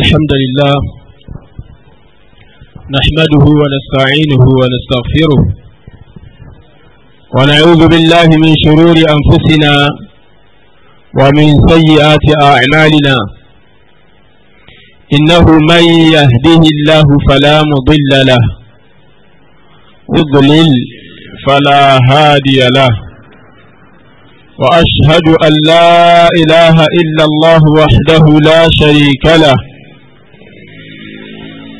الحمد لله نحمده ونستعينه ونستغفره ونعوذ بالله من شرور أنفسنا ومن سيئات أعمالنا إنه من يهده الله فلا مضل له اضلل فلا هادي له وأشهد أن لا إله إلا الله وحده لا شريك له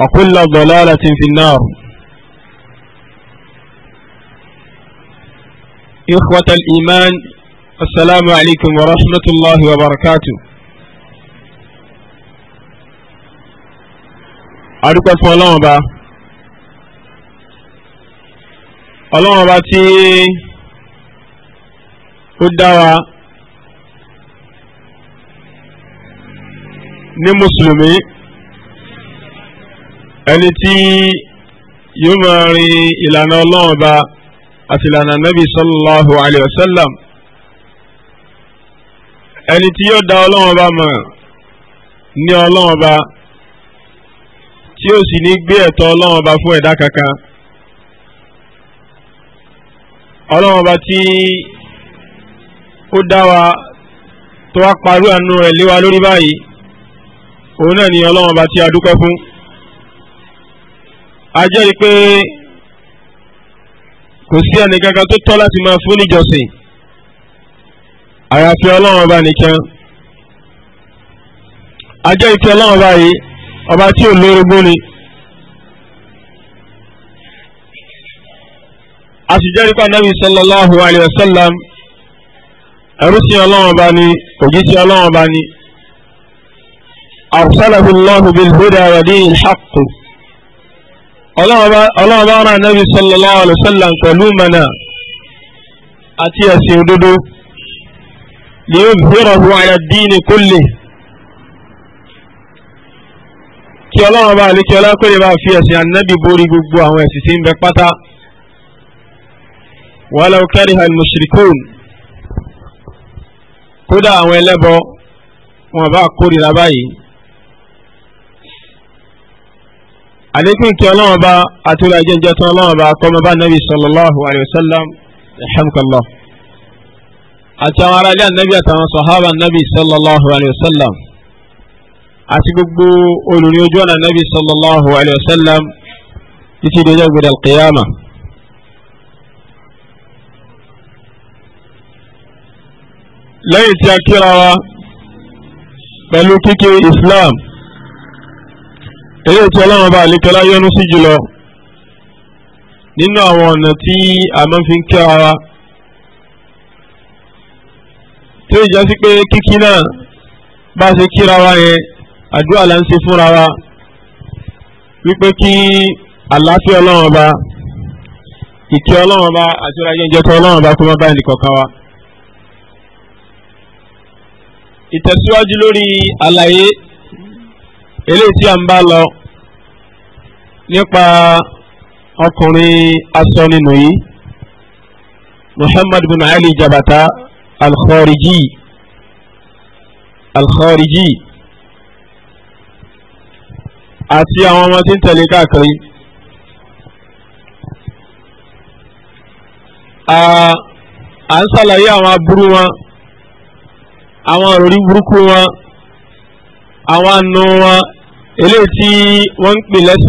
وكل ضلالة في النار إخوة الإيمان السلام عليكم ورحمة الله وبركاته أدوك فلان با ọlọ́run ọba tí ó dá ẹni tí yóò máa rin ìlànà ọlọ́run ọba àti ìlànà nabi sallallahu alayhi wa sallam ẹni tí yóò da ọlọ́run ọba mọ̀ ní ọlọ́run ọba tí yóò sì ní gbé ẹ̀tọ́ ọlọ́run ọba fún ẹ̀dá kankan ọlọ́run ọba tí ó dá wa tó wá parú àánú rẹ̀ lé lórí báyìí òun náà ni ọlọ́run ọba tí a dúpẹ́ fún a jẹ́rìí pé kò sí ẹnìkankan tó tọ́ láti máa fún níjọsìn àyàfi ọlọ́run ọba nìkan a jẹ́rìí pé ọlọ́run ọba yìí ọba tí ò lórogún ni a sì jẹ́rìí pé anábì sallallahu alayhi wa sallam ẹrú sí ọlọ́run ọba ni òjíṣẹ́ ọlọ́run ọba ni arsalahu Allahu bil huda wa dinil ọlọ́run bá rán anábì sallallahu alaihi wasallam pẹ̀lú mẹ́nà àti ẹ̀sìn òdodo ni yóò bẹ̀rẹ̀ ọ̀hún àyàdínì kulli kí ọlọ́run bá àlékí ọlọ́kùnrin bá fi ẹ̀sìn anábì borí gbogbo àwọn ẹ̀sìn tí ń bẹ pátá walau kariha al-mushrikun kódà àwọn ẹlẹ́bọ wọn bá kórìíra báyìí. àlékún kí ọlọ́run bá àtúrò àjẹjẹ tán ọlọ́run bá kọ́mọ bá nàbì sallallahu alayhi wa sallam alhamdulilah àti àwọn aráàlú ànábì àtàwọn sọ̀hábà nàbì sallallahu alayhi wa sallam àti gbogbo olùrin ojú ọ̀nà nàbì sallallahu alayhi wa sallam títí dèjọ́ gbọdọ̀ alqiyama. lẹ́yìn tí a kíra wa pẹ̀lú kíkí islam eré tí ọlọ́run bá àlékọ́lá yọ́nú sí jùlọ nínú àwọn ọ̀nà tí a máa fi ń kí ara tí ó jásí pé kíkí náà bá ṣe kíra wa yẹn àdúrà là ń ṣe fúnra wa wípé kí àlàáfíà ọlọ́run ọba ìkẹ́ ọlọ́run ọba àti ọ̀rọ̀ ajẹ́jẹ́ tó ọlọ́run ọba kó má báyìí nìkọ̀ọ̀kan wa. ìtẹ̀síwájú lórí àlàyé eléyìí tí a ń bá lọ nípa ọkùnrin aṣọ nínú yìí muhammad bin ali jabata alkhariji alkhariji àti àwọn ọmọ tí ń tẹ̀lé káàkiri. à ń ṣàlàyé àwọn aburú wọn àwọn òrí burúkú wọn àwọn àna wọn eléyìí tí wọ́n ń pè lẹ́sìn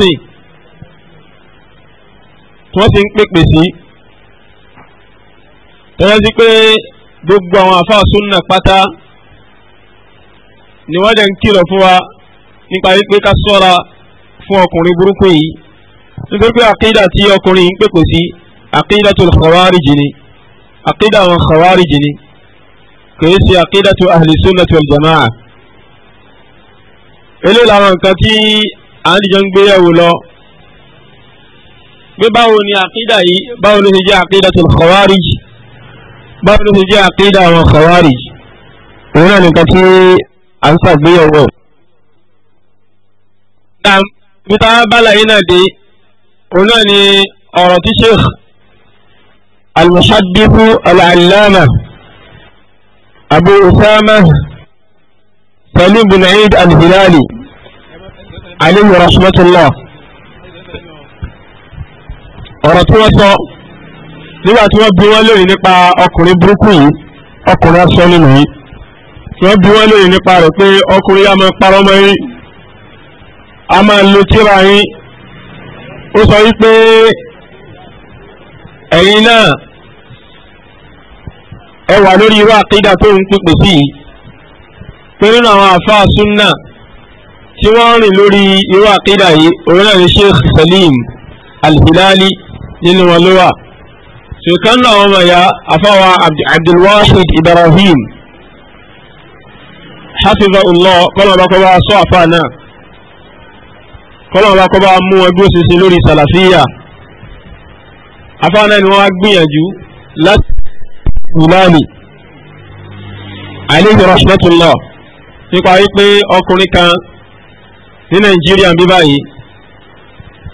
tí wọ́n ti ń pèpè sí tọ́jọ́ sí pé gbogbo àwọn àfáà súnà pátá ni wọ́n jẹ́ ń kìlọ̀ fún wa nípa wípé ká sọ́ra fún ọkùnrin burúkú yìí nítorí pé àkídà tí ọkùnrin ń pèpè sí àkídà tó khawarij ni àkídà àwọn khawarij ni kì ṣe àkídà tó ahli sunnah wal jamaa eléyìí làwọn nǹkan tí à ń dìjọ ń gbé yẹ̀wò lọ pé báwo ni àkídà yìí báwo ló ṣe jẹ́ àkídà tó khawarij báwo ló ṣe jẹ́ àkídà àwọn khawarij òun náà nìkan tí à ń ṣàgbéyẹ̀wò. Bíta bala yìí náà dé, òun náà ni ọ̀rọ̀ tí Sheikh Al-Muhaddith Abu Usama salim bin eid al-hilali alayhi rahmatullah ọ̀rọ̀ tí wọ́n sọ nígbà tí wọ́n bi wọ́n lórí nípa ọkùnrin burúkú yìí ọkùnrin aṣọ nínú yìí tí wọ́n bi wọ́n lórí nípa rẹ̀ pé ọkùnrin yá máa parọ́ mọ́ yín a máa lo tíra yín ó sọ wípé ẹ̀yin náà ẹ wà lórí irú àkídà tó ń pípè sí yìí pẹ̀lú àwọn àfáà súnà tí wọ́n rìn lórí irú àkídà yìí òun náà ni Sheikh Salim Al-Hilali nínú wọn ló wà ṣùgbọ́n náà wọn mọ̀ ya àfáwà Abdulwahid Ibrahim hafiza Allah kọ́nà bá kọ́ bá sọ àfáà náà kọ́nà mú wọn bí lórí sàlàfíà àfáà náà ni wọ́n gbìyànjú láti ìlànì alayhi rahmatullah nípa wípé ọkùnrin kan ní nàìjíríà bí báyìí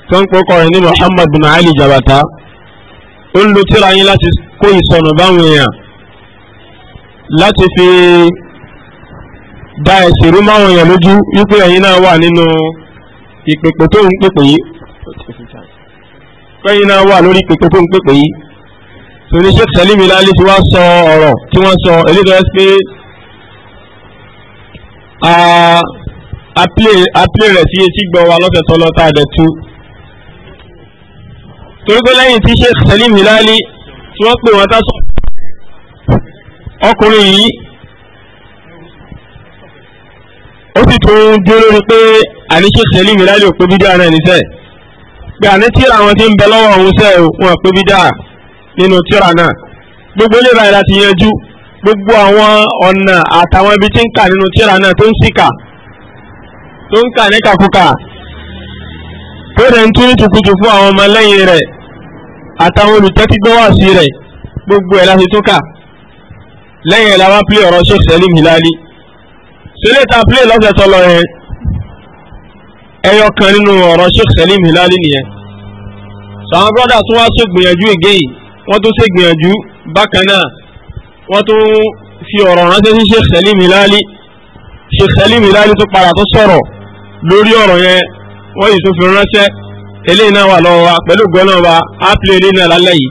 tó ń pokọ rẹ̀ ní Muhammad bin Ali Jabata ó ń lo tíra yín láti kó ìsọnù báwọn èèyàn láti fi da ẹ̀sìn rú máwọn èèyàn lójú wípé ẹ̀yin náà wà nínú ìpèpè tó ń pèpè yìí pẹ́yìn náà wà lórí ìpèpè tó ń pèpè yìí tòun ní Sheikh Salim Ilali ti wá sọ ọ̀rọ̀ tí wọ́n sọ eléyìí pé àpilẹ̀ rẹ̀ sí etí gbọ́ wa lọ́sẹ̀ tọ́lọ́ tá a dẹ̀ tú. torí pé lẹ́yìn tí Sheikh Salim Hilali tí wọ́n pè wọ́n tásán ọkùnrin yìí ó sì tún dúró lórí pé àní Sheikh Salim Hilali ò pé bídà náà níṣẹ́ pé àní tíra àwọn tí ń bẹ lọ́wọ́ òun sẹ́ẹ̀ wọn pé bídà nínú tíra náà gbogbo ilé ìbáyìí láti yanjú gbogbo àwọn ọ̀nà àtàwọn ibi tí ń kà nínú tíra náà tó ń síkà tó ń kà níkàkúkà tó rẹ̀ ń tún nítukùtù fún àwọn ọmọlẹ́yìn rẹ̀ àtàwọn olùtẹ́tígbọ́wàsí rẹ̀ gbogbo ẹ̀ láti tún kà lẹ́yìn ẹ̀ làwọn pílẹ̀ ọ̀rọ̀ Sheikh Salim Hilali sílẹ̀ ta pílẹ̀ lọ́sẹ̀ tọ́lọ yẹn ẹyọ kan nínú ọ̀rọ̀ Sheikh Salim Hilali nìyẹn sàwọn brọ́dà tún wá ṣègbìyànjú ìgéyìí wọ́n tún ṣègbìyànjú bákan náà wọ́n tún fi ọ̀rọ̀ ránṣẹ́ sí Sheikh Salim Hilali Sheikh Salim Hilali tó padà tó sọ̀rọ̀ lórí ọ̀rọ̀ yẹn wọ́n yìí tún fi ránṣẹ́ eléyìí náà wà lọ́wọ́ wa pẹ̀lú gbọ́nà wa á pè é nínú àlálẹ́ yìí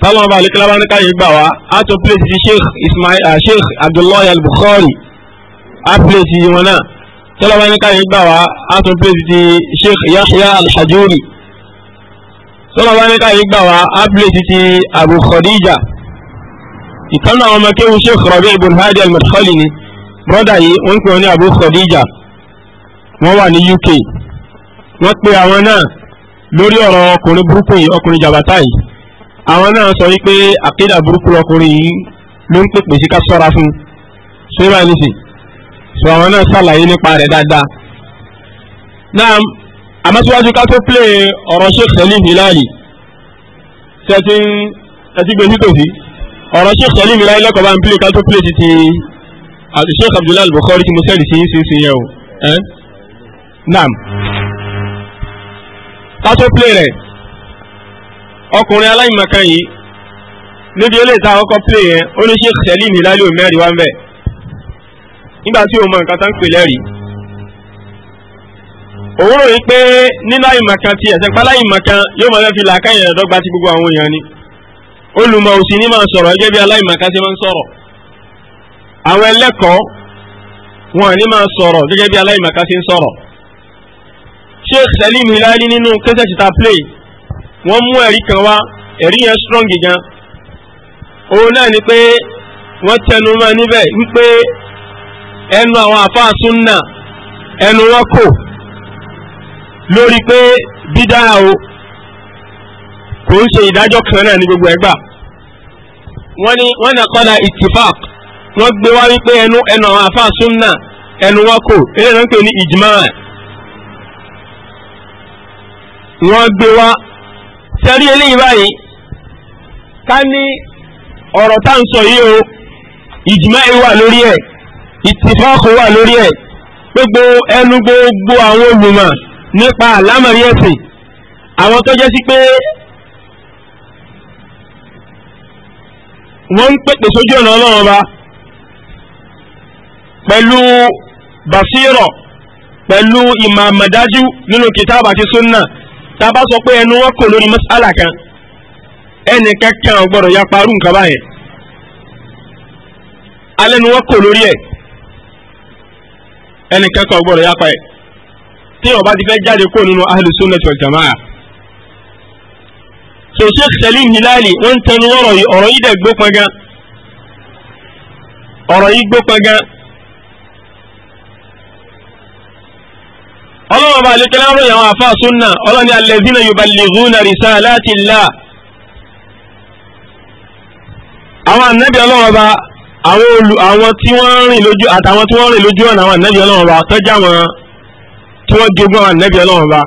táwọn ọba àlekílá bá ní káyé gbà wá á tún pè sí Sheikh Ismail Sheikh Abdullahi al á pè sí wọn náà tọ́lá bá ní káyé gbà wá á tún pè sí Sheikh Yahya al tọ́lá bá ní káyé gbà wá á pè sí Abu Khadija ìkan náà ọmọ kéwu Sheikh Rabi' ibn Hadi al-Madkhali ni brọ́dà yìí wọ́n ń pè wọ́n ní Abu Khadija wọ́n wà ní UK wọ́n pe àwọn náà lórí ọ̀rọ̀ ọkùnrin burúkú yìí ọkùnrin jàbátá yìí àwọn náà sọ wípé àkídà burúkú ọkùnrin yìí ló ń pèpè sí ká sọ́ra fún ṣé báyìí nìsí sọ àwọn náà ṣàlàyé nípa rẹ̀ dáadáa. náà àmọ́síwájú ká tó plé ọ̀rọ̀ Sheikh Salim Hilali tẹ́tí gbèsè e tòsí ọ̀rọ̀ sheikh salim ilayi lẹ́kọ̀ọ́ bá ń pílé kátó pílé ti ti sheikh abdullahi al-bukhari ti mo sẹ́ẹ̀lì sí sí sí yẹn o ẹ́ naam kátó pílé rẹ̀ ọkùnrin aláìmọ̀kan yìí níbi ó lè ta ọkọ̀ pílé yẹn ó ní sheikh salim ilayi ló mẹ́rin wá ń bẹ̀ nígbà tí o mọ nǹkan tá ń pè lẹ́rìí òwúrò yìí pé nínú àìmọ̀kan ti ẹ̀sẹ̀ páláìmọ̀kan yóò mọ̀ fẹ́ fi ẹ̀dọ́gba ti gbogbo àwọn èèyàn ni olùmọ̀ òsì ní máa sọ̀rọ̀ gẹ́gẹ́ bí aláìmọ̀ká ṣe máa ń sọ̀rọ̀ àwọn ẹlẹ́kọ̀ọ́ wọn ní máa sọ̀rọ̀ gẹ́gẹ́ bí aláìmọ̀ká ń sọ̀rọ̀ Sheikh Salim Hilali nínú kẹsẹ̀tì ta play wọ́n mú ẹ̀rí kan wá ẹ̀rí yẹn strong gan òun náà ni pé wọ́n tẹnu mọ́ níbẹ̀ wípé ẹnu àwọn àfáà súnnà ẹnu wọn kò lórí pé bídà o kò ń ṣe ìdájọ́ kan náà ní gbogbo ẹgbà wọ́n ní wọ́n nà kọ́lá ìtìfàk wọ́n gbé wá wípé ẹnu ẹnu àwọn àfa súnmà ẹnu wọn kò eléyìí náà ń pè ní ìjìmá wọ́n gbé wá sẹ́rí eléyìí báyìí ká ní ọ̀rọ̀ tá ń sọ yìí o ìjìmá wà lórí ẹ̀ ìtìfàk wà lórí ẹ̀ gbogbo ẹnu gbogbo àwọn olùmọ̀ nípa àlámọ̀rí ẹ̀sìn àwọn tó jẹ́ sí pé wọ́n ń pèpè sójú ọ̀nà ọlọ́run ọba pẹ̀lú basiro pẹ̀lú ìmọ̀ àmọ̀dájú nínú kìtàbà àti súnà tá a bá sọ pé ẹnu wọn kò lórí mas'ala kan ẹnì kankan ò gbọ́dọ̀ ya parú nǹkan báyẹn alẹ́ ni wọ́n kò lórí ẹ̀ ẹnì kankan ò ya pa ẹ̀ tí ó bá ti fẹ́ jáde kó nínú ahlu sunnah wal so sheikh salim hilali wọ́n ń tẹnu ọ̀rọ̀ yìí ọ̀rọ̀ yìí dẹ̀ gbópọn gan ọ̀rọ̀ yìí gbópọn gan ọlọ́wọ́ bá alẹ́kẹ́lẹ́ ọ̀rọ̀ yàwọn àfa sunna ọlọ́ni alladhina yuballighuna risalati llah àwọn ànábì ọlọ́wọ́ bá àwọn olù àwọn tí wọ́n rìn lójú àtàwọn tí wọ́n rìn lójú ọ̀nà àwọn ànábì ọlọ́wọ́ bá tọ́jà wọn tí wọ́n jogún àwọn ànábì ọlọ́wọ́ bá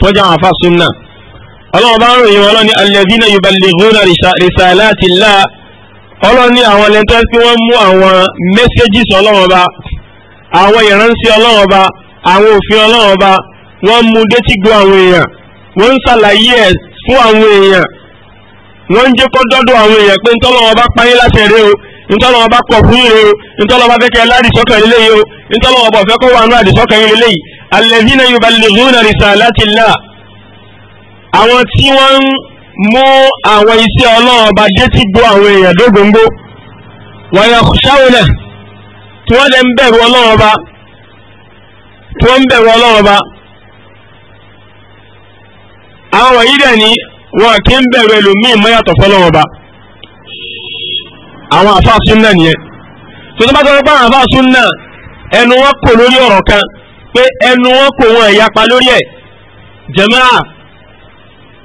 tọ́jà àwọn àfa sunna ọlọ́run bá ń ròyìn wọn lọ́ni alladhina yuballighuna risalati Allah ọlọ́ni àwọn lẹ́tọ́ tí wọ́n mú àwọn mẹ́sẹ́gìs ọlọ́run bá àwọn ìránṣẹ́ ọlọ́run bá àwọn òfin ọlọ́run bá wọ́n mú détí gbọ́ àwọn èèyàn wọ́n ń ṣàlàyé ẹ̀ fún àwọn èèyàn wọ́n ń jẹ́ kó dọ́dọ̀ àwọn èèyàn pé ntọ́lọ́wọ́n bá páyé láti ẹ̀rẹ́ o ntọ́lọ́wọ́n bá pọ̀ fún rẹ o ntọ́lọ́wọ́n bá fẹ́ kẹ́ ládìsọ́kàn ilé yìí o ntọ́lọ́wọ́n bá fẹ́ kó wà nù àdìsọ́kàn ilé yìí alladhina yuballighuna risalati Allah àwọn tí wọ́n ń mú àwọn iṣẹ́ ọlọ́run ọba dé tí gbó àwọn èèyàn dógóńgó wàyà ṣáwọnà tí wọ́n lè ń bẹ̀rù ọlọ́run ọba tí wọ́n ń bẹ̀rù ọlọ́run àwọn wọ̀nyí dẹ̀ ni wọn kì í bẹ̀rù ẹlòmíì mọ́ yàtọ̀ fọlọ́run ọba àwọn àfáà súnà nìyẹn tó tó bá tọ́jú pé àwọn àfáà súnà ẹnu wọn kò lórí ọ̀rọ̀ kan pé ẹnu wọn kò wọn ìyapa lórí ẹ̀ jàmáà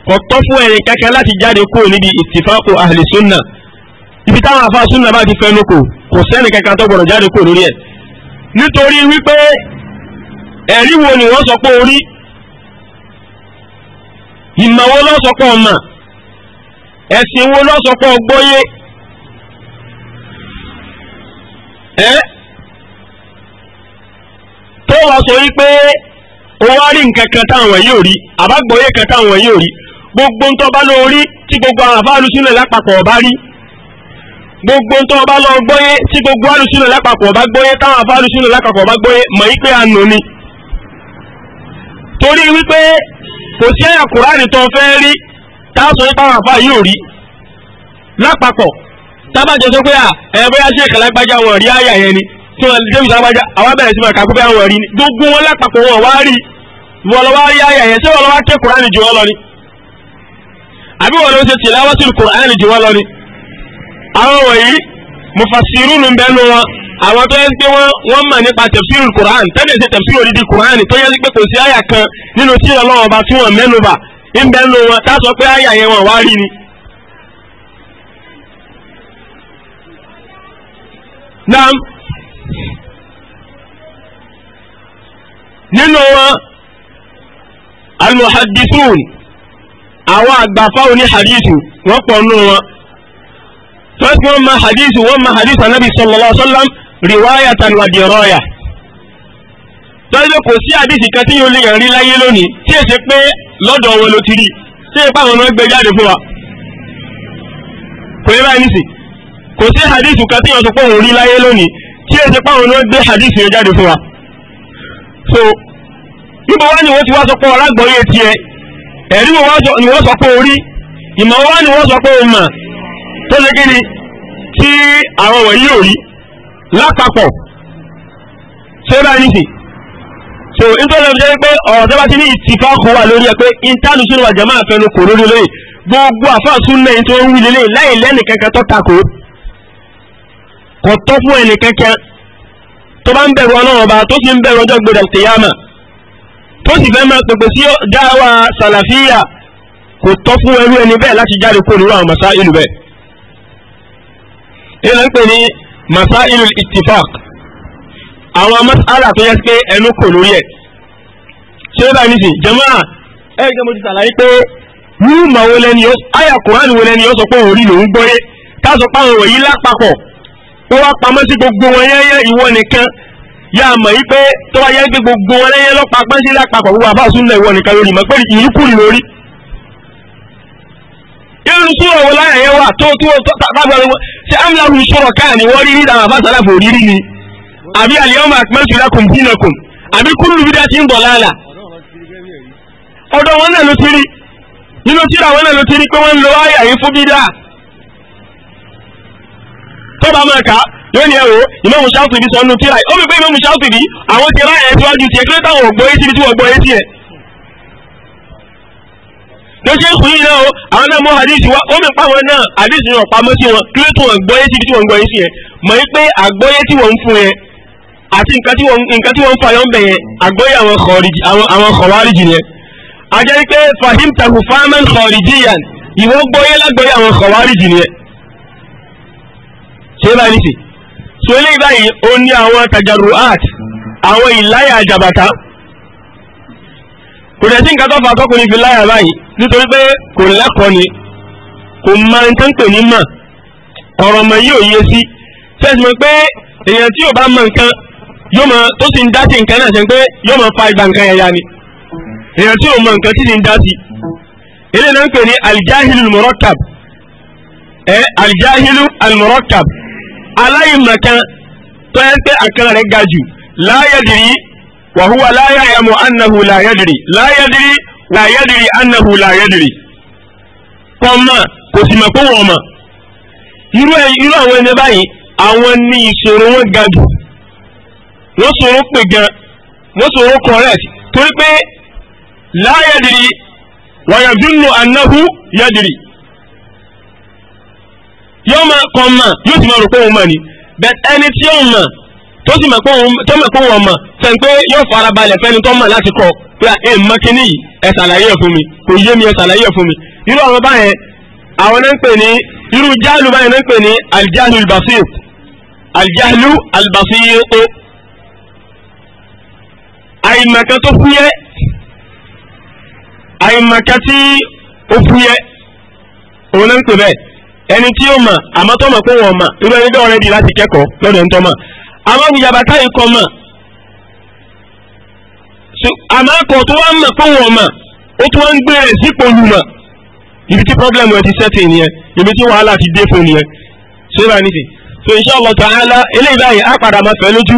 kò tọ́ fún ẹ̀rìn kankan láti jáde kúrò níbi ìtìfáàkù ahli sunna ibi táwọn afa sunna bá ti fẹnu kò kò sẹ́ni kankan tó gbọ́dọ̀ jáde kúrò lórí ẹ̀ nítorí wípé ẹ̀rí wo ni wọ́n sọ pé orí ìmọ̀ wo lọ́ sọ pé ọmọ ẹ̀sìn wo lọ́ sọ pé ọgbọ́yé ẹ́ tó wá sọ wípé ó wá rí táwọn yóò rí gbogbo ń tọ́ bá lọ orí tí gbogbo àwọn àfáà alùsùnlẹ̀ lápapọ̀ ọba rí gbogbo ń tọ́ bá lọ gbọ́yé tí gbogbo alùsùnlẹ̀ lápapọ̀ ọba gbọ́yé táwọn àfáà alùsùnlẹ̀ lápapọ̀ ọba gbọ́yé mọ̀ yí pé àánú ni. torí wípé kò sí ẹ̀yà kùránì tó fẹ́ rí táwọn nípa àwọn àfáà yóò rí lápapọ̀ tábàjọ sọ pé ẹ bóyá ṣe ìkàlágbájá wọn rí àyà yẹn ni tí wọn james alágbájá àwọn abẹ́rẹ́ sí máa kà pé rí ni gbogbo wọn lápapọ̀ wọn wá rí wọn lọ wá rí àyà yẹn tí wọn lọ wá ké kùránì jù wọn lọ ni àbí wọn ló ń ṣe tilawatul Qur'an jù wọn lọ ni. àwọn wọ̀nyí mufassirun ń bẹnu wọn àwọn tó yẹ pé wọ́n mọ̀ nípa tafsirul Qur'an tẹ́lẹ̀ ṣe tafsir odidi Qur'an tó yẹ pé kò sí àyà kan nínú tí Ọlọ́run ọba tí wọ́n mẹ́nuba ń bẹnu wọn tá a sọ pé àyà yẹn wọn wá rí ni. naam nínú wọn al-muhaddithun àwọn àgbàfà oní hadithu wọ́n pọ̀ nù wọn first wọ́n ma hadithu wọ́n ma hadithu anabi sallallahu alaihi wa sallam riwayatan wa diraya tọ́jú kò sí àdìsí kan tí yóò lè yàn rí láyé lónìí tí èsì pé lọ́dọ̀ wọn ló ti rí tí èpá àwọn gbé jáde fún wa kò yẹ báyìí nìsí kò sí àdìsí kan tí yóò sọ pé òun rí láyé lónìí tí èsì pé àwọn gbé àdìsí yẹn jáde fún wa. so níbo wá ni wọ́n ti wá sọ pé ọ̀rá gbọ́yé tiẹ̀ ẹ̀rí wo ni wọ́n sọ pé orí ìmọ̀ wa ni wọ́n sọ pé o mọ̀ tó ṣe kí ni tí àwọn wọ̀nyí ò rí lápapọ̀ ṣé báyìí nìsín so nítorí ọjọ́ pé ọ̀rọ̀ tó bá ti ní ìtìfáàkù wà lórí ẹ pé intanet sínú wa jama àfẹnu kò lórí lórí gbogbo àfáàsùn náà tó ń wí lélẹ̀ láì lẹ́nì kankan tó takò kò tọ́ fún ẹnì kankan tó bá ń bẹ̀rù ọlọ́run ọba tó sì ń bẹ̀rù ọjọ́ gbẹdẹ̀ tèyàmà tó sì fẹ́ máa pèpè sí dáwà sàlàfíà kò tọ́ fún ẹrú ẹni bẹ́ẹ̀ láti jáde kó nínú àwọn masá ìlú bẹ́ẹ̀. ìlànà ń pè ní masá ìlú ittifaq àwọn masala tó yẹ pé ẹnu kò lórí ẹ̀. ṣé bá ní sìn jẹ́mọ́ à ẹ̀ ẹ́ mo ti sàlàyé pé ní ìmọ̀ wo lẹni yọ àyà kùránì wo lẹni yọ sọ pé òun rí lòún gbọ́yé táà sọ pé àwọn wọ̀nyí lápapọ̀ ó wá pamọ́ sí gbogbo wọn yẹ́yẹ́ ìwọ nìkan yá a mọ̀ yí pé tó bá yẹ kí gbogbo wọn lẹ́yìn lọ́pàá pẹ́ńsì lápapọ̀ gbogbo àbá òsùn lẹ́wọ̀ nìkan lórí mọ̀ pé ìrúkúrì lórí. irun súrọ̀ wo láyà yẹn wà tó tó tábà wọn ṣé amúláwù sọ̀rọ̀ káà ni wọ́n rí rí àwọn àbáṣálà fò rírí ni àbí àlìyànmọ́ àpẹ́ńsì lákùn dínàkùn àbí kúlù bídà ti ń bọ̀ láàlà. ọ̀dọ̀ wọn náà ló ti rí nínú tíra wọn náà ló ti rí pé wọ́n ń lo yóò ní ẹ̀wò ìmọ̀mù ṣáàtìbí sọ nù tíra ó fi pé ìmọ̀mù ṣáàtìbí àwọn ti ráyẹ̀ síwájú tiẹ̀ kí ló táwọn ọ̀gbọ́ etí bí tí wọ́n gbọ́ etí ẹ̀. ló ṣe ń kùn yìí náà o àwọn náà mú hadith wa ó mi pa wọn náà hadith yẹn pamọ́ sí wọn kí ló tó wọn gbọ́ etí bí tí wọ́n gbọ́ etí ẹ̀ mọ̀ yí pé àgbọ́yé tí wọ́n ń fún yẹn àti nǹkan tí wọ́n ń fa yọ̀ ń bẹ̀ yẹn àgbọ́yé àwọn kọ̀wárìjì yẹn ajẹ́ pé fahim tahu fahaman kọ̀wárìjìyàn ìwọ́n gbọ́yé lágbọ́yé àwọn kọ̀wárìjì yẹn ṣé báyìí nìsín so eléyìí báyìí ó ní àwọn tajaru art àwọn ìláyà àjàbàtà kò dẹ̀ sí nǹkan tó fà tọkùnrin fi láyà báyìí nítorí pé kò lẹ́kọ̀ọ́ ni kò máa ń tán pè ní mà ọ̀rọ̀ mọ̀ yìí ò yé sí fẹ́ẹ̀sì mọ̀ pé èèyàn tí ò bá mọ nǹkan yóò mọ tó sì ń dá sí nǹkan náà ṣe pé yóò mọ fa ìgbà nǹkan yẹn ni èèyàn tí ò mọ nǹkan tí sì ń dá sí eléyìí náà ń pè ní alijahilu murakkab ẹ alijahilu almurakkab aláìmọ̀kan tó yẹ pé àkàrà rẹ̀ ga jù láyẹ̀dìrí wàhúwà láyàyàmù annahu láyẹ̀dìrí láyẹ̀dìrí láyẹ̀dìrí annahu láyẹ̀dìrí kọ́mà kò sì mọ̀ pé wọ́n mọ̀ irú àwọn ẹni báyìí àwọn ní ìṣòro wọn ga jù wọ́n ṣòro pè gan wọ́n ṣòro correct torí pé láyẹ̀dìrí wàyàdúnnù annahu yẹ̀dìrí yóò máa kọ́ mọ̀ yóò sì máa rò pé òun mọ̀ ni but ẹni tí òun mọ̀ tó sì mọ̀ pé òun mọ̀ sẹ́ni pé yóò fara balẹ̀ fẹ́ni tó mọ̀ láti kọ́ pé ah, ẹ mọ̀ kíní yìí ẹ ṣàlàyé ẹ̀ fún mi kò yé mi ẹ ṣàlàyé ẹ̀ fún mi irú àwọn báyẹn àwọn náà ń pè ní irú jáàlù báyẹn náà ń pè ní aljahlu albasir aljahlu albasir o àìmọ̀kan tó fúyẹ́ àìmọ̀kan tí ó fúyẹ́ òun náà ń pè bẹ́ẹ̀ ẹni tí ó mọ̀ àmọ́ tó mọ̀ pé wọ́n mọ̀ irú ẹni bẹ́ẹ̀ ọ̀rẹ́dì láti kẹ́kọ̀ọ́ lọ́dọ̀ ń tọ́ mọ̀ àmọ́ ìjàmbá táyì kọ́ mọ̀ àmọ́ akọ̀ tó wá mọ̀ pé wọ́n mọ̀ ó tún wá ń gbé rẹ̀ sípò olùmọ̀ ibi tí problem rẹ̀ ti sẹ́tì nìyẹn ibi tí wàhálà ti dé fún nìyẹn ṣé bá nìyẹn so insha Allah ta'ala eléyìí báyìí á padà máa fẹ́ lójú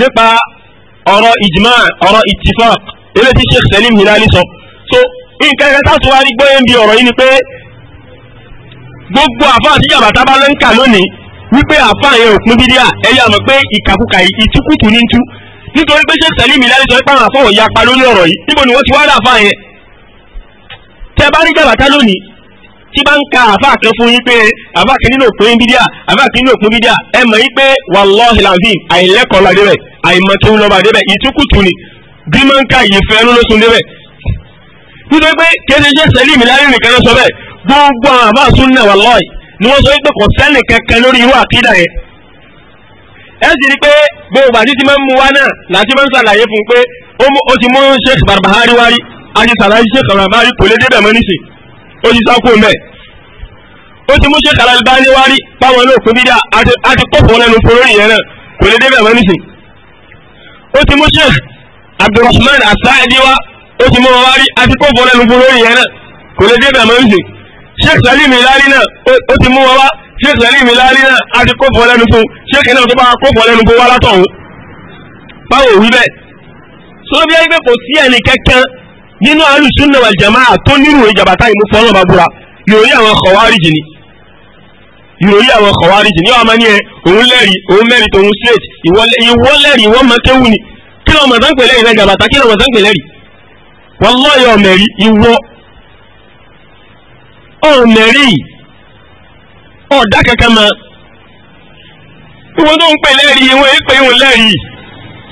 nípa ọ̀rọ̀ ìjìmá ọ̀rọ̀ ìtìfà eléyìí tí Sheikh Salim Hilali sọ so nǹkan kan táwọn tó wá rí gbọ́yé ń bi ọ̀rọ̀ yìí ni pé gbogbo àfa àti jàbàtà bá lọ́nkà lónìí wípé àfa yẹn òpin bídíà ẹ̀yà mọ̀ pé ìkàkùkà ìtukùtù ní tú nítorí pé ṣé sẹ́lí mi láti sọ pé àwọn àfọwọ̀ ya pa lórí ọ̀rọ̀ yìí níbo ni wọ́n ti wá rí àfa yẹn tẹ bá rí jàbàtà lónìí tí bá ń ka àfa kan fún yín pé àfa kan nínú òpin bídíà àfa kan nínú òpin bídíà ẹ mọ̀ yín pé wàlọ́ọ̀hìn làǹfìn àìlẹ́kọ̀ọ́ la débẹ̀ àìmọ̀ tó ń lọ bá débẹ̀ gbogbo àwọn àbá súnà wà lọ́ọ̀ì ni wọ́n sọ pé kò sẹ́nì kankan lórí irú àkídà yẹn. ẹ sì rí pé gbogbo àti ti máa ń mu wá náà láti máa ń ṣàlàyé fún un pé ó ti mú Sheikh Barbahari wárí a ti ṣàlàyé Sheikh Barbahari kò lè débẹ̀ mọ́ nísìn ó ti sáko mẹ́ ó ti mú Sheikh Al-Albani wárí páwọn náà kò bí dá a ti kó fún lẹ́nu fún lórí yẹn náà kò lè débẹ̀ mọ́ nísìn ó ti mú Sheikh Abdulrahman As-Sa'di ó ti mú wọn wárí a ti kó fún lẹ́nu yẹn náà kò lè débẹ̀ mọ́ nísìn sheikh salim ilari náà ó ti mú wọn wá sheikh salim ilari náà á ti kó fọ lẹ́nu fún sheikh náà tó bá kó fọ lẹ́nu fún wa látọ̀hún báwo wí bẹ́ẹ̀ sọ́bí ẹni pé kò sí ẹni kankan nínú alùsùn náà jama'a tó nírú ìjàmbá táyì mú fọ́nà bá búra ìròyìn àwọn kọ̀wárìjì ni ìròyìn àwọn kọ̀wárìjì ni ọmọ ní ẹ òun lẹ́rìí òun mẹ́rin tòun straight ìwọ lẹ́rìí ìwọ mọ́kéwù ni kí lọ́mọ̀ sáńpẹ̀lẹ́rì rẹ̀ jàmbá tá kí lọ́mọ̀ sáńpẹ̀lẹ́rì wọ́n lọ́yọ̀ mẹ́rí ìwọ ọ̀nẹ̀rí ọ̀dá kankan mọ́ ìwọ tó ń pè lẹ́rìí ìwọ èpè ìwọ lẹ́rìí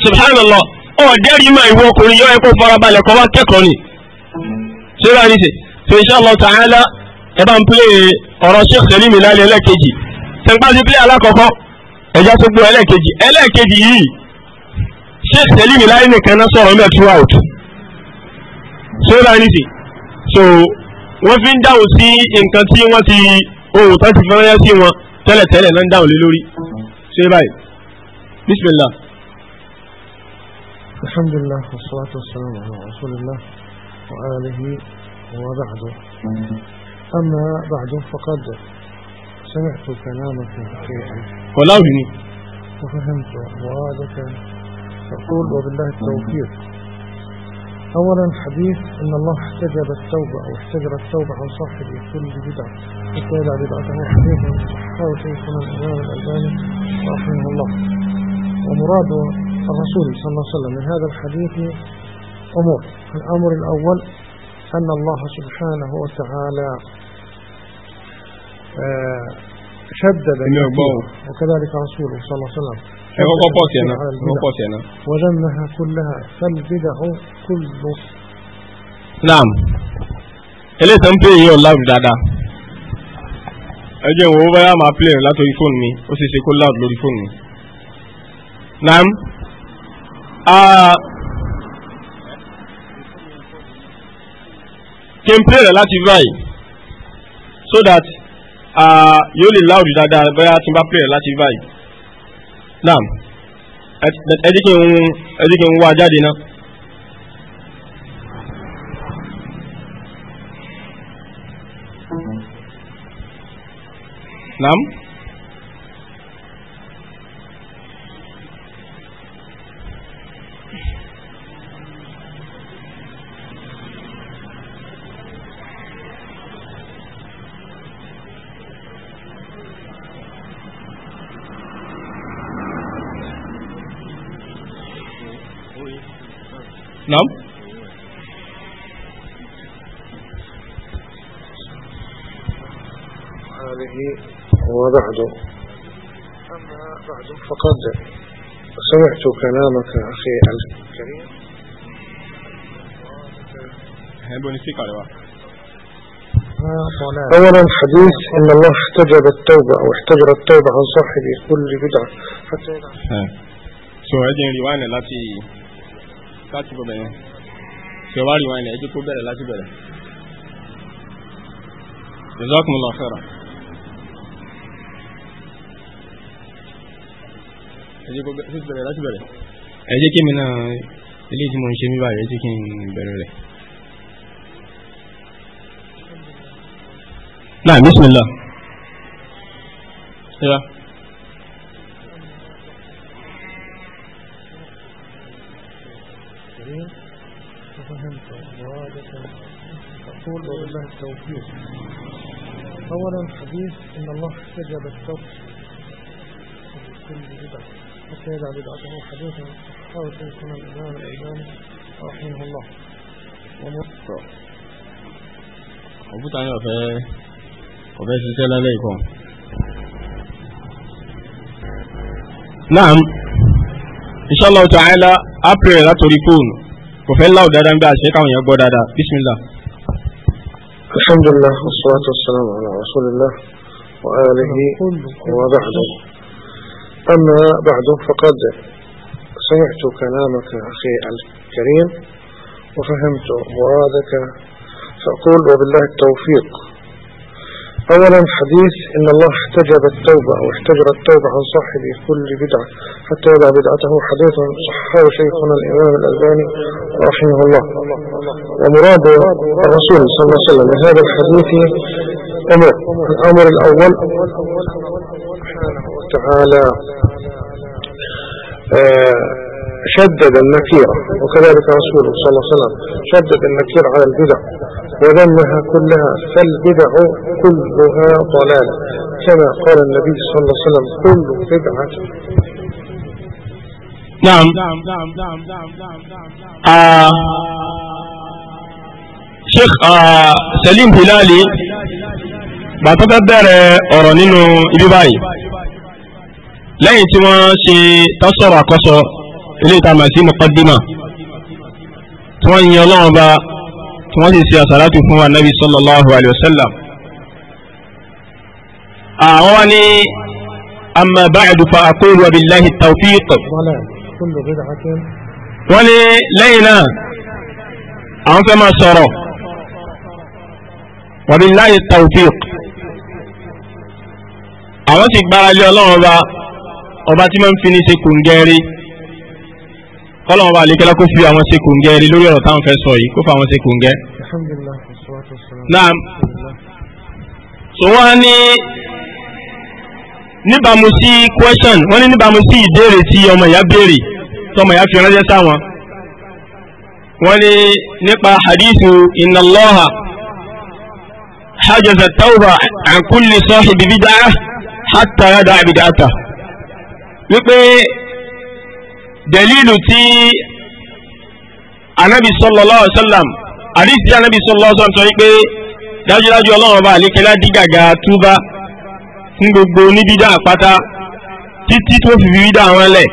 subhanallah ọ̀dẹ́rìí máa ìwọ ọkùnrin yọ ẹ̀kọ́ farabalẹ̀ kọ́ wá kẹ́kọ̀ọ́ ni ṣé wàá ní sè so inshallah ta'ala ẹ bá ń pílẹ̀ ọ̀rọ̀ sheikh salim ilali ẹlẹ́kejì sẹ́ńpá ti pílẹ̀ alákọ̀ọ́kọ́ ẹ̀já tó gbọ́ ẹlẹ́kejì ẹlẹ́kejì yìí sheikh salim ilali nìkan náà sọ̀rọ̀ mẹ́ẹ̀ two out ṣé wàá ní sè so. وفين داو سي ان كان سي tí wọ́n ti ohun tó ti fẹ́ rẹ́ sí wọn tẹ́lẹ̀tẹ́lẹ̀ ló ń dáhùn lé lórí الحمد لله والصلاة والسلام على رسول الله وآله وبعده أما بعد فقد سمعت كلامك صحيحا ولو وفهمت أحوالك تقول وبالله التوفيق أولا حديث أن الله احتجب التوبة أو احتجب التوبة عن صاحبه كل بدعة وكان بدعته حديث صححه شيخنا الإمام الألباني رحمه الله ومراد الرسول صلى الله عليه وسلم من هذا الحديث أمور الأمر الأول أن الله سبحانه وتعالى آه شدد وكذلك رسوله صلى الله عليه وسلم وجنها كلها فالبدع كل نعم eléyìí tó ń pè yín ọ̀la dáadáa ẹ jẹ́ ìwọ̀n bóyá máa pè é látòrí fóònù mi ó sì ṣe kó loud lórí fóònù mi. naam kí n pè rẹ̀ láti báyìí so that yóò lè láòdì dáadáa bóyá tí n bá pẹ̀rẹ̀ láti báyìí naam ẹ̀dí kí n wá jáde náà. naam. نعم هذه وبعد أما بعد فقد سمعت كلامك أخي الكريم أولا حديث أن الله احتجب التوبة أو احتجر التوبة عن صاحب كل بدعة حتى يدعى هذه رواية التي káàtì gbogbo yẹn fẹwárì wọn ilẹ̀ ẹjẹ́ kó bẹ̀rẹ̀ láti bẹ̀rẹ̀ jazakumullah khairan ẹjẹ́ kó bẹ̀rẹ̀ láti bẹ̀rẹ̀ ẹjẹ́ kí mi náà ilé tí mo ń ṣe mí báyìí ẹjẹ́ kí n bẹ̀rẹ̀ rẹ̀ náà bísmillah. Yeah. الرسول وإلا التوفيق أولا حديث إن الله استجاب التوبة كل بدعة حتى يدع بدعته حديثا أو سنة الإمام الإمام رحمه الله ومصر ọ̀bùtà ní ọ̀fẹ́ ọ̀fẹ́ ṣiṣẹ́ lálẹ́ ìkan náà inshallah ta'ala á pèrè látòrí fóònù kò fẹ́ láò dáadáa ń bá àṣẹ káwọn èèyàn gbọ́ dáadáa bismillah الحمد لله والصلاة والسلام على رسول الله وآله وبعده أما بعده فقد سمعت كلامك أخي الكريم وفهمت مرادك فأقول وبالله التوفيق أولا حديث إن الله احتجب التوبة أو احتجر التوبة عن صاحب كل بدعة حتى يدع بدعته حديث صححه شيخنا الإمام الألباني رحمه الله ومراد الرسول صلى الله عليه وسلم هذا الحديث أمر الأمر الأول تعالى آه شدد النكير وكذلك رسوله صلى الله عليه وسلم شدد النكير على البدع وذمها كلها فالبدع كلها ضلالة كما قال النبي صلى الله عليه وسلم كل بدعة نعم نعم شيخ آه، سليم هلالي باتقدر آه، أورانينو إبي باي lẹ́yìn tí wọ́n ṣe tásọ̀rọ̀ àkọ́sọ ilé ìtàmà sí muqaddima tí wọ́n yin ọlọ́run bá tí wọ́n sì ṣe àsàlátù fún wa nabi sallallahu alayhi wa sallam. àwọn wa ní amma ba'du fa aqulu wa billahi tawfiq. wọ́n ní lẹ́yìn náà àwọn fẹ́ máa sọ̀rọ̀ wa billahi tawfiq. àwọn sì gbára lé ọlọ́run bá ọba tí máa fi ní ṣe kùngẹ́rì kọ́lọ́wọ́n bá àlékẹ́lá kó fi àwọn ṣe kòǹgẹ́ rí lórí ọ̀rọ̀ táwọn fẹ́ sọ yìí kó fi àwọn ṣe kòǹgẹ́. naam so wọ́n ní níbàámu sí question wọ́n ní níbàámu sí ìbéèrè tí ọmọ ìyá béèrè tọmọ ìyá fi ránṣẹ́ sáwọn wọ́n ní nípa hadithu inna Allaha hajaza tawba an kulli sahibi bid'ah hatta yada'a bid'atah wípé dẹ̀lílù tí anabi sallallahu alaihi wasallam àdìsí tí anabi sallallahu alaihi wasallam sọ wípé dájúdájú ọlọ́run ọba àlékẹ́lá dígàgà túbá fún gbogbo oníbídà àpáta títí tó fi bídà wọn lẹ̀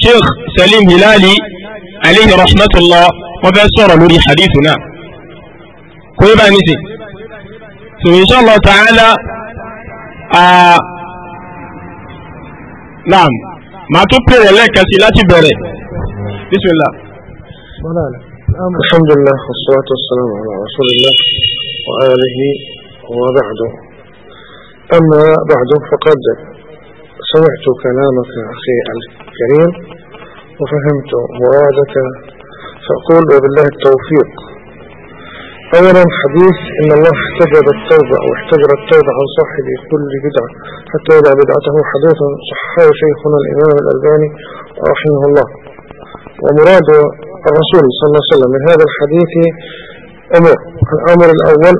sheikh salim hilali aleyhi rahmatullah wọ́n fẹ́ sọ̀rọ̀ lórí hadith náà kò yẹ báyìí nísìn so inshallah ta'ala naam. Uh, ما تبقي لك سلاتي بري بسم الله الحمد لله والصلاة والسلام على رسول الله وآله وبعده أما بعده فقد سمعت كلامك أخي الكريم وفهمت مرادك فأقول وبالله التوفيق أولا حديث إن الله احتجب التوبة أو احتجب التوبة عن صاحب كل بدعة حتى يدع بدعته حديث صححه شيخنا الإمام الألباني رحمه الله ومراد الرسول صلى الله عليه وسلم من هذا الحديث أمر الأمر الأول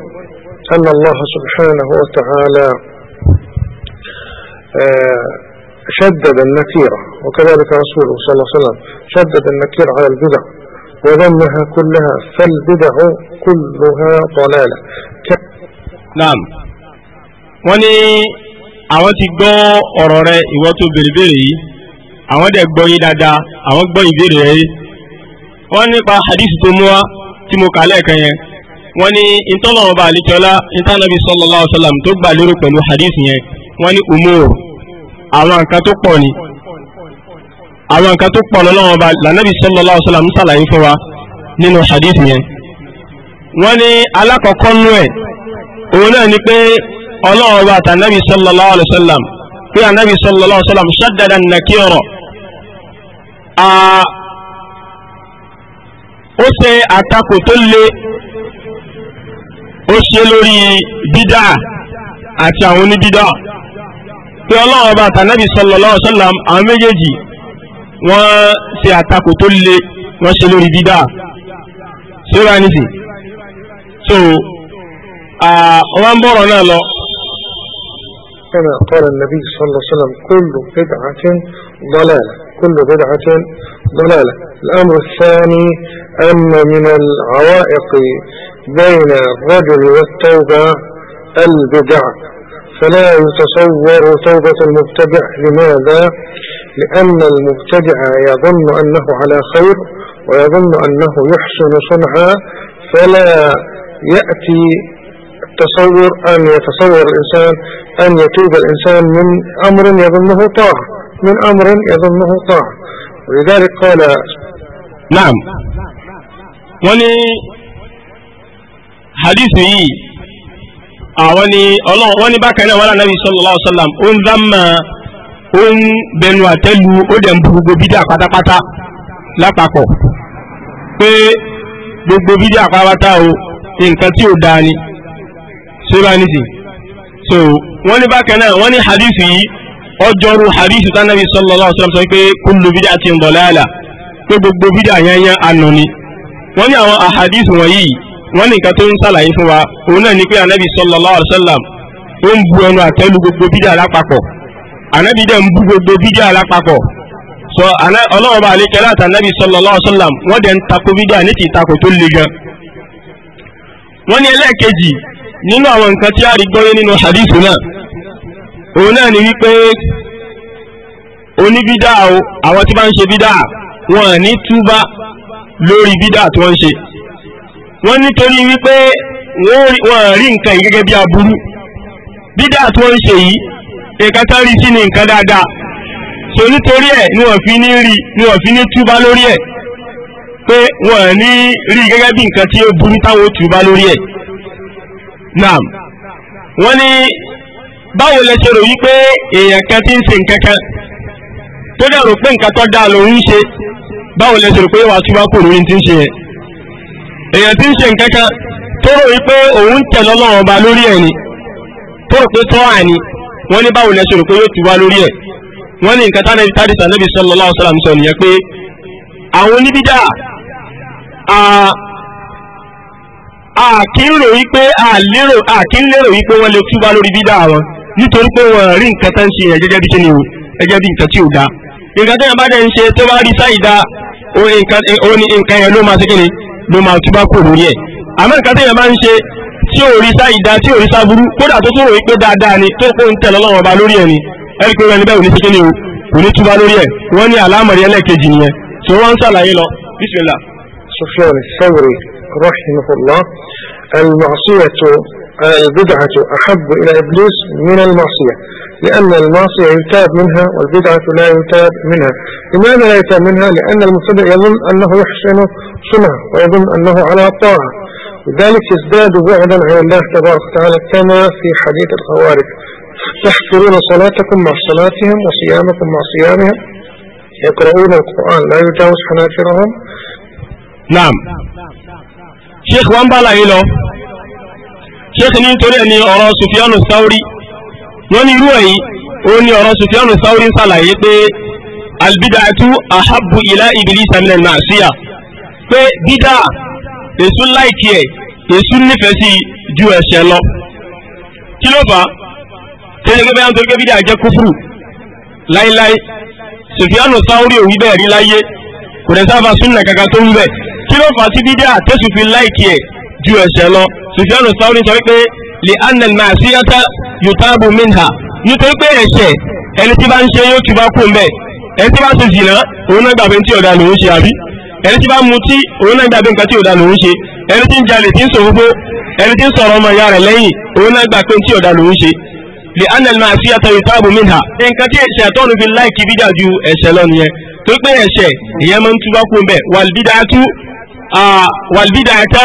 أن الله سبحانه وتعالى آه، شدد النكير وكذلك رسوله صلى الله عليه وسلم شدد النكير على البدع وذمها كلها فالبدع كلها ضلالة نعم wọ́n ní àwọn ti gbọ́ ọ̀rọ̀ rẹ ìwọ tó béèrè béèrè yìí àwọn dẹ̀ gbọ́ yé dáadáa àwọn gbọ́ ìbéèrè rẹ yìí wọ́n nípa hadith tó mú wa tí mo kà lẹ́ẹ̀kan yẹn wọ́n ní ìtọ́lọ́wọ́n bá àlejòọ́lá ìtànàbí sallallahu alaihi wasallam tó gbà lérò pẹ̀lú hadith yẹn wọ́n ní umur àwọn nǹkan tó pọ̀ ni àwọn nǹkan tó pọ̀ lọ́wọ́ bá lànàbí sallallahu alaihi wasallam sàlàyé fún wa nínú hadith yẹn wọ́n ní alákọ̀ọ́kọ́ nú ẹ̀ òun náà ni pé ọlọ́wọ́ bá tànàbí sallallahu alaihi wasallam pé ànàbí sallallahu alaihi wasallam ṣàdàdà nàkí ọ̀rọ̀ ó ṣe àtakò tó le ó ṣe lórí bídà àti àwọn oníbídà pé ọlọ́wọ́ bá tànàbí sallallahu alaihi wasallam àwọn méjèèjì wọ́n ṣe àtakò tó le wọ́n ṣe lórí ṣé so wọ́n ń bọ̀rọ̀ náà lọ. كما قال النبي صلى الله عليه وسلم كل بدعة ضلالة كل بدعة ضلالة الأمر الثاني أن من العوائق بين الرجل والتوبة البدعة فلا يتصور توبة المبتدع لماذا؟ لأن المبتدع يظن أنه على خير ويظن أنه يحسن صنعا فلا يأتي التصور أن يتصور الإنسان أن يتوب الإنسان من أمر يظنه طاعة من أمر يظنه طاعة ولذلك قال نعم وني حديثي آه الله وني باكنا ولا نبي صلى الله عليه وسلم أن ذم ó ń bẹnu àtẹ́lu ó dẹ̀ ń bu gbogbo bídà pátápátá lápapọ̀ pé gbogbo bídà pátápátá o nǹkan tí ò dáa ni ṣé bá ní sí so wọ́n ní bákan náà wọ́n ní hadith yìí ọjọ́rú hadith tánàbí sallallahu alaihi wasallam sọ pé kullu bid'atin dalalah pé gbogbo bídà yẹn yẹn àná ni wọ́n ní àwọn ahadith wọ̀nyí wọ́n ní nǹkan tó ń sàlàyé fún wa òun náà ni pé anabi sallallahu alaihi wasallam ó ń bu ẹnu àtẹ́lu gbogbo bídà lápapọ̀ ànábì dẹ̀ ń bú gbogbo bídíà lápapọ̀ sọ ọlọ́run bá àlékẹ́ láti ànábì sallallahu alaihi wasallam wọ́n dẹ̀ ń takò bídíà ní ti ìtakò tó le gan. wọ́n ní ẹlẹ́ẹ̀kejì nínú àwọn nǹkan tí a rí gbọ́yé nínú hadithu náà òun náà ni wípé oníbídà o àwọn tí bá ń ṣe bídà wọn ní túbá lórí bídà tí wọ́n ń ṣe wọ́n nítorí wípé wọ́n rí nǹkan yìí gẹ́gẹ́ bí aburú bídà tí wọ́n ń ṣe yìí nǹkan tán rí sí ni nǹkan dáadáa so nítorí ẹ̀ ni wọ́n fi ní rí ni wọ́n fi ní túbá lórí ẹ̀ pé wọ́n ní rí gẹ́gẹ́ bí nǹkan tí ó burú táwọn túbá lórí ẹ̀ naam wọ́n ní báwo lẹ ṣe rò wípé èèyàn kan ti ń ṣe nǹkan kan tó dẹ̀ pé nǹkan tó dáa lòun ń ṣe báwo lẹ ṣe rò pé wàá túbá kò lórí ti ń ṣe yẹn èèyàn ti ń ṣe nǹkan kan tó rò wípé òun tẹ̀lé Ọlọ́run ọba lórí ẹ̀ ni tó rò pé tọ́ àní wọ́n ní báwo lẹ́sẹ̀ rò pé yóò tùbá lórí ẹ̀ wọ́n ní nǹkan tánàbí tàbí sànàbí sallallahu alaihi wasallam sọ nìyẹn pé àwọn oníbídà àkínrò wípé àlérò àkínlérò wípé wọ́n lè túbá lórí bídà wọn nítorí pé wọ́n rí nǹkan tán ṣe yẹn gẹ́gẹ́ bí kíni o gẹ́gẹ́ bí nǹkan tí ò dáa nǹkan tó yẹn bá dẹ̀ ń ṣe tó bá rí sáìdá òun ni nǹkan yẹn ló máa ṣe kíni ló máa túbá kò lórí ẹ̀ àmọ́ nǹkan tó yẹn bá ń ṣe ti البدعة أحب إلى إبليس من المعصية لأن المعصية يتاب منها والبدعة لا يتاب منها لماذا لا يتاب منها لأن المصدق يظن أنه يحسن صنعه ويظن أنه على طاعة لذلك ازداد بعدا عن الله تبارك وتعالى كما في حديث الخوارج يحصرون صلاتكم مع صلاتهم وصيامكم مع صيامهم يقرؤون القرآن لا يجاوز حناجرهم نعم شيخ وانبا لعيلو شيخ نين تولي اني ارى سفيان الثوري واني روحي واني ارى سفيان الثوري صلى البدعة أحب إلى إبليس من المعصية بدعه èṣù láìkí ẹ̀ èṣù nífẹ̀ẹ́ sí ju ẹ̀ṣẹ̀ lọ kí ló fà á tẹ́lẹ̀ gẹ́gẹ́ bí wọ́n tó gẹ́gẹ́ bí díà jẹ́ kúfùrù láíláí sèfìyànù sáwúrì òwú bẹ́ẹ̀ rí láyé kò dẹ̀ sáfà súnà kankan tó ń bẹ̀ kí ló fà á sí dídá tẹ́sù fi láìkí ẹ̀ ju ẹ̀ṣẹ̀ lọ sèfìyànù sáwúrì sọ wípé lè anel máa sí yàtá yòtáàbù minha nítorí pé ẹ̀ṣẹ̀ ẹni tí bá ń ṣe yóò tún bá kú mbẹ̀ ẹni tí bá ti jìnnà òun náà gbàgbé ní tí ọ̀dà lòún ṣe àbí ẹni tí bá mu tí òun náà gbàgbé nǹkan tí ò da lòun ṣe ẹni tí ń jalè tí ń sọ gbogbo ẹni tí ń sọ̀rọ̀ ọmọ ìyá rẹ̀ lẹ́yìn òun náà gbà pé tí ò da lòun ṣe. lè anel máa fi àtàwé táàbù mi hà. nǹkan tí ẹ̀ṣẹ̀ àtọ́nu fi láìkí bídà ju ẹ̀ṣẹ̀ lọ nìyẹn torí pé ẹ̀ṣẹ̀ ìyẹn máa ń túbá kú bẹ̀ wàlbídà ẹ̀ta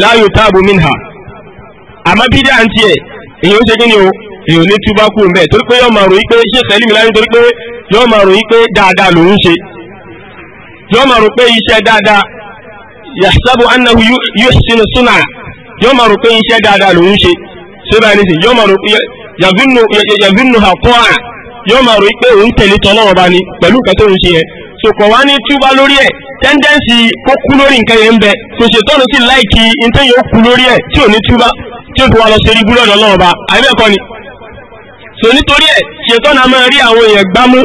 láàyò táàbù mi hà yóò máa rò pé iṣẹ́ dáadáa yahsabu annahu yuhsinu suna yóò máa rò pé iṣẹ́ dáadáa lòún ṣe síbẹ̀ ní sìn yóò máa rò pé yàvínú àkọ́à yóò máa rò pé òun tẹ̀lé tọ́lọ́wọ́ bá ní pẹ̀lú nǹkan tó ń ṣe yẹn sòkò wá ní túbá lórí ẹ̀ tẹ́ndẹ́ǹsì kó kú lórí nǹkan yẹn ń bẹ sòṣètọ́nù sí láìkì ntẹ́ yóò kú lórí ẹ̀ tí ò ní túbá tí ó fi wá lọ ṣe ibú lọ́dọ̀ ọlọ́run ọba ni. sò nítorí ẹ̀ ṣètọ́nù máa rí àwọn èèyàn gbámú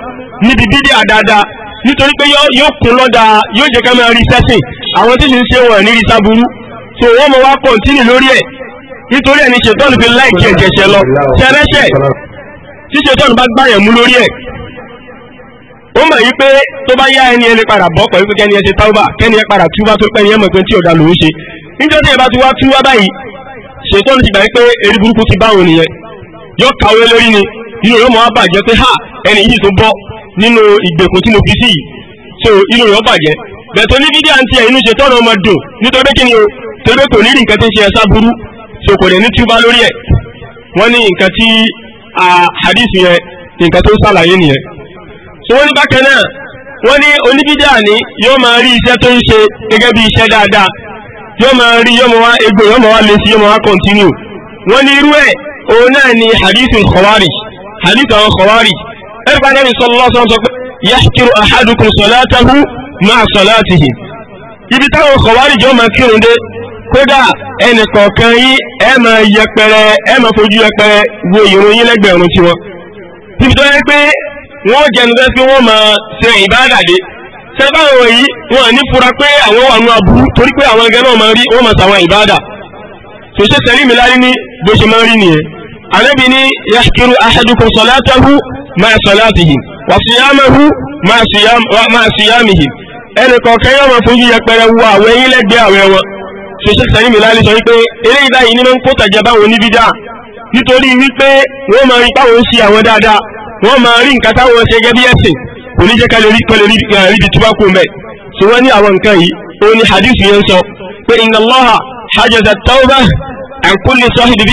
níbi bídíà dáadáa nítorí pé yóò kún lọ́dà yóò jẹ́ ká máa rí sẹ́sìn àwọn tí sì ṣe wọ̀n ní rí sábúrú so wọ́n mọ̀ wá kọ̀ǹtínì lórí ẹ̀ nítorí ẹ̀ ní ṣètọ́nù fi láìkí ẹ̀jẹ̀ṣẹ̀ lọ ṣẹrẹ́ṣẹ̀ tí ṣètọ́nù bá gbàyàn mú lórí ẹ̀ ó mọ̀ yí pé tó bá yá ẹni ẹni padà bọ́ pẹ̀lú pé kẹ́ni ẹ ṣe táwọ́bà kẹ́ni ẹ padà túbá tó pẹ́ni ẹ mọ̀ pé tí ọ̀dà lòún ṣe níjọ́ tí ẹ bá ha ẹni yìí tó nínú ìgbèkùn tí mo fi sí yìí so inú rẹ̀ ó bàjẹ́ bẹ̀tọ̀ ní fídíà ń tiẹ̀ inú ṣe tọ́nà ọmọ dùn nítorí kí ni o torí pé kò ní rí nǹkan tí ń ṣe ẹ̀sá burú so kò dẹ̀ ní túbá lórí ẹ̀ wọ́n ní nǹkan tí hadith yẹn nǹkan tó ṣàlàyé nìyẹn so wọ́n ní bákan náà wọ́n ní onífídíà ni yóò máa rí iṣẹ́ tó ń ṣe gẹ́gẹ́ bí iṣẹ́ dáadáa yóò máa rí yóò máa egbò yóò máa wá lé yóò máa continue wọ́n ní irú ẹ̀ òun náà ni hadith kọ̀wárì hadith àwọn kọ̀wárì ẹ̀rùpá náà ní sallallahu alaihi wasallam sọ pé yahkiru ahadukum salatahu ma'a salatihi ibi táwọn kọ̀wárì jọ máa kírun dé kódà ẹnì kọ̀ọ̀kan yín ẹ máa yẹpẹrẹ ẹ máa fojú yẹpẹrẹ wo ìrun yín lẹ́gbẹ̀rún tiwọn níbi tó yẹ pé wọ́n jẹnu fẹ́ pé wọ́n máa ṣe ìbádàdé sẹ́fàwọn yìí wọn ní fura pé àwọn wà ní aburú torí pé àwọn ẹgbẹ́ náà máa rí wọ́n máa ṣàwọn ìbádà tòṣe sẹ́rí mi lárí ní bó ṣe máa rí nìyẹn ànábì ní yahkiru ahadukum salatahu máa sọ̀láàtìhì wà síyámahu máa síyámihì ẹnì kọ̀ọ̀kan yóò máa fojú yẹpẹrẹ wo àwẹ̀ yín lẹ́gbẹ̀ẹ́ àwẹ̀ wọn ṣèṣe sẹ́yìn mi láàrín sọ wípé eléyìí báyìí nínú ń kó tàjà báwọn oníbídà nítorí wípé wọ́n máa rí báwọn ń ṣe àwọn dáadáa wọ́n máa rí nǹkan táwọn ṣe gẹ́gẹ́ bí ẹ̀sìn kò ní jẹ́ ká lè rí pẹ̀lú ríbi tí wọ́n kú mẹ́ so wọ́n ní àwọn nǹkan yìí òun ni hadith yẹn sọ pé inna Allaha hajaza tawbah an kulli sahibi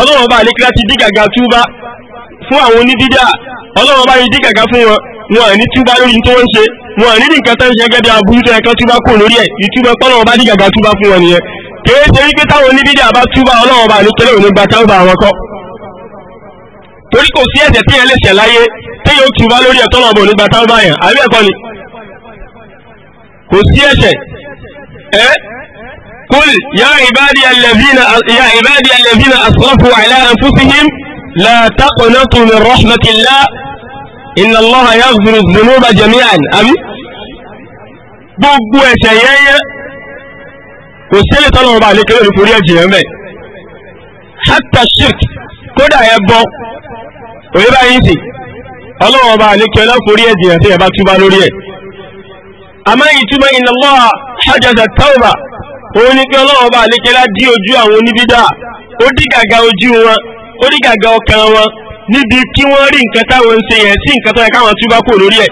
ọlọ́wọ́n bá àlékíra ti dí gàgà túbá fún àwọn onídídá ọlọ́wọ́n bá yìí dí gàgà fún wọn wọn ní túbá lórí tó ń ṣe wọn ní nǹkan tó ń ṣe gẹ́gẹ́ bí aburú tó yẹ kán túbá kò lórí ẹ̀ ìtúbá ọlọ́wọ́n bá dí gàgà túbá fún wọn nìyẹn kìí ṣe wípé táwọn onídídá bá túbá ọlọ́wọ́n bá àlékíra òní gba táwọn bá wọn kọ́ torí kò sí ẹ̀ṣẹ̀ tí lè ṣẹ̀ láyé tí قل يا عبادي الذين يا عبادي الذين اسرفوا على انفسهم لا تقنطوا من رحمة الله ان الله يغفر الذنوب جميعا ام gbogbo ẹ̀ṣẹ̀ yẹnyẹ kò ṣẹlẹ̀ tọlọ́run bá lékeré ní forí ẹ̀jẹ̀ yẹn bẹ hata shirk kódà ẹ bọ òye báyìí sì Ọlọ́run bá lékeré forí ẹ̀jẹ̀ yẹn tí ẹ bá túbá lórí ẹ àmọ́ ìtumọ̀ inna Allah hajaza tawba òun ni pé ọlọ́run ọba àlékẹ́lá dí ojú àwọn oníbídà ó dí gàgà ojú wọn ó dí gàgà ọkàn wọn níbi kí wọ́n rí nǹkan táwọn ń ṣe yẹn sí nǹkan tó yẹ káwọn túbá lórí ẹ̀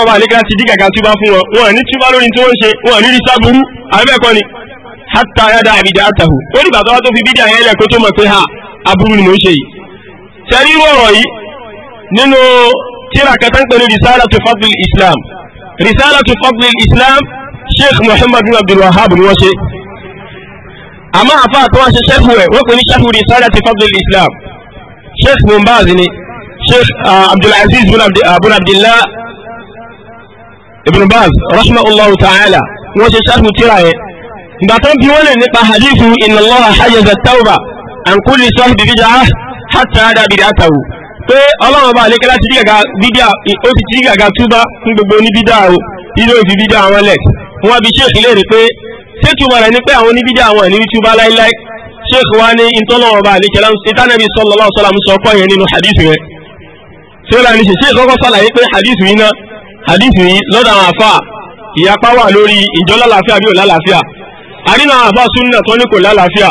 ọba àlékẹ́lá ti dí gàgà túbá fún wọn wọn ní túbá lórí tí wọ́n ṣe wọn ní ni hátà yàda àbìdá àtàwù ó tó wá tó fi kó tó mọ̀ pé ha aburú ni mò ń ṣe yìí sẹ́rí yìí nínú tíra kẹta ń islam sheikh muhammad bin abdul wahab ni wọ́n ṣe àmọ́ àfa àti wọ́n ṣe sheikh wẹ̀ wọ́n pè ní sheikh wuli sada ti fadl islam sheikh mumbaz ni sheikh ah, abdulaziz bin abdullah ah, ibn baz rahmatulah ta'ala wọ́n ṣe sheikh tira yẹn gbàtọ́ bí wọ́n lè nípa hadithu inna allaha hajjaza tawba an kulli sahbi bid'ah hatta ada bid'atahu pé ọlọ́run ọba àlékẹ́ láti dígàga bídíà ó ti dígàga túbá fún gbogbo oníbídà o ilé òfin bídà wọn lẹ̀ wọ́n bí sheikh léèrè pé ṣé túmọ̀ rẹ̀ ni pé àwọn oníbídà àwọn ẹ̀ní ní túbá láíláí sheikh wa ní ìtọ́lọ́wọ́ bá àlejò láwọn ìtànàbí sallallahu alaihi wasallam sọ ọkọ yẹn nínú hadith yẹn tí ó lànà ṣe sheikh kọ́kọ́ sàlàyé pé hadith yìí ná hadith yìí lọ́dọ̀ àwọn àfa ìyapa wà lórí ìjọ lálàáfíà bí ò lálàáfíà àrínà àwọn àfa sunna tó ní kò lálàáfíà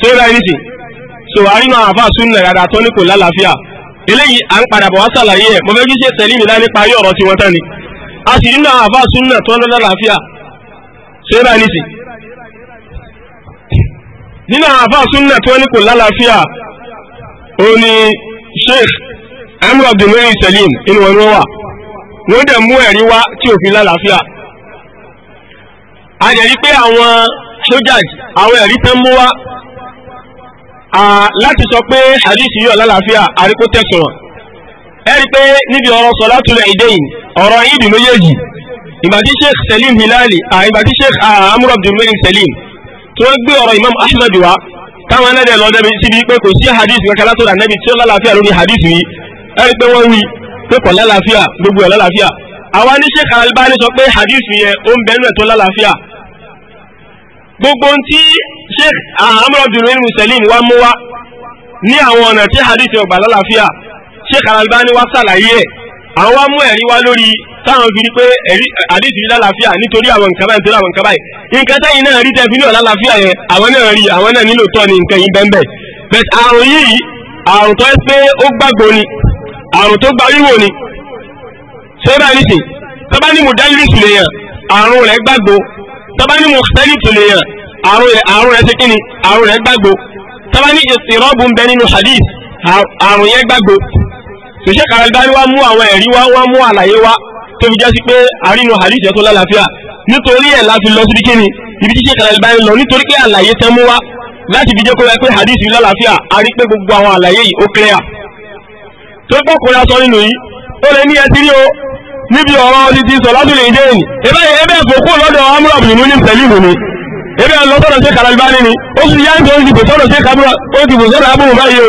tí ó lànà ṣe so àrínà àfa sunna rárá tó ní kò lálàáfíà eléyìí à ń padà bọ̀ wá sàlàyé ẹ̀ mo fẹ́ kí ṣe tẹ̀lé mi dání a sì nínú àwọn àfáà súnà tó lọ́dọ̀ làáfíà ṣẹ́ra nìsí nínú àwọn àfáà súnà tó ní kò lálàáfíà ó ní sheikh amr abdulmeri salim inú wọn ló wà wọ́n dẹ̀ mú ẹ̀rí wá tí ò lálàáfíà a jẹ́ rí pé àwọn sójàj àwọn ẹ̀rí tán mú wá láti sọ pé hadith yìí lálàáfíà àríkó tẹ̀sán ẹ̀rí pé níbi ọ̀rọ̀ Salatul Idayn ọ̀rọ̀ ìdì méjèèjì ìgbà tí Sheikh Salim Hilali àìgbà tí Sheikh Amr Abdul Malik Salim tó ń gbé ọ̀rọ̀ Imam Ahmad wa táwọn ẹlẹ́dẹ̀ lọ débi síbi pé kò sí hadith kankan látọ̀ dà nẹ́bi tí ó lálàáfíà lórí hadith yìí ẹ̀rí pé wọ́n wí pé kò lálàáfíà gbogbo ẹ̀ lálàáfíà àwa ní Sheikh Albani sọ pé hadith yẹn ó ń bẹ́nu ẹ̀ tó lálàáfíà gbogbo tí Sheikh Amr Abdul Malik Salim wa mú wa ní àwọn ọ̀nà tí hadith yẹn ò gbà lálàáfíà Sheikh Al-Albani wá sàlàyé ẹ̀ àwọn wá mú ẹ̀rí wá lórí táwọn fi rí pé ẹ̀rí àdìsí ní lálàáfíà nítorí àwọn nǹkan báyìí nítorí àwọn nǹkan báyìí nǹkan táyìn náà rí tẹ́ fi ní ọ̀làlàáfíà yẹn àwọn náà rí àwọn náà nílò tọ́ ni nǹkan yìí bẹ́ẹ̀ bẹ́ẹ̀ àrùn yìí àrùn tó ẹ pé ó gbàgbọ́ ni àrùn tó gba wíwò ni ṣé bá ní sè tọ́ba ní mùdálírìsì lè yàn àrùn rẹ̀ gbàgbọ́ tọ́ba ní mùtẹ́lìtì lè yàn àrùn rẹ̀ ṣe kíni àrùn rẹ̀ gbàgbọ́ tọ́ba ní ìsìnrọ́bù ń bẹ nínú hadith àrùn yẹn gbàgbọ́ sòṣẹ́ kàràlbáni wá mú àwọn ẹ̀rí wá wọ́n mú àlàyé wá tó fi jásí pé àrínú hadith tó lálàáfíà nítorí ẹ̀ láti lọ síbi kíni ibi tí sòṣẹ́ kàràlbáni lọ nítorí pé àlàyé tẹ́ mú wá láti fi jẹ́ kó yẹ pé hadith lálàáfíà a rí pé gbogbo àwọn àlàyé yìí ó clear tó pọ̀ kóra sọ nínú yìí ó lè ní ẹtí rí o níbi ọ̀rọ̀ ti ti sọ lọ́dún lè dé ìní ẹbẹ́ ẹbẹ́ ìfòkú lọ́dọ̀ amúrọ̀bù nínú ní pẹ̀lú ìlú ni ẹbẹ́ ni ó sì yá ń tó ti bò sọ́dọ̀ sí kàbúrò ó ti bò sọ́dọ̀ abúrò báyìí o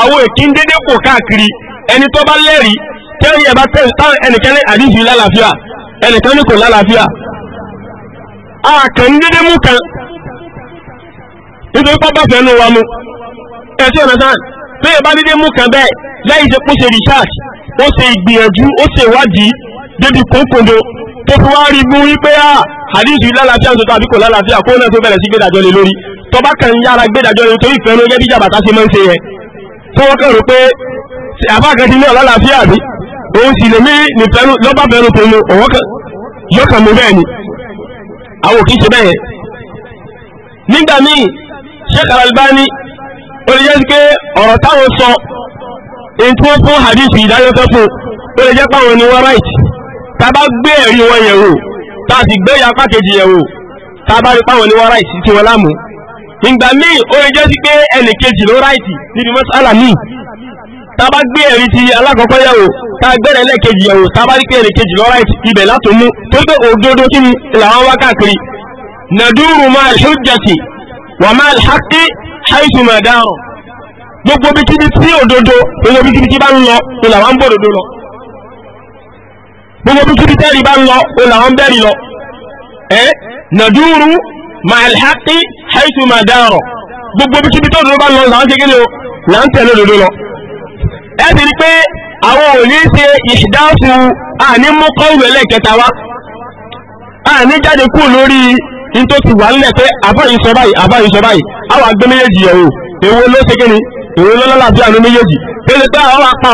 àwọn èkí ń dédé pò káàkiri ẹni tó bá lẹ́rìí tẹ́rì ẹ̀ bá tẹ́rì táwọn ẹnìkan ní àdìsí lálàáfíà ẹnìkan ní kò lálàáfíà àkàn dédé mú kan nítorí pápá fẹ́nu wa mu ẹ̀sìn ọ̀nà sáà tó yẹ bá dédé mú kan bẹ́ẹ̀ lẹ́yìn tó ṣe research ó ṣe ìgbìyànjú ó ṣe ìwádìí débi kókòdó tó fi wá rí mú wípé à àdìsí lálàáfíà ń sọ tàbí kò lálàáfíà kó náà tó bẹ̀rẹ̀ sí gbẹ́dàjọ́ lé lórí tọ́ba kan yára gbẹ́dàjọ́ lé torí ìfẹ́ ló yẹ bí jàbàtà ṣe máa ń ṣe yẹn tó wọ́n kàn rò pé àbá kan ti ní ọ̀làlàáfíà bí òun sì lè mí nìfẹ́nu lọ́ba fẹ́nu tó nu òwò kan yóò kàn mí bẹ́ẹ̀ ni àwọn òkè ṣe bẹ́ẹ̀ nígbà míì Sheikh Al-Albani ó lè jẹ́ pé ọ̀rọ̀ táwọn sọ èyí tí wọ́n fún hadith ìdájọ́ tó fún ó lè jẹ́ páwọn ni wọ́n right tá a bá gbé ẹ̀rí wọn yẹ̀ wò tá a sì gbé yapa kejì yẹ̀ wò tá a bá rí páwọn ni wọ́n right tí wọ́n lámù ìgbà míì ó lè jẹ́ sí pé ẹnì kejì ló right níbi mọ́sálà míì tába gbé ẹ̀rí ti alákọ̀ọ́kọ́ yẹ̀wò tá a gbẹ̀rẹ̀ lẹ́ẹ̀kejì yẹ̀wò tába rí pé ẹ̀rí kejì lọ́ra ibẹ̀ látò mú tó pé òdodo kí ni làwọn wá káàkiri nàdúrù máa ṣújàtì wà máa ṣáàkì ṣáìṣù máa dáhùn gbogbo bí kíbi tí òdodo gbogbo bí kíbi tí bá ń lọ ó làwọn ń bọ̀ òdodo lọ gbogbo bí kíbi tẹ́rì bá ń lọ ó làwọn ń bẹ̀rì lọ ẹ nàdúrù máa ṣáàkì ṣáìṣù máa dáhùn gbogbo bí ẹ ti rí pé àwọn ò ní ṣe ìṣìdáàfù àní mú kọ́wù ẹlẹ́kẹta wá àní jáde kú lórí nítorí ti wà nílẹ̀ pé àbáyìí sọ báyìí àbáyìí sọ báyìí àwọn àgbẹ̀ méjèèjì yẹ̀ wò èwo ló ṣe kéni èwo ló lálàáfíà ní méjèèjì pélé pé àwọn apá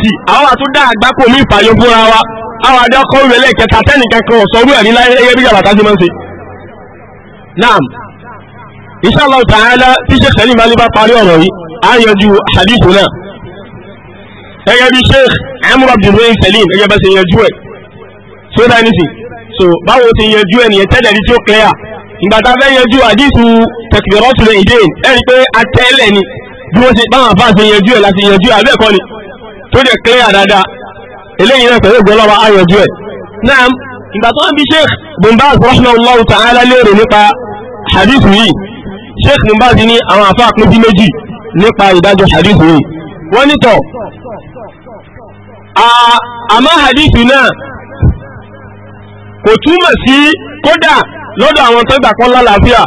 ti àwọn àgbákò ìfàyọ fúnra wa àwọn àdé ọkọ ìwé lẹ́ẹ̀kẹta tẹ́nìkan kan ọ̀sọ́ orú ẹ̀rí láyé gẹ́gẹ́ bí yàrá ti máa ń ṣe. naam inshallah ta'ala tí ṣe máa ní bá parí ọ̀rọ̀ yìí á yanjú náà gẹ́gẹ́ bí sheikh amr abdulrahim salim gẹ́gẹ́ bá ṣe yanjú ẹ̀ so that is it so báwo ṣe yanjú ẹ̀ nìyẹn tẹ́lẹ̀ ní tí ó clear ìgbà tá a fẹ́ yanjú àdìsù tẹkìlọ́tùlẹ̀ ìdéyìn ẹ̀ rí pé atẹ́lẹ̀ ni bí wọ́n ṣe báwọn àbá ṣe yanjú ẹ̀ láti yanjú àbẹ́ẹ̀kọ́ ni tó jẹ́ clear dáadáa eléyìí náà pẹ̀lú ìgbọ́lọ́wọ́ ayọ̀jú ẹ̀ náà ìgbà tó ń bí sheikh bumbaz rahmanullahu ta'ala lérò nípa hadith yìí sheikh bumbaz ní àwọn àfáà pín sí méjì nípa ìdájọ́ hadith yìí wọ́n nítọ̀ àmọ́ hadithi náà kò túmọ̀ sí kódà lọ́dọ̀ àwọn tó gbà kan lálàáfíà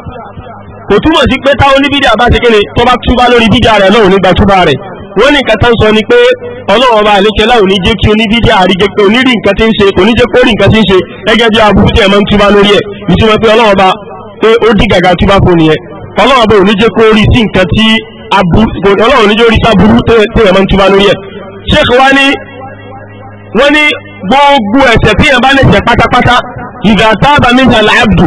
kò túmọ̀ sí pé táwọn oníbídà bá ṣe kéde tó bá túbá lórí bídà rẹ̀ lọ́wọ́ nígbà túbá rẹ̀ wọ́n ní nǹkan tán sọ ni pé ọlọ́run ọba àlékẹ́ láwọn oníjé kí oníbídà àríjẹ nǹkan tí ń ṣe kò ní jẹ́ kó nǹkan tí ń ṣe gẹ́gẹ́ bí aburú tí ẹ̀ máa ń túbá lórí ẹ̀ ìtumọ̀ Sheikh wa ní wọ́n ní gbogbo ẹ̀ṣẹ̀ tí yẹn bá lè ṣẹ̀ pátápátá ìgbà táàbà méjì aláàbù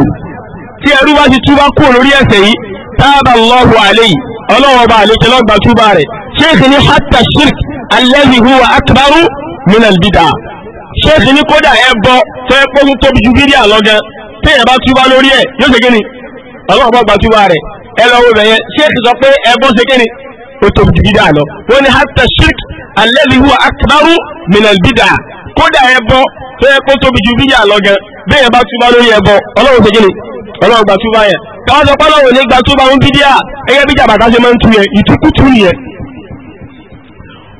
tí ẹrú bá ti túbá kúrò lórí ẹ̀ṣẹ̀ yìí táàbà Allahu alayhi ọlọ́wọ́ bá àlejò lọ́gbà túbá rẹ̀ ṣéèkì ní hatta shirk alladhi huwa akbaru min al ṣéèkì ní kódà ẹ bọ tó ẹ pé tóbi ju bídíà lọ́gán tí yẹn bá túbá lórí ẹ̀ yóò ṣe kíni ọlọ́wọ́ bá gbà túbá rẹ̀ ẹ alladhi huwa akbaru minal bid'a kódà ẹbọ tó yẹ kó tóbi ju bídà lọ gan bẹ́ẹ̀ yẹn bá túbá lórí ẹbọ ọlọ́run ṣe kíni ọlọ́run gba túbá yẹn káwọn sọ pé ọlọ́run ní gba túbá ń bídà ẹgẹ́ bíjà bàtà ṣe máa ń tu yẹn ìtukùtù yẹn.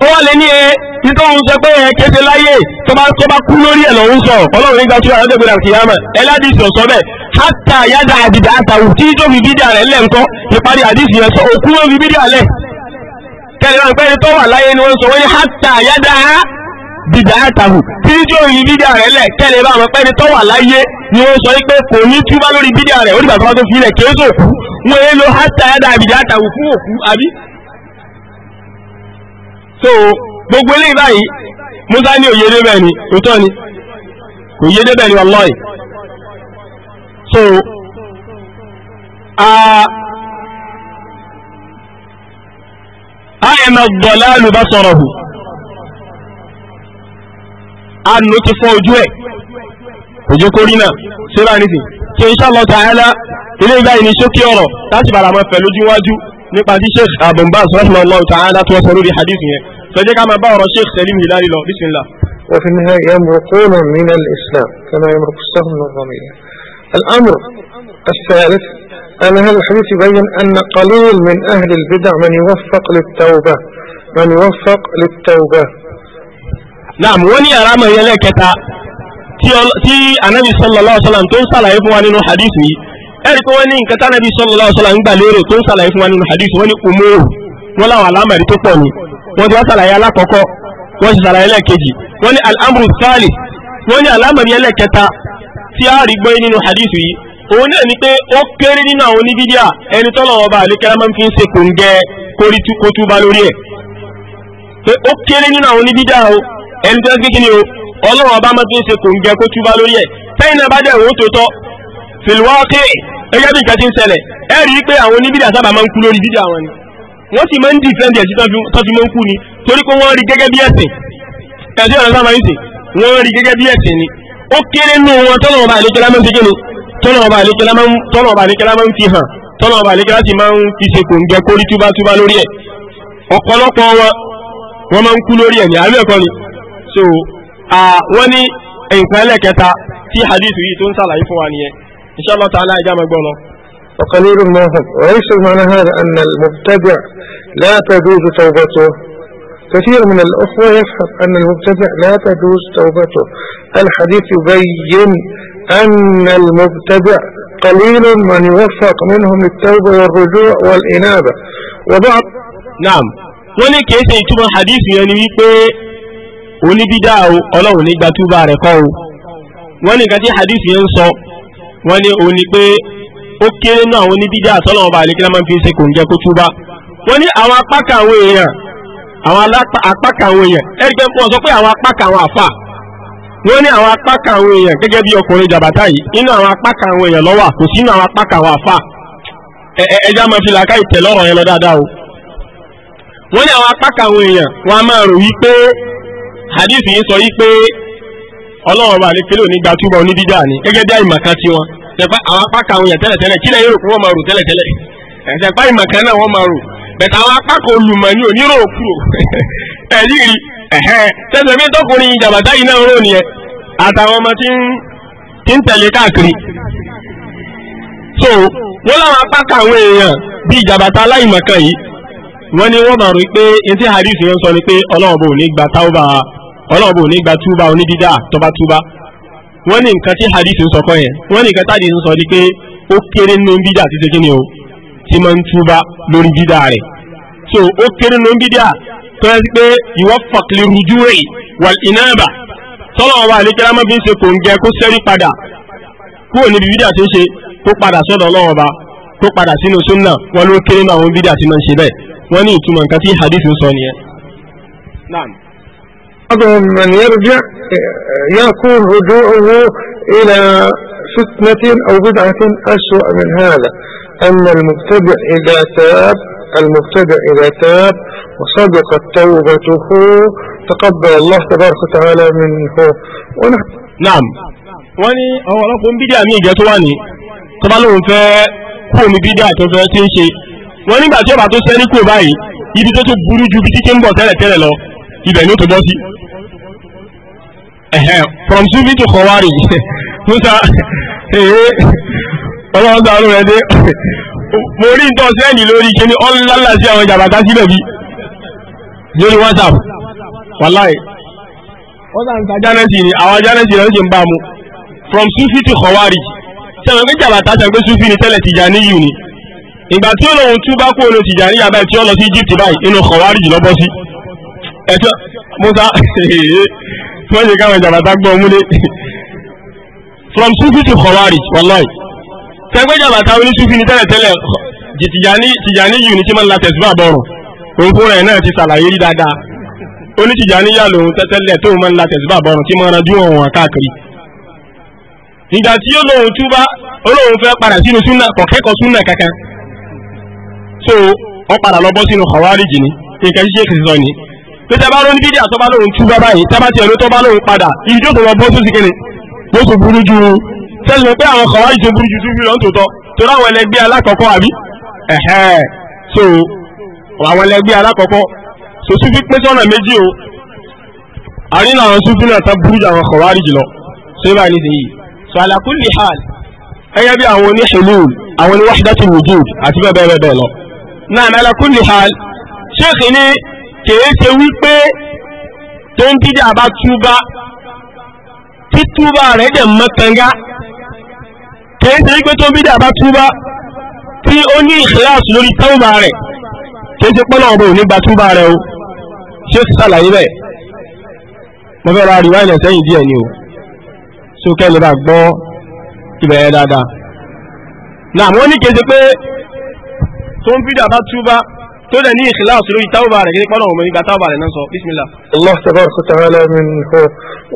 ó wà lé ní ẹ nítorí sọ pé ẹ kéde láyé tó bá tó bá kú lórí ẹ lọ́hún sọ ọlọ́run ní gba túbá lọ́dẹ̀ gbọdọ̀ kìyàmà ẹ láti sọ sọ bẹ́ẹ̀ hátà yádà àdìdà àtàwù tí tó fi bídà rẹ̀ lẹ́ ńkọ́ ìparí àdìsí yẹn sọ òkú ló fi bídà lẹ̀ kẹlẹ̀ náà pẹ́ni tó wà láyé ni wọ́n sọ wọ́n ní hátà yádá bìdá àtàwù tí ní tí ó yin bídíà rẹ̀ lẹ̀ kẹlẹ̀ bá àwọn pẹ́ni tó wà láyé ni wọ́n sọ pé kò ní túbá lórí bídíà rẹ̀ onígbà tó tó fi ilẹ̀ kéésò wọ́n yé lo hátà yádá bìdá àtàwù fún òkú àbí. so gbogbo eléyìí báyìí musa ní òye débẹ̀ ni òótọ́ ni kò yé débẹ̀ ni wallahi so. Uh, àìmọ̀ gbọ̀lá lùbá sọ̀rọ̀ hù àánú ti fọ́ ojú ẹ̀ òjò kórí náà ṣé bá nìsín kí n ṣàlọ́ tààlà ilé ìgbà yìí ní ṣókí láti bàrà mọ́ pẹ̀lú ojúwájú nípa tí sheikh abunba sọ́sọ́ lọ́wọ́ tààlà tó sọ lórí hadith yẹn sọjẹ́ ká máa bá ọ̀rọ̀ sheikh Salim Hilali lọ bismillah. وفي النهاية يمرقون من الإسلام كما يمرق السهم من الرمية الأمر الثالث أن هذا الحديث يبين أن قليل من أهل البدع من يوفق للتوبة من يوفق للتوبة نعم وني أرام يلكتا tí anábì sallallahu alaihi wasallam tó ń sàlàyé fún wa nínú hadith yìí ẹ̀rí tó wọ́n ní nǹkan tánábì sallallahu alaihi wasallam ń gbà lérò tó ń sàlàyé fún wa nínú hadith wọ́n ní umuru wọ́n láwọn alámàrí tó pọ̀ ni wọ́n ti wá sàlàyé alákọ̀ọ́kọ́ wọ́n sì sàlàyé lẹ́ẹ̀kejì wọ́n ní al-amru thali wọ́n ní alámàrí ẹlẹ́kẹta tí a rí gbọ́ nínú hadith yìí onye náà ni pé ó kéré nínú àwọn oníbídíà ẹni tọ́lọ̀ ọba àlékẹ́lá máa ń fi ń ṣe kò ń gẹ kótúbá lórí ẹ̀ pé ó kéré nínú àwọn oníbídíà o ẹni tó na gbé o ọlọ́run ọba máa fi ẹ rí i pé àwọn oníbídíà sábà máa ń kú lórí bídíà wọn ni wọ́n sì máa ń dìfẹ́ǹdì ẹ̀sìn fi máa ń kú ni torí pé wọ́n rí gẹ́gẹ́ bí ẹ̀sìn ẹ̀sìn ọ̀nà sábà ń sìn wọ́n rí gẹ́gẹ́ bí ẹ̀sìn ni ó kéré wọn tọ́lọ̀ọ̀bà àlékẹ́lá máa ń fi hàn tọ́lọ̀ọ̀bà àlékẹ́lá sì máa ń fi ṣe kò ń gẹ kórí túbátúbá lórí ẹ̀ ọ̀pọ̀lọpọ̀ wọn wọ́n máa ń kú lórí ẹ̀ ní àárẹ̀ ẹ̀kọ́ ni so wọ́n ní nǹkan ẹlẹ́kẹta tí hadith yìí tó ń sàlàyé fún wa nìyẹn insha Allah ta'ala ẹja máa gbọ́ lọ. وقليل ما هم وليس معنى هذا أن المبتدع لا تجوز توبته كثير من الأخوة يفهم أن المبتدع لا تجوز توبته الحديث يبين أن المبتدع قليل من يوفق منهم للتوبة والرجوع والإنابة وبعض نعم wọ́n ní kìí ṣe ìtumọ̀ hadith yẹn ni wípé oníbídà ọlọ́run ní gba túbà rẹ̀ kọ́ o wọ́n ní kàtí hadith yẹn ń sọ wọ́n ní òun ni pé ó kéré náà àwọn oníbídà àtọ́lọ́wọ́n bá àlékí lámà fi ń ṣe kò ń jẹ́ kó túbà wọ́n ní àwọn apákà àwọn èèyàn àwọn apákà àwọn èèyàn ẹ̀rí pé wọ́n sọ pé àwọn apákà àwọn àfà wọ́n ní àwọn apá kan àwọn èèyàn gẹ́gẹ́ bí ọkùnrin jàbátá yìí nínú àwọn apá kan àwọn èèyàn lọ́wọ́ kò sínú àwọn apá kan àwọn ẹja máa fi làákà ite lọ́rọ̀ yẹn lọ dáadáa o. wọ́n ní àwọn apá kan àwọn èèyàn wọ́n á máa rò pé hadith yìí sọ yí pé ọlọ́run bá ní kílò ní gbajúmọ̀ ni gẹ́gẹ́ bí àìmọ̀kan tí wọn. àwọn apá kan àwọn èèyàn bẹ̀tẹ̀ àwọn apá olu olùmọ̀ ní onírò òkúrò ẹ̀yí rí ẹ̀hẹ́ tẹ́sẹ̀ bí tọkùnrin jàbàtà yìí náà rò nìyẹn àtàwọn ọmọ tí ń tẹ̀lé káàkiri. so wọ́n láwọn apá kan àwọn èèyàn bíi jàbàtà aláìmọ̀kan yìí wọ́n ní wọ́n máa rò pé etí hadith yẹn sọ ni pé ọlọ́run bò ní gba táwọ́bà ọlọ́run bò túbà onídídà tọ́ba túbà wọ́n ní nǹkan tí hadith ń sọ kọ́ yẹn wọ́n ní ni pé ó kéré nínú tí máa lórí dídá rẹ̀ so ó kéré ló ń dídá tó yẹ pé ìwọ fàkìlì rújú rẹ̀ wà ìnáàbà ọba àlékẹ́lá máa ń ṣe kò ń gẹ kó sẹ́rí padà kúrò níbi bídà tó ń ṣe kó padà sọ́dọ̀ ọlọ́wọ́ ọba kó padà sínú súnà wọn ló kéré nínú àwọn bídà tí máa ń ṣe bẹ́ẹ̀ ní ìtumọ̀ nǹkan tí hadith ń sọ nìyẹn. فتنة أو بدعة أسوأ من هذا أن المبتدع إذا تاب المبتدع إذا تاب وصدقت توبته تقبل الله تبارك وتعالى منه نعم wọ́n ní àwọn ọlọ́pọ̀ bídíà mi ìjẹ́ tó wà ní tọ́bálòun fẹ́ kú omi bídíà tó fẹ́ tí ń ṣe wọ́n nígbà tí ọba tó sẹ́ báyìí ibi tó tó burú ju bí títí ń bọ̀ tẹ́lẹ̀ lọ ibẹ̀ ni ó tó bọ́ sí from sufi to kọ̀wárì musa èyí eh, ọlọ́run sáré rẹ̀ dé mo rí nǹkan sẹ́ẹ̀nì lórí kíní ọ̀nlálà sí àwọn jàbàtà síbẹ̀ bí lórí whatsapp wàláì ọ̀sà nǹka jánẹ́sì ni àwọn jánẹ́sì rẹ̀ ń ṣe ń bá mu from sufi to kọ̀wárì sẹ́wọ̀n pé jàbàtà sẹ́wọ̀n pé sufi ni tẹ́lẹ̀ Tijani yìí ni ìgbà tí olóhùn tún bá kú olóhùn Tijani yàbá tí ó lọ sí Egypt báyìí inú kọ̀wárì lọ́bọ́ sí ẹ̀tọ́ musa eh, tí wọ́n ṣe káwọn jàbàtà gbọ́ múlé from sufi to khawarij wallahi tẹgbẹ́ jàbàtà oní sufi ní tẹ́lẹ̀tẹ́lẹ̀ tìjàní yìí ní tí máa ń la tẹ̀síwá bọ̀rọ̀ òun fúnra ẹ̀ náà ti ṣàlàyé rí dáadáa oní tìjàní yà lòun tẹ́tẹ́lẹ̀ tó máa ń la tẹ̀síwá bọ̀rọ̀ tí máa ń rajú ọ̀hún káàkiri ìgbà tí olóhùn túbá olóhùn fẹ́ padà sínú súnà kọ̀kẹ́kọ̀ọ́ súnà kankan so ọ padà lọ bọ́ sínú khawarij ni nǹkan ṣíṣe kìí sọ ni pété bá lóní bídíà tó bá lóun tú bá báyìí tábà tiẹ̀ ló tó bá lóun padà ìjó tó lọ bọ́ tó sì kéde ló tó burú ju sẹ́sìn pé àwọn kọ̀wá ìjó burú ju túbú lọ ń tòótọ́ torí àwọn ẹlẹgbẹ́ alákọ̀ọ́kọ́ àbí ẹ̀hẹ́ so àwọn ẹlẹgbẹ́ alákọ̀ọ́kọ́ so sufi pé sọ́nà méjì o àrínà àwọn sufi náà tá burú ju àwọn kọ̀wá rí jùlọ ṣé bá ní sèyí so ala kulli hal ẹyẹ bí àwọn oní hulul àwọn oní wahdatu wujud àti bẹ́ẹ̀ bẹ́ẹ̀ bẹ́ẹ̀ lọ náà ala kulli hal ṣéèkì ní kèé ṣe wípé tó ń dídá bá túbá títúbá rẹ̀ dẹ̀ mọ́kànlá kèé ṣe wípé tó ń dídá bá túbá tí ó ní ìkìláàsì lórí tọ́wọ́bà rẹ̀ kèé ṣe pọ́nà ọ̀bọ̀ òní gba túbá rẹ̀ o ṣé ti bẹ́ẹ̀ mo fẹ́ ra rìwáìnì sẹ́yìn díẹ̀ ni o so kẹ́lẹ́ bá gbọ́ ìbẹ̀rẹ̀ dáadáa náà wọ́n ní kèé ṣe pé tó ń dídá bá túbá tó dẹ̀ ní ìkìláàsì lórí táwọ́bà rẹ̀ kí pọ́nà òmìnira táwọ́bà rẹ̀ náà الله تبارك وتعالى من هو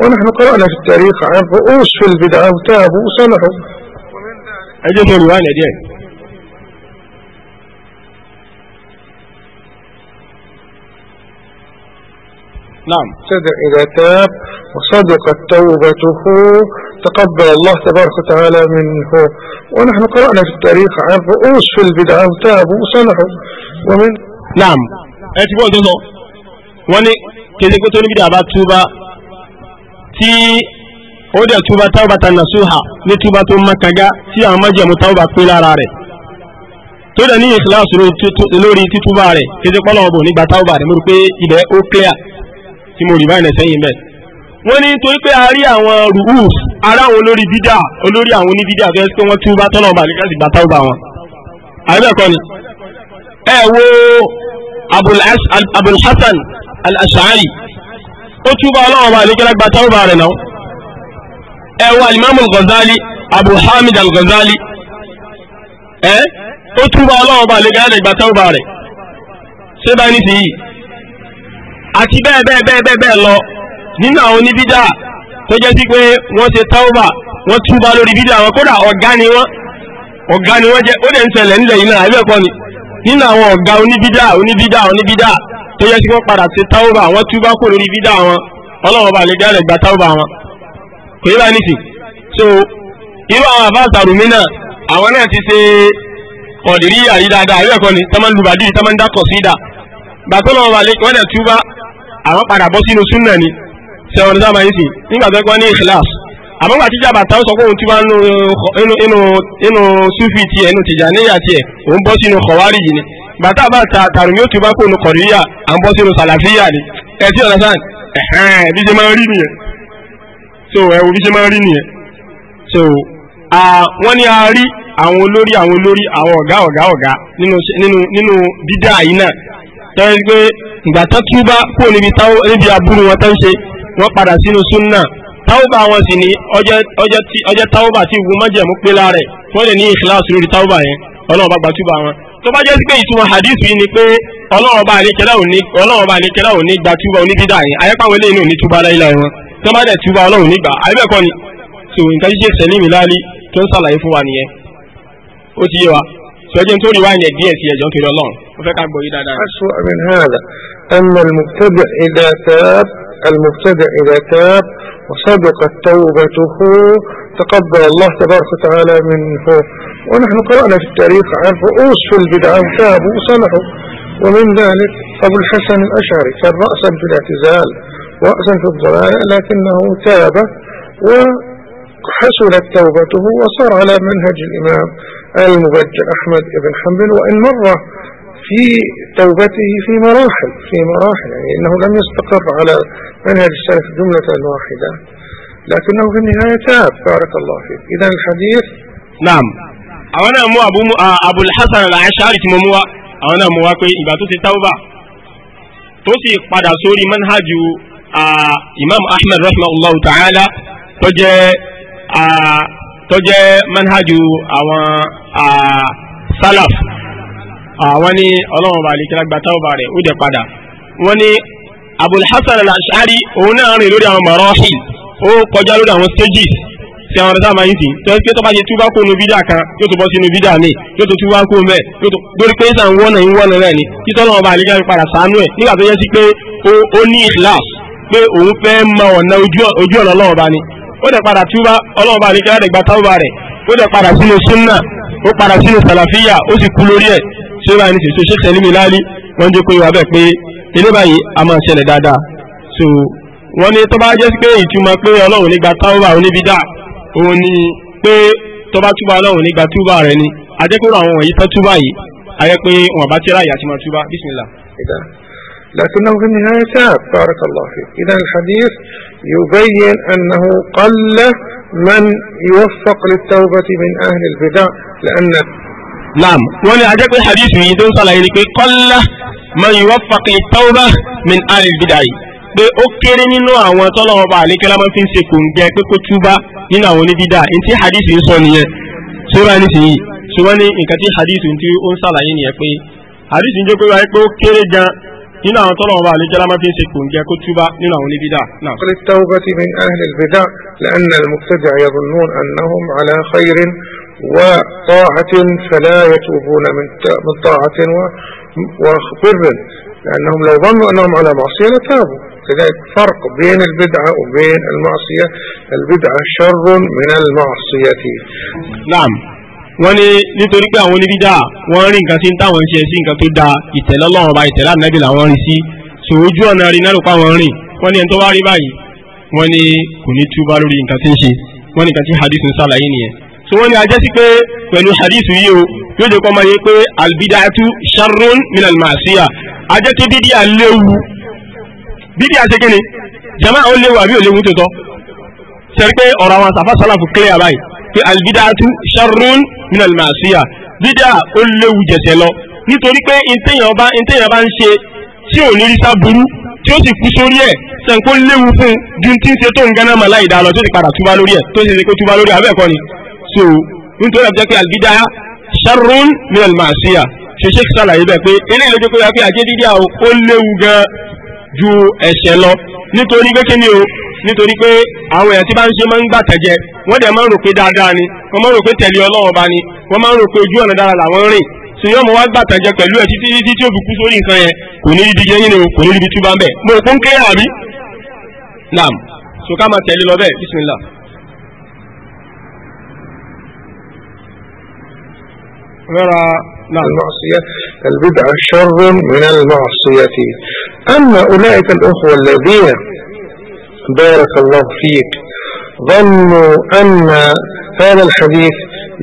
ونحن قرأنا في التاريخ عن رؤوس في البدع وتابوا وصلحوا. أجل من وين نعم صدق إذا تاب وصدقت توبته تقبل الله تبارك وتعالى منه ونحن قرأنا في التاريخ عن رؤوس في البدعة وتابوا وصلحوا ومن نعم ẹ̀tìgbọ́n tó sọ wọ́n ní kéde pé tó níbi dàbá túbá tí ó dẹ̀ túbá táwọ́bà ta nà súhà ní túbá tó makaga tí àwọn májẹ̀mú táwọ́bà pé lára rẹ̀ tó dẹ̀ ní ìsìláàsì lórí títúbà rẹ̀ kéde pọ́lọ́wọ́ bò nígbà táwọ́bà rẹ̀ mú pé ilẹ̀ ó clear tí mo rí báyìí náà sẹ́yìn bẹ́ẹ̀. wọ́n ní torí pé a rí àwọn ruhus ara àwọn olórí bídà olórí àwọn oníbídà fẹ́ pé wọ́n túbá tọ́lọ̀ ọba àdìgá sì gbà táwùbà wọn. àbẹ́ẹ̀kọ́ ni ẹ wo Abul Hasan al-Ash'ari ó túbá ọlọ́wọ́ ọba àdìgá gbà táwùbà rẹ̀ náà. ẹ wo alimami al-Ghazali Abu Hamid al-Ghazali ẹ ó túbá ọlọ́wọ́ ọba àdìgá gbà táwùbà rẹ̀ ṣé báyìí nísìnyí àti bẹ́ẹ̀ bẹ́ẹ̀ bẹ́ẹ̀ bẹ́ẹ̀ bẹ́ẹ̀ lọ nínú àwọn oníbídà tó jẹ́ sí pé wọ́n ṣe táwọ́bà wọ́n túbá lórí bídà wọn kódà ọ̀gá ni wọ́n ọ̀gá ni wọ́n jẹ́ ó dẹ̀ ń ṣẹlẹ̀ nílẹ̀ yìí náà ẹgbẹ́ kọ́ ni nínú àwọn ọ̀gá oníbídà oníbídà oníbídà tó jẹ́ sí wọ́n padà ṣe táwọ́bà wọ́n túbá kó lórí bídà wọn ọlọ́wọ́n bá lè dá rẹ̀ gba wọn kò yí bá nìsí so irú àwọn àfáàsà rùmí náà àwọn náà ti ṣe ọ̀dìrí àrídáadáa ẹgbẹ́ kọ́ ni tọ́mọ́ lùbàdì tọ́mọ́ ń dákọ̀ sí dáa bàtọ́lọ́ wà lẹ́kọ̀ọ́ ẹ̀dẹ̀ túbá àwọn padà bọ́ sínú súnà ni sẹ́wọ̀n sábà yìí sì nígbà tó kọ́ ní ìkìláàs àmọ́ gbà tíjà bàtà ó sọ pé òun túbá nínú súfì tiẹ̀ nínú tìjàníyà tiẹ̀ òun bọ́ sínú kọ̀wárì yìí ni bàtà bá ta tàrùn yóò túbá kó nu kọ̀ríyà à ń bọ́ sínú sàlàfíyà ni ẹ ti ọ̀nà sáà ẹ̀hẹ́n bí ṣe máa rí nìyẹn so ẹ wo bí ṣe máa rí nìyẹn so wọ́n ní a rí àwọn olórí àwọn olórí àwọn ọ̀gá ọ̀gá ọ̀gá nínú dídá yìí tẹ́rí pé ìgbà tán túbá níbi táwọn níbi àbúrò wọn tán ṣe padà sínú súnà táwọ́bà wọn sì ní ọjọ́ táwọ́bà ti ìwú mọ́jẹ̀mú pé láàrẹ̀ wọ́n lè ní lórí yẹn ọlọ́run bá gba túbà wọn tó bá jẹ́ pé ìtumọ̀ hadith yìí ni pé ọlọ́run bá àlékẹ́lá òní ọlọ́run bá àlékẹ́lá òní gba túbà yẹn ayẹ́pàwọ́ ní túbà wọn tó bá dẹ̀ túbà ọlọ́run ni so nǹkan سجن nítorí wá yẹn díẹ̀ sí ẹ̀jọ́ kiri ọlọ́run ó fẹ́ أسوأ من هذا أن المبتدع إذا تاب المبتدع إذا تاب وصدقت توبته تقبل الله تبارك وتعالى منه ونحن قرأنا في التاريخ عن رؤوس البدع تابوا وصلحوا ومن ذلك أبو الحسن الأشعري كان رأسا في الاعتزال رأسا في الضلال لكنه تاب وحسنت توبته وصار على منهج الإمام المبجل أحمد بن حنبل وإن مر في توبته في مراحل في مراحل يعني إنه لم يستقر على منهج السلف جملة واحدة لكنه في النهاية تاب بارك الله فيك إذا الحديث نعم أنا مو أبو, آه، أبو الحسن العشاري مو أنا مو أكوي إبا توسي توبة توسي قد سوري منهج آه إمام أحمد رحمه الله تعالى وجاء آه tó manhaju manhajú àwọn salaf àwọn ní ọlọ́run bá alikira gba tawba rẹ̀ ó jẹ padà wọ́n ní abul hasan al-ashari òun náà rìn lórí àwọn marahil ó kọjá lórí àwọn stages ti àwọn ọ̀rẹ́sà máa ń sìn tó ṣe tó bá ṣe túbá kó nu bídà kan yóò tó bọ́ sínú bídà míì yóò tó túbá kó mẹ́ lórí pé sàn wọ́nà ń wọ́nà rẹ̀ ni kí tọ́lọ́ ọba àlejò àti padà sànú ẹ̀ nígbà tó yẹ sí pé ó ní ikhlas pé òun fẹ́ mọ ọ̀nà ojú ọ̀nà ọlọ́ọ̀ba ni ó dẹ̀ padà túbá ọlọ́ọ̀bá àlejò láti gba táwọ́bà rẹ̀ ó dẹ̀ padà sínú súnà ó padà sínú sàlàfíà ó sì kú lórí ẹ̀ ṣé báyìí ní sèso ṣe tẹ̀lé mi láàlí wọ́n jẹ́ pé wà bẹ́ẹ̀ pé ilé báyìí a máa ṣẹlẹ̀ dáadáa so wọ́n ní tó bá jẹ́ pé ìtumọ̀ pé ọlọ́run ní gba táwọ́bà oníbídà òun ni pé tó bá ọlọ́run ní gba túbà rẹ̀ ni àjẹkùrọ̀ àwọn wọ̀nyí tó túbà yìí àyẹ pé wọn bá tẹ́lá ìyá ti máa túbà bísí لكنه في النهاية تاب بارك الله فيه إذا الحديث يبين أنه قل من يوفق للتوبة من أهل البدع لأن نعم وانا عجب الحديث من دون صلاة لكي قل من يوفق للتوبة من أهل البدع be ó kéré nínú àwọn tọ́lọ́wọ́ bá àlékẹ́ lámọ́ fi ń ṣe kò ń jẹ́ pé kó túbá nínú àwọn oníbídà ntí hadith ń sọ nìyẹn ṣọ́ra nísìnyí ṣùgbọ́n ní nǹkan tí hadith tí ó ń ṣàlàyé nìyẹn pé hadith ń jẹ́ pé wáyé pé ó kéré gan nínú àwọn tọ́lọ̀ ọba àlejò máa ń ṣe kòǹgẹ́ kó túbá nínú àwọn oníbídà náà. قل التوبة من أهل البدع لأن المبتدع يظنون أنهم على خير وطاعة فلا يتوبون من من طاعة وبر لأنهم لو ظنوا أنهم على معصية لتابوا كذلك فرق بين البدعة وبين المعصية البدعة شر من المعصية نعم wọ́n ní nítorí pé àwọn oníbídà wọ́n rí nǹkan sí ń táwọn ṣe sí nǹkan tó da ìtẹ̀lọ́lọ́run ba ìtẹ̀lá nàbì làwọn rìn sí so ojú ọ̀nà rí náà ló pa wọn rìn wọ́n ní ẹni tó wá rí báyìí wọ́n ní kò ní túbá lórí nǹkan tí ń ṣe wọ́n ní nǹkan tí hadith ń ṣàlàyé nìyẹn so wọ́n ní ajẹ́ sí pé pẹ̀lú hadith yìí o yóò jẹ́ kọ́ máa yẹ pé albidatu sharrun min almasiya ajẹ́ kí bídíà léwu bídíà ṣe kí ni jama ó léwu àbí ò léwu tó tọ́ sẹ́rí pé pé albidatu sharrun min almasiya bídà ó léwu jẹ̀ṣẹ̀ lọ nítorí pé ntẹ̀yàn bá ntẹ̀yàn bá ń ṣe tí ò ní rísà burú tí ó sì kú sórí ẹ̀ sẹ̀ǹkó léwu fún ju tí ń ṣe tó ń gánà mọ̀ láì dáa lọ tó ti padà túbá lórí ẹ̀ tó ṣe ṣe kó túbá lórí abẹ́ ẹ̀kọ́ ni so nítorí àbújá pé albida sharrun min almasiya ṣeṣe ṣàlàyé bẹ́ẹ̀ pé eléyìí lójú pé wá pé àjẹ́ dídí àwọn ó léwu gan ju ẹ̀ṣẹ̀ lọ nítorí pé ni o nítorí pé àwọn èèyàn tí bá ń ṣe máa ń gbàtẹ̀jẹ wọ́n dẹ̀ máa ń rò pé dáadáa ni wọ́n máa ń rò pé tẹ̀lé Ọlọ́run bá ni wọ́n máa ń rò pé ojú ọ̀nà dára làwọn rìn tí yóò mọ̀ wá gbàtẹ̀jẹ pẹ̀lú ẹ̀ títí títí tí ó fi kú sórí nǹkan yẹn kò ní ibi jẹ́ yín ni kò ní ibi tí ó bá ń bẹ̀ mo rò pé àbí. naam so máa tẹ̀lé lọ bẹ́ẹ̀ bismillah. rárá المعصية البدعة شر من المعصية أما أولئك الأخوة الذين بارك الله فيك ظنوا أن هذا الحديث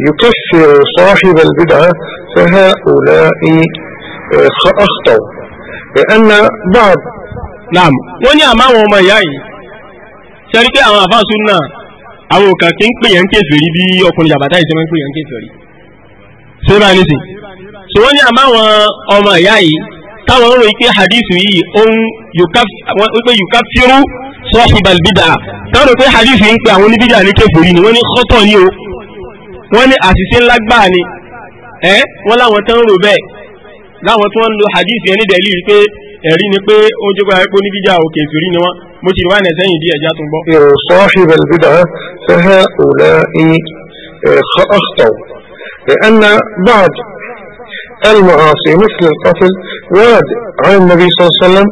يكفر صاحب البدعة فهؤلاء أخطوا لأن بعض نعم وني أمام ما يأي شركة أمام فاسونا àwọn kan kí ń pè yẹn ń kèfèrí bí ọkùnrin jàbátá ìsinmi ń pè yẹn ń kèfèrí ṣé bá ní sí so wọ́n ní àmọ́ àwọn ọmọ ìyá yìí táwọn ń ròyìn pé hadith yìí ó ń wípé yukafiru sọ́ọ̀fìbàl bídà táwọn pé hadith ń pe àwọn oníbídà ní kéfòrí ni wọ́n ní kọ́tọ̀ ni o wọ́n ní àṣìṣe ńlá gbáà ni ẹ wọ́n láwọn tán ń rò bẹ́ẹ̀ láwọn tó ń lo hadith yẹn ní dẹ̀lí pé ẹ̀rí ni pé ó jẹ́ pé oníbídà ò kéfòrí ni wọ́n mo ti rí wáyé sẹ́yìn díẹ̀ já tún gbọ́. sọ́ọ̀fìbàl bídà fẹ́hẹ́ òlẹ́ المعاصي مثل القتل ورد عن النبي صلى الله عليه وسلم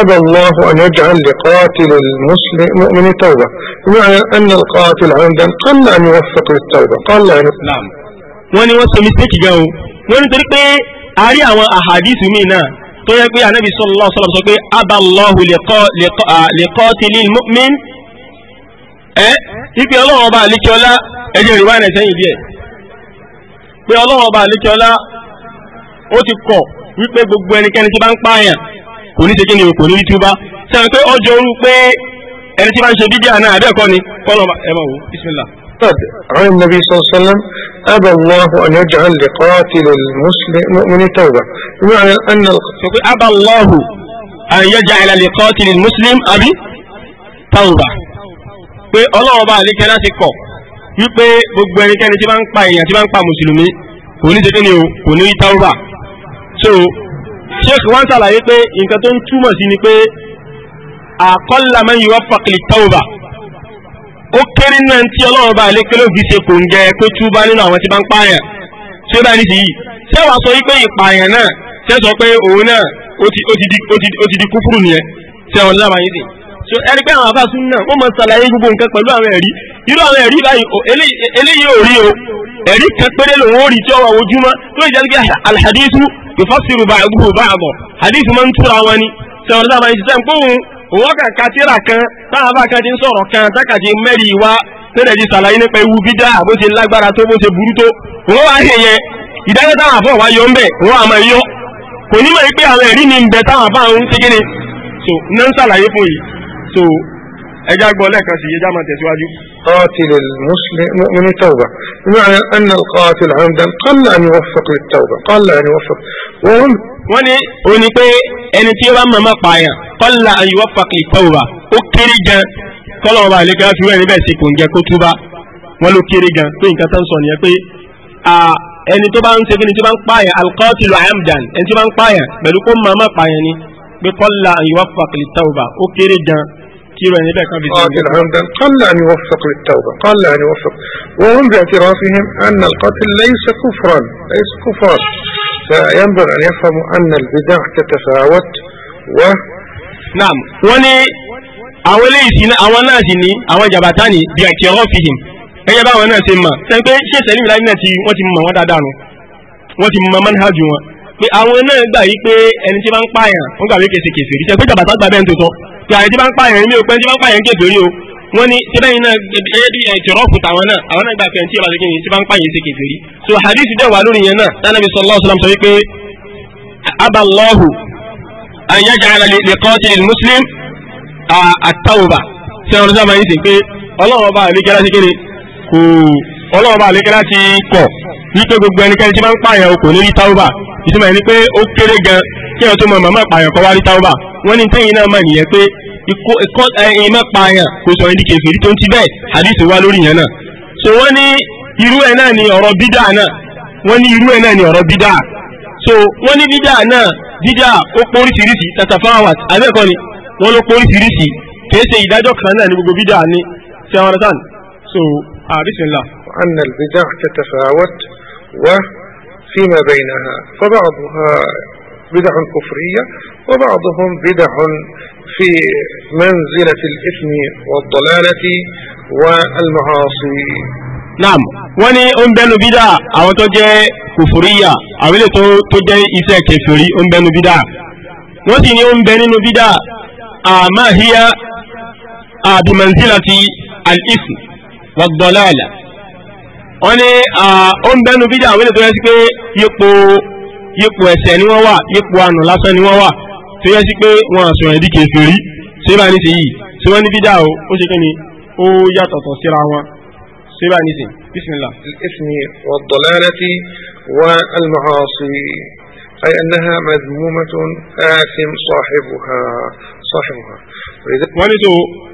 أبى الله أن يجعل لقاتل المسلم مؤمن توبة بمعنى أن القاتل عمدا قل أن يوفق للتوبة قال الله عنه نعم وأن يوصل مستك جاو وأن تريك بي أريع وأحاديث منا تريك بي النبي صلى الله عليه وسلم أبى الله لقاتل المؤمن ايه يقول الله ọba alikyɔla ɛdi ɛriwa na ɛsɛn يقول الله pe ɔlọrọ ọba ó ti kọ̀ wípé gbogbo ẹnikẹ́ni tí bá ń pààyàn kò ní ṣe kí ni kò ní rí túbá sẹ́wọ̀n pé ọjọ́ orú pé ẹni tí bá ń ṣe bídíà náà àbẹ́ ẹ̀kọ́ ni kọ́lọ́ ẹ máa wò bísímìlà. عن النبي صلى الله عليه وسلم أبى الله أن يجعل لقاتل المسلم مؤمن توبة بمعنى أن أبى الله أن يجعل لقاتل المسلم أبي توبة pé ọlọ́run bá àlékẹ́ láti kọ̀ wípé gbogbo ẹnikẹ́ni tí bá ń pa èèyàn tí bá ń pa mùsùlùmí kò ní ṣe kí ni o kò ní rí tauba so sheikh wọn ṣàlàyé pé nǹkan tó ń túmọ̀ sí ni pé àkọ́lá máa ń yọ fàkìlì tàwùbà ó kéré náà tí ọlọ́run bá lékelé òbí ṣe kò ń jẹ pé túbá nínú àwọn tí bá ń pààyàn tí ó bá ní sìyí ṣé wàá sọ wípé ìpààyàn náà ṣe sọ pé òun náà ó ti di kúkúrú nìyẹn ṣé ọ̀nà láwọn yìí sìn so ẹni pé àwọn afáàsù náà wọ́n mọ̀ ṣàlàyé gbogbo nǹkan pẹ̀lú àwọn ẹ̀rí irú àwọn ẹ̀rí báyìí eléyìí ò rí o ẹ̀rí kan péré lòun ó rí tí ó wà ojúmọ́ tó ìjà gbé alhadisu ìfọ́sirù báàgbò báàbọ̀ hadisu máa ń túra wọn ni sọ̀rọ̀ sábà ní sísẹ́m pòun òun ọkà katira kan táwọn afáàkan ti ń sọ̀rọ̀ kan tákàtí mẹ́rì wá tẹ́lẹ̀ ti ṣàlàyé nípa ewu bídá bó ṣe lágbára tó bó ṣe burú tó òun wá ṣe yẹn ìdájọ́ táwọn àfọ̀ wá yọ ń bẹ̀ òun àmọ́ yọ kò ní mọ̀ pé àwọn ẹ̀rí ni ń bẹ táwọn àfọ̀ àwọn ṣe kéde so náà ń ṣàlàyé fún yìí so ẹja gbọ́ lẹ́ẹ̀kan sí yíjá máa tẹ̀síwájú. قاتل المسلم من توبة بمعنى أن القاتل عمدا قل أن يوفق للتوبة قل أن يوفق وهم wọ́n ní òní pé ẹni tí ó bá mọ̀ máa pààyàn قل أن يوفق للتوبة ó kéré gan kọ́lọ̀ ọba àlékà fi wẹ́n níbẹ̀ sí kò ń jẹ́ kó túbá wọ́n ló kéré gan pé nǹkan tó ń sọ nìyẹn pé ẹni tó bá ń ṣe kí ni tó bá ń pààyàn alqatilu amdan ẹni tó bá ń pààyàn pẹ̀lú kó mọ̀ máa pààyàn ni pé قل أن يوفق للتوبة ó kéré gan كيلو يعني بقى في قاتل عمدا قل أن يوفق للتوبة قل أن يوفق وهم باعترافهم أن القتل ليس كفرا ليس كفرا فينبغي أن يفهموا أن البدع تتفاوت و نعم وني àwọn eléyìí sí àwọn náà sì ní àwọn jàbátá ní bí àti ọ̀rọ̀ fi hìm ẹgbẹ́ báwọn náà ṣe mọ̀ ṣe pé ṣe ìṣẹ̀lẹ̀ ìlànà náà ti wọ́n ti mọ̀ wọ́n dáadáa nù wọ́n ti mọ̀ manhaj wọn pé àwọn náà gbà yí pé ẹni tí wọ́n ń pààyàn wọ́n gbà wí kèsèkèsè rí ṣe pé jàbátá gbà bẹ́ẹ̀ ń tó tọ́ tí àwọn ẹni bá ń pààyàn ní òpin tí bá ń pààyàn kékeré o wọ́n ní tí bẹ́yìn náà gẹ́gẹ́ bí ẹ̀tìrọ́ọ̀fù eh, tàwọn náà àwọn náà gba fẹ́ tí ìbàdàn kìíní tí bá ń pààyàn sí kékeré so hadith dẹ̀ wà lórí yẹn náà tánàbí sallallahu alaihi wasallam sọ wípé abalọ́hù an yaj'ala li qatil muslim ah, at-tawba tí wọ́n sọ ma ń sìn pé ọlọ́run ọba àbíkẹ́lá sí kéde kò ọlọ́run bá lékẹ́ láti pọ̀ wípé gbogbo ẹnikẹ́ni tí máa ń pààyàn o kò ní rí táwọ́bà ìtumọ̀ ẹni pé ó kéré gan kí ẹ̀ tó mọ̀ màmá pààyàn kọ́ wá rí táwọ́bà wọ́n ní tẹ́yìn náà mọ̀ nìyẹn pé ẹ̀yìn má pààyàn kò sọ ẹni kèfì rí tó ń ti bẹ́ẹ̀ àdìsí wá lórí yẹn náà so wọ́n ní irú ẹ̀ náà ni ọ̀rọ̀ bídà náà wọ́n ní irú ẹ̀ náà ni ọ̀rọ̀ bídà so wọ́n ní bídà náà bídà ó póríṣiríṣi tàtàfáwà àbẹ́ẹ̀kọ́ ni wọ́n ló póríṣiríṣi kì í ṣe ìdájọ́ kan náà ní gbogbo bídà ní sẹ́wọ̀n so àbísìnlá. Ah, أن البدع تتفاوت وفيما بينها فبعضها بدع كفرية وبعضهم بدع في منزلة الإثم والضلالة والمعاصي نعم واني أمبن بدع أو توجه كفرية أو توجه إساء كفري أمبن بدع وثيني أمبن بدع ما هي بمنزلة الإثم والضلالة wọ́n ní ó ń bẹ́nu bídà àwọn tó yẹ sí pé yípo ẹ̀ṣẹ̀ ni wọ́n wà yípo ànù lásán ni wọ́n wà tó yẹ sí pé wọ́n àṣọ ẹ̀dí kèfì síbà ní sèyí tí wọ́n ní bídà o ó ṣe kíni ó yàtọ̀tọ̀ síra wọn síbà ní sèyí bísímìlà. الإثم والضلالة والمعاصي أي أنها مذمومة آثم صاحبها صاحبها. wọ́n ní tó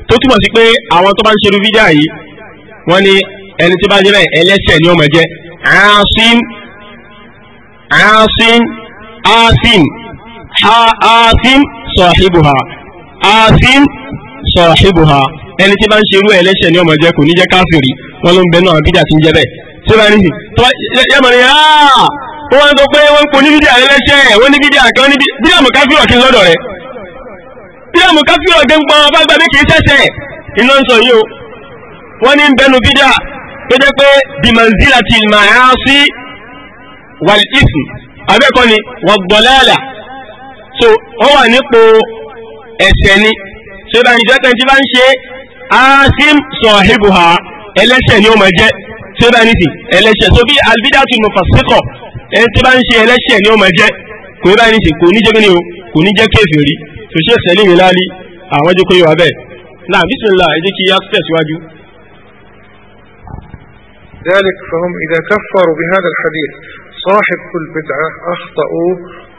tó túmọ̀ sí pé àwọn tó bá ń ṣerú fídíà yìí wọ́n ní ẹni tí bá jẹ́ bẹ́ẹ̀ ẹlẹ́ṣẹ̀ ni ó máa jẹ́ asim asim asim ha asim sahibuha asim sahibuha ẹni tí bá ń ṣerú ẹlẹ́ṣẹ̀ ni ó máa jẹ́ kò ní jẹ́ káfìrí wọn ló ń bẹ náà bídà tí ń jẹ́ bẹ́ẹ̀ tí bá ní sí yẹ́mọ̀ ni aaa ó wá sọ pé wọ́n ń ní bídà ẹlẹ́ṣẹ̀ wọ́n ní bídà kan ní bídà mọ̀ káfíọ̀ kí n lọ́dọ̀ rẹ̀ bídà mọ̀ káfíọ̀ gbẹ̀ngbọ̀n ọba gbàgbé kì í ṣẹ̀ṣẹ̀ iná ń sọ yìí o wọ́n ní bẹnu bídà tó jẹ́ pé bimanzila ti màáṣí wal ism abẹ́kọ́ ni wà gbọ́láàlà so wọ́n wà nípò ẹ̀ṣẹ̀ ni ṣé bá ń jẹ́ tẹ́ntí bá ń ṣe asim sọ̀híbùhà ẹlẹ́ṣẹ̀ ni ó máa jẹ́ ṣé bá ní sí ẹlẹ́ṣẹ̀ so bí albidatu mufasikọ̀ ẹni tí bá ń ṣe ẹlẹ́ṣẹ̀ ni ó máa jẹ́ kò ní bá ní sí kò ní jẹ́ kí ni o kò ní jẹ́ kéfèrí so ṣé sẹ́lẹ̀ mi àwọn jẹ́ kó yọ abẹ́ náà bísí ńlá ẹ kí yá tẹ̀síwájú. ذلك فهم إذا كفروا بهذا الحديث صاحب كل بدعة أخطأوا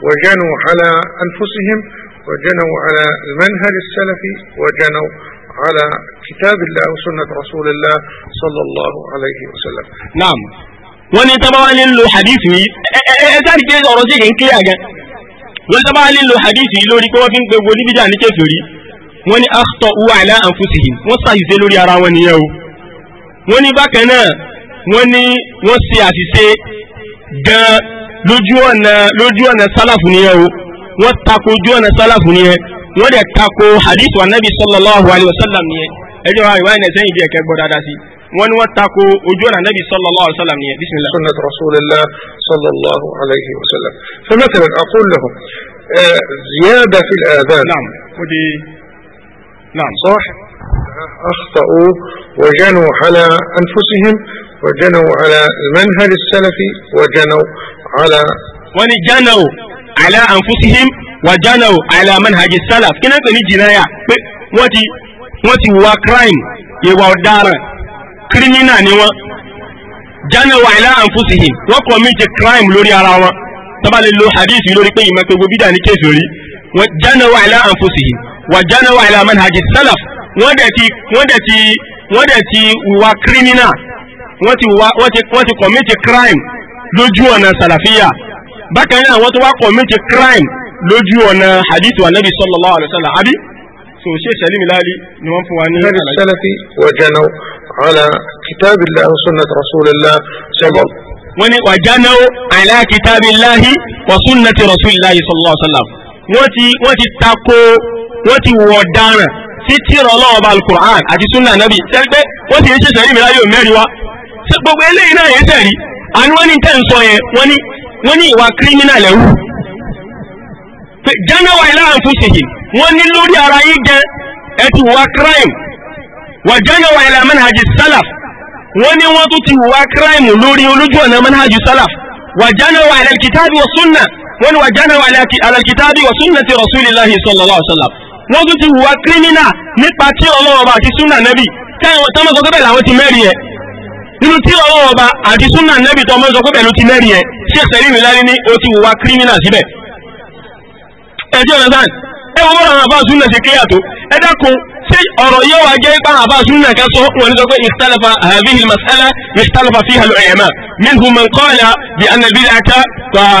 وجنوا على أنفسهم وجنوا على المنهج السلفي وجنوا على كتاب الله وسنة رسول الله صلى الله عليه وسلم نعم وني تبع للو حديثي اذن كي اورو سي كان كليا غان وني تبع للو حديثي لو كو فين بغو لي بيجا ني كيسوري وني على انفسهم وصا يزي لوري ارا وني يو وني باكنا wọ́n ní wọ́n ṣe àṣìṣe gan lójú ọ̀nà lójú ọ̀nà sálàfù nìyẹn o wọ́n tako ojú ọ̀nà sálàfù nìyẹn wọ́n dẹ̀ tako hadith wa nabi sallallahu alayhi wa sallam nìyẹn ẹjọ́ wa ìwáyé nẹ̀sẹ̀ yìí bí ẹ̀kẹ́ gbọ́ dáadáa sí wọ́n ní wọ́n tako ojú ọ̀nà nabi sallallahu alayhi wa sallam nìyẹn bisimilá. sunnat rasulillah sallallahu alayhi wa sallam famatala aqul lahum ziyada fil adhan. naam o de naam. sọ́ọ́ أخطأوا وجنوا على أنفسهم وجنوا على المنهج السلفي وجنوا على ونجنوا على أنفسهم وجنوا على منهج السلف كنا نقول جناية وتي وتي هو كرايم يوا دار كريمينا نيوا جنوا على أنفسهم وكوميت كرايم لوري على tabale lo hadith lórí pé ìmọ̀ pé gbogbo bídà وجنوا على orí wọ́n jánà wà láàrín wọ́n dẹ̀ ti wọ́n dẹ̀ ti wọ́n dẹ̀ ti wùwà kírímínà wọ́n ti wùwà wọ́n ti wọ́n ti kọ̀míìtì crime lójú ọ̀nà sàlàfíà bákan náà wọ́n tó wá kọ̀míìtì crime lójú ọ̀nà hadithu anabi sallallahu alayhi wa sallam abi so ṣe sẹ́lẹ̀mí láàlí ni wọ́n fún wa ní. ṣẹ́ni sẹ́lẹ̀fì wàjánáwó ala kitabillahi wa sunnati rasulillah sẹ́gbọ̀n. wọ́n ní wàjánáwó ala kitabillahi wa sunnati rasulillah sallallahu alayhi wa sallam wọ́n ti wọ́n ti tako wọ́n ti wọ̀ ọ̀daràn títí rọlọ́wọ́ bá alukur'an àti sunna nabi sẹ́ni pé wọ́n ti ń ṣe sẹ́rí mi láyé ò mẹ́rin wa gbogbo eléyìí náà yẹn sẹ́rí àni wọ́n ní tẹ́ ń sọ yẹn wọ́n ní wọ́n ní ìwà kírímínàlì ẹ̀wù jẹ́nẹ́wà ìlànà fún ṣèṣì wọ́n ní lórí ara yín gẹ ẹ ti wà crime wà jẹ́nẹ́wà ìlànà manhaji salaf wọ́n ní wọ́n tún ti wà crime lórí olójú ọ̀nà manhaji salaf wà jẹ́nẹ́wà ìlànà kìtàbí wa sunna wọ́n ní wà jẹ́nẹ́wà ìlànà kìtàbí wa sunna ti rasulillahi sallallahu alaihi wasallam wọ́n tún ti hùwà kírímínà nípa tí ọlọ́ọ̀ba àti súnà nẹ́bì tọ́mọ́ sọ pé bẹ́ẹ̀ làwọn ti mẹ́rin ẹ̀ nínú tí ọlọ́ọ̀ba àti súnà nẹ́bì tọ́mọ́ sọ pé bẹ́ẹ̀ ló ti mẹ́rin ẹ̀ ṣé ẹ̀sẹ̀ rí mi lárí ní o ti hùwà kírímínà síbẹ̀. ẹjọ́ ọ̀nà sáà ẹ wọ́n bọ́ra àwọn àbá súnà ṣe kíyà tó ẹ dákun ṣé ọ̀rọ̀ yóò wá jẹ́ ipa àbá súnà kan sọ wọn ní sọ pé ìsítálàfà àbíhì masala ìsítálàfà fi hàlù ẹ̀yẹ̀mà minhu man qala bí anàbídàta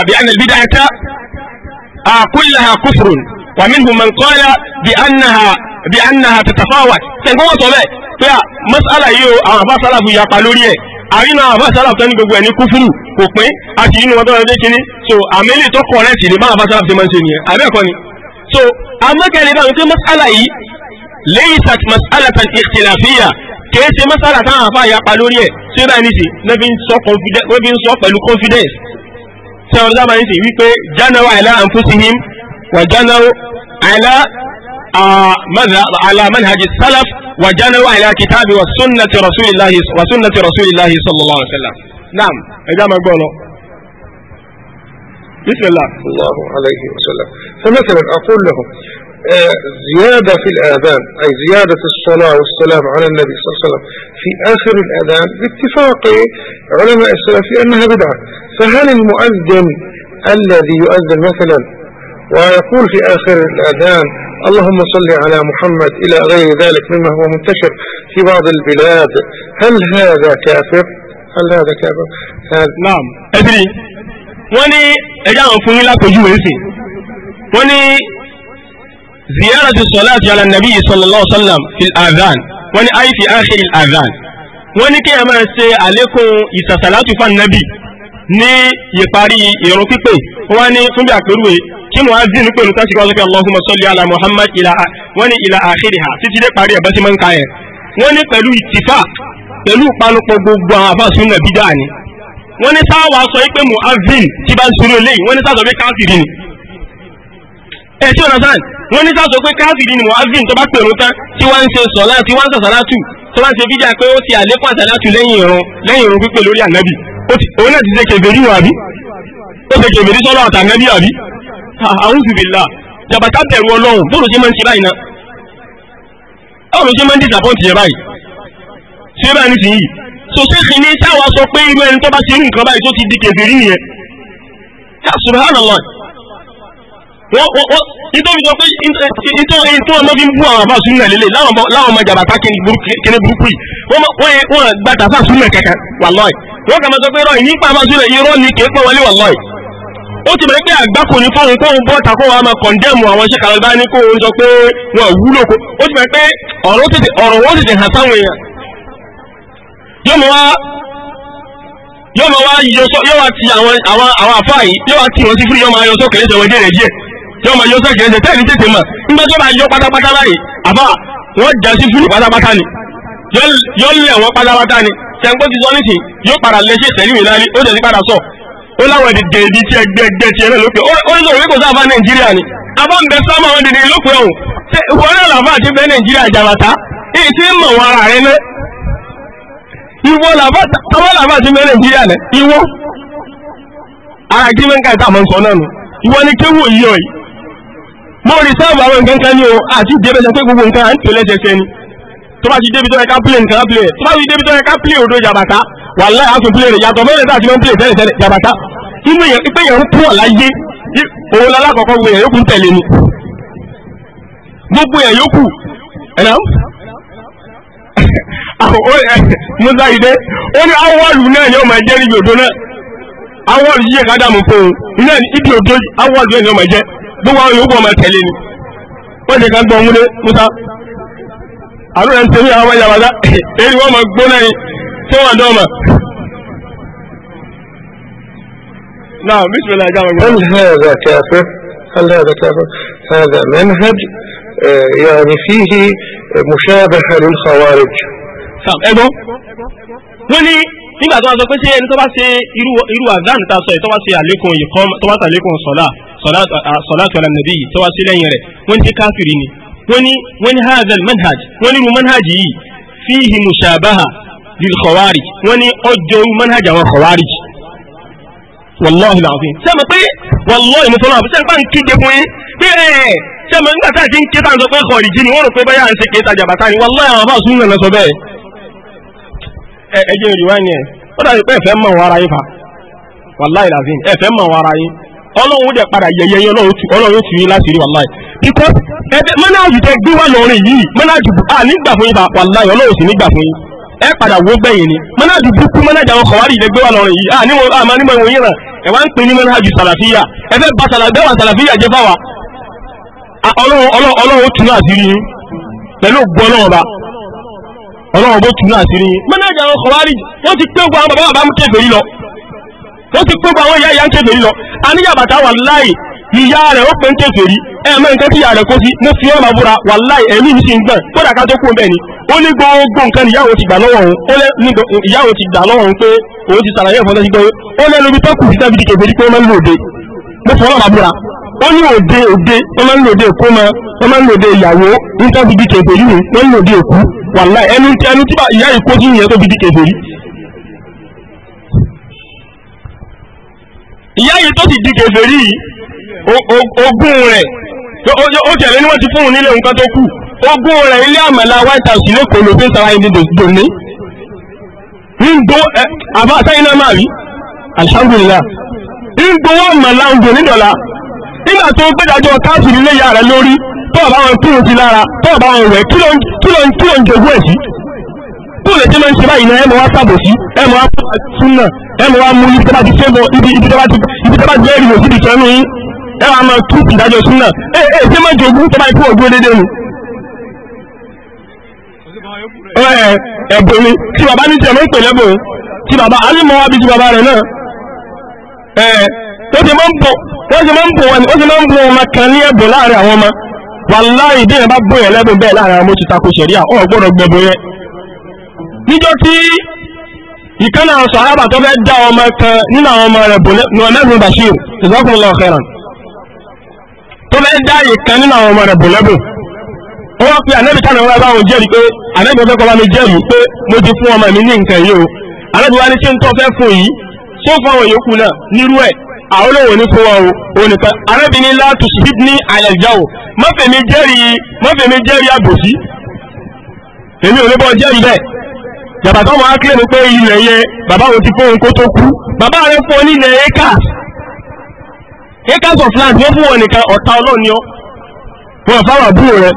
bí anàbídàta kullaha kufrun ومنهم من قال بأنها بأنها تتفاوت تنقوم صبي فيا مسألة يو أو مسألة في يقالولي àrínà àbáṣálàfù tó ní gbogbo ẹ̀ ní kúfúrú kò pín àti inú ọdọ́ ọdẹ́ kìíní so àmẹ́lì tó kọ̀ rẹ̀ sì lè máa àbáṣálàfù tó máa ń ṣe nìyẹn àbẹ́ẹ̀kọ́ ni so amẹ́kẹ̀lẹ́ báyìí pé mas'ala yìí laysat mas'alatan ikhtilafiyya kìí ṣe mas'ala táwọn àfa ìyapa lórí ẹ̀ tí ó báyìí nìṣe wọ́n fi ń sọ pẹ̀lú confidence tí wọ́n dábàá nìṣe wípé janawa ila anfusihim وجنوا على آه، مذهب على منهج السلف وجنوا على كتاب والسنة رسول الله وسنة رسول الله صلى الله عليه وسلم نعم إذا ما قولوا بسم الله الله عليه وسلم فمثلا أقول لهم آه، زيادة في الآذان أي زيادة الصلاة والسلام على النبي صلى الله عليه وسلم في آخر الآذان باتفاق علماء السلف أنها بدعة فهل المؤذن الذي يؤذن مثلا ويقول في آخر الأذان اللهم صل على محمد إلى غير ذلك مما هو منتشر في بعض البلاد هل هذا كافر هل هذا كافر هل... نعم أدري وني اجا اقول لا كجوزي وني زيارة الصلاة على النبي صلى الله عليه وسلم في الآذان وني أي في آخر الآذان وني كي أما سي عليكم يتسلاتوا فالنبي ní ìparí ìrun pípé wọ́n ní fún bí àpérúwe kí wọ́n á zínú pẹ̀lú táṣì kan sókè Allahumma salli ala Muhammad ila wọ́n ní ila akhiriha títí dé parí ẹ̀bọ́n sí máa ń ka yẹn wọ́n ní pẹ̀lú ìtìfà pẹ̀lú ìpanupọ̀ gbogbo àwọn àfa sunna bídà ni wọ́n ní sáwà sọ pé mu'azzin tí bá ń sunú eléyìí wọ́n ní sáà sọ pé káfíìrì ni ẹ̀ tí ọ̀nà sáà wọ́n ní sáà sọ pé káfíìrì ni mu'azzin tó bá pèrò tán tí wọ́n ń ṣe sọ̀lá tí wọ́n ń sọ̀sálátù tó bá ń ṣe bídà pé ó ti àlékún àsálátù lẹ́yìn ìrun lẹ́yìn ìrun pípé lórí ànábì òun náà ti ṣe kèfèrí wà bí ó ṣe kèfèrí sọ́lọ́ àtànẹ́bí àbí àhúfìbìlà jàbàtà bẹ̀rù ọlọ́run bóòlù ṣe máa ń ṣe báyìí náà báwo ló ṣe máa ń disappoint yẹn báyìí ṣé báyìí nísìnyí so ṣé kìíní táwa sọ pé irú ẹni tó bá ṣe irú nǹkan báyìí tó ti di kèfèrí nìyẹn ká subhanallah nítorí sọ pé nítorí tó ọmọ fi ń bú àwọn àfáàsù náà lélẹ̀ láwọn ọmọ jàbàtà kíni burúkú yìí wọ́n gba tàfáàsù náà kẹ̀kẹ́ wallahi wọ́n kà máa sọ pé rọ ìyí pa máa súnlẹ̀ irọ́ ni kì í pọ̀ wọlé wàlọ́ọ̀ ó ti bẹ̀rẹ̀ pé àgbákò ní fóun kóun bọ́ takó wa máa kọ̀ndẹ́mù àwọn ṣe kàlọ́ bá ní kó o sọ pé wọn wúlò kó ó ti bẹ̀rẹ̀ pé ọ̀rọ̀ tètè ọ̀rọ̀ wọn tètè hàn sáwọn èèyàn yóò mọ wá yóò mọ wá yọ sọ yóò wá ti àwọn àwọn àwọn àfa yìí yóò wá ti wọn sí fúri yóò máa yọ sọ kẹlẹsẹ wọn dẹrẹ díẹ̀ yóò máa yọ sọ kẹlẹsẹ tẹ́ẹ̀ni tètè mọ̀ nígbà tó bá yọ pátápátá báyìí àfa wọn jà sí fúri pátápátá ni yọ lẹ̀ wọn pátápátá ni tẹ̀gbọ́n ti sọ nísìn yóò padà lẹ́sẹ̀ sẹ́yìn ìlà ní ó jẹ́ sí padà sọ ó láwọn èdè ibi tí ẹgbẹ́ ẹgbẹ́ tiẹ̀ náà lópin ó ní kò sáfà nàìjíríà ni abọ́ ń wọn dìde lópin ọ̀hún wọn náà làbá àti bẹ nàìjíríà jàbàtà èyí tí ń mọ̀ wọn ara rẹ lẹ́ ìwọ làbá àti bẹ nàìjíríà lẹ ìwọ ara kí ló ń náà nù ìwọ ni yìí mo rí sáàbù àwọn nǹkan kan ní o àti ìdí sẹ́ tó bá ti débi tó yẹ ká play nǹkan play tó bá ti débi tó yẹ ká play odò jàbàtà wàláhì á tún play rẹ̀ yàtọ̀ mẹ́rin tá a ti máa ń play tẹ́lẹ̀ tẹ́lẹ̀ jàbàtà inú yẹn pé yẹn ń pọ̀ láyé òun lálákọ̀ọ́kọ́ gbogbo yẹn yókù ń tẹ̀lé ni gbogbo yẹn yókù ẹ̀nà musa ide ó ní awọ́ọ̀lù náà ni ó máa jẹ́ níbi òdo náà awọ́ọ̀lù yíyẹ ká dààmú fún un náà ibi òdo awọ́ọ̀lù yẹn ni ó máa jẹ́ gbogbo àwọn yòókù ọmọ tẹ̀lé ni wọ́n ti ká gbọ́ ń wúlé musa àdúrà ń tẹ̀lé àwọn yàrá èyí wọ́n máa gbóná yìí tí wọ́n dán mà. نعم بسم الله الرحمن الرحيم هل هذا كافر؟ هل هذا كافر؟ هذا منهج يعني فيه مشابهة للخوارج sam ẹgbọ́n wọ́n ní nígbà tó wá sọ pé ṣé ẹni tó bá ṣe irú azan ta sọ yìí tó bá ṣe àlékún ìkọ́m tó bá ṣe àlékún sọ̀lá tó ẹlẹ́nàbí yìí tó wá sí lẹ́yìn rẹ̀ wọ́n ti káfìrí ni wọ́n ní wọ́n ní haza manhaj wọ́n ní irú manhaj yìí fihi mushabaha lil khawarij wọ́n ní ọjọ́ irú manhaj àwọn khawarij wàlláhi làwọn sẹ́mi pé wàlláhi mo fọlọ́ àbúṣe nípa nkíje fún yín pé ẹ̀ sẹ́mi nígbà tá a ti ń ké tàn sọ pé kọ̀ọ̀rìjì ni wọ́n rò pé báyà ń ṣe ké tajà bàtà ni wàlláhi àwọn afáà sún lọ́nà sọ bẹ́ẹ̀. ẹ ẹ jẹ́ ìrìwá ni ẹ ó dàbí pé ẹ̀fẹ́ mọ̀ wọ́n ara yín fa wàlláhi làwọn ẹ̀fẹ́ mọ̀ wọ́n ara yín ọlọ́run dẹ̀ padà yẹ̀yẹ́ yẹn ọlọ́run yóò tì yín láti rí wàláì because ẹgbẹ́ mọ́nájú tẹ gbé wà lọ́rin yìí mọ́nájú à nígbà fún yín bá wàláì ọlọ́run sì nígbà fún yín ẹ padà wó gbẹ̀yìn ni mọ́nájú búkú mọ́nájú àwọn kọ̀wárì ìdẹ́gbé wà lọ́rin yìí à níwọ̀n àmọ́ nígbà wọ̀nyí náà ẹ wá ń pè ní mọ́nájú sàlàfíà ẹ kọ̀wárì wọ́n ti ó ti kó bá àwọn ìyá ìyá ń kèfèrí lọ àníyà bàtà wà láì ìyá rẹ̀ ó pè ń kèfèrí ẹ mọ nǹkan tí ìyá rẹ̀ kó sí mo fi ọmọ búra wà láì ẹ̀mí mi sì ń gbọ̀n kódà ká tó kú bẹ́ẹ̀ ni ó ní gbogbo nǹkan ìyàwó ti gbà lọ́wọ́ òun ó lẹ́ ìyàwó ti gbà lọ́wọ́ òun pé òun ti sàlàyé ẹ̀fọ́ lọ́sí gbọ́wé ó lẹ́nu ibi tọ́kù sí sábìdì kèfèrí pé ó máa ń lòde mo fọ́ ọmọ búra ó ní òde òde wọ́n máa ń lòde èkó mọ́ wọ́n máa ń lòde ìyàwó ní sábìdì kèfèrí wọ́n ń lòde èkú wà láì ẹnu tí ìyá ìkó sí ìyẹn tó bìdì kèfèrí ìyá yìí tó sì di kèfèrí yìí ogún rẹ̀ ó tẹ̀lé ni wọ́n ti fún un nílé nǹkan tó kù ogún rẹ̀ ilé àmàlà white house ilé kò ló fi sara ẹni dòní ńgbó ẹ àbá àtẹ́yìn náà máa rí alhamdulilah ńgbówó àmàlà ń dòní dọ̀la nígbà tó gbẹ́dájọ́ káàkiri ilé ìyá rẹ̀ lórí tó ọ̀bá wọn kúrò sí lára tó ọ̀bá wọn wẹ̀ kí ló ń jogún ẹ̀ sí bóòlù tí máa ń ṣe báyìí náà ẹ mọ̀ wá sàbòsí ẹ mọ̀ wá fún náà ẹ mọ̀ wá mú ibi tó bá ti ṣébọ̀ ibi ibi tó bá ti ibi tó bá ti lẹ́rìí òsì ìtàn nù yín ẹ wàá máa tú ìdájọ́ sún náà ẹ ẹ ṣé máa jogún tó bá ikú ògbó dédé nu. ẹ ẹ̀bùn ni tí bàbá ní tiẹ̀ ló ń pè lẹ́bùn tí bàbá á lè mọ wá bí ti bàbá rẹ̀ náà ẹ ó ti máa ń bọ̀ ó ti máa ń bọ̀ wọn ó ti máa ń bọ̀ ọmọ kan ní ẹ̀bùn láàrin àwọn ọmọ wàláì bí ẹ bá bọ̀ yẹn lẹ́bùn bẹ́ẹ̀ láàrin àwọn ọmọ ti takò ṣẹ̀ríà ọ̀ gbọ́dọ̀ gbẹ̀bùn yẹn níjọ́ tí ìkan náà sọ arábà tó fẹ́ dá ọmọ kan nínú àwọn ọmọ rẹ̀ bùnẹ́ nùmẹ́bùn bashir jazakumullahu khairan tó fẹ́ dá ìkan nínú àwọn ọmọ rẹ̀ bùnẹ́bùn ó wá pé ànábì sànà wọn báwọn jẹ́rìí pé ànábì wọn fẹ́ kọ́ bá mi jẹ́rìí pé mo ti fún ọmọ mi ní nǹkan yìí o ànábì wa ni ṣé ń tọ́ fẹ́ fún yìí tó fún àwọn yòókù náà nírú ẹ̀ àwọn olówó ní fún wa o nìkan ànábì ni látù síd ní àyàjáwò mọ́fẹ̀mí jẹ́rìí mọ́fẹ̀mí jẹ́rìí àbòsí èmi ò ní bọ́ jẹ́rìí bẹ́ẹ̀ jàbàtà wọn á kílẹ̀ ní pé ilẹ̀ yẹn bàbá wọn ti fóun kó tó kú bàbá rẹ fún ọ nílẹ̀ acres acres of land wọ́n fún wọn nìkan ọ̀tá ọlọ́ọ̀ni ọ́ wọn fáwọn àbúrò rẹ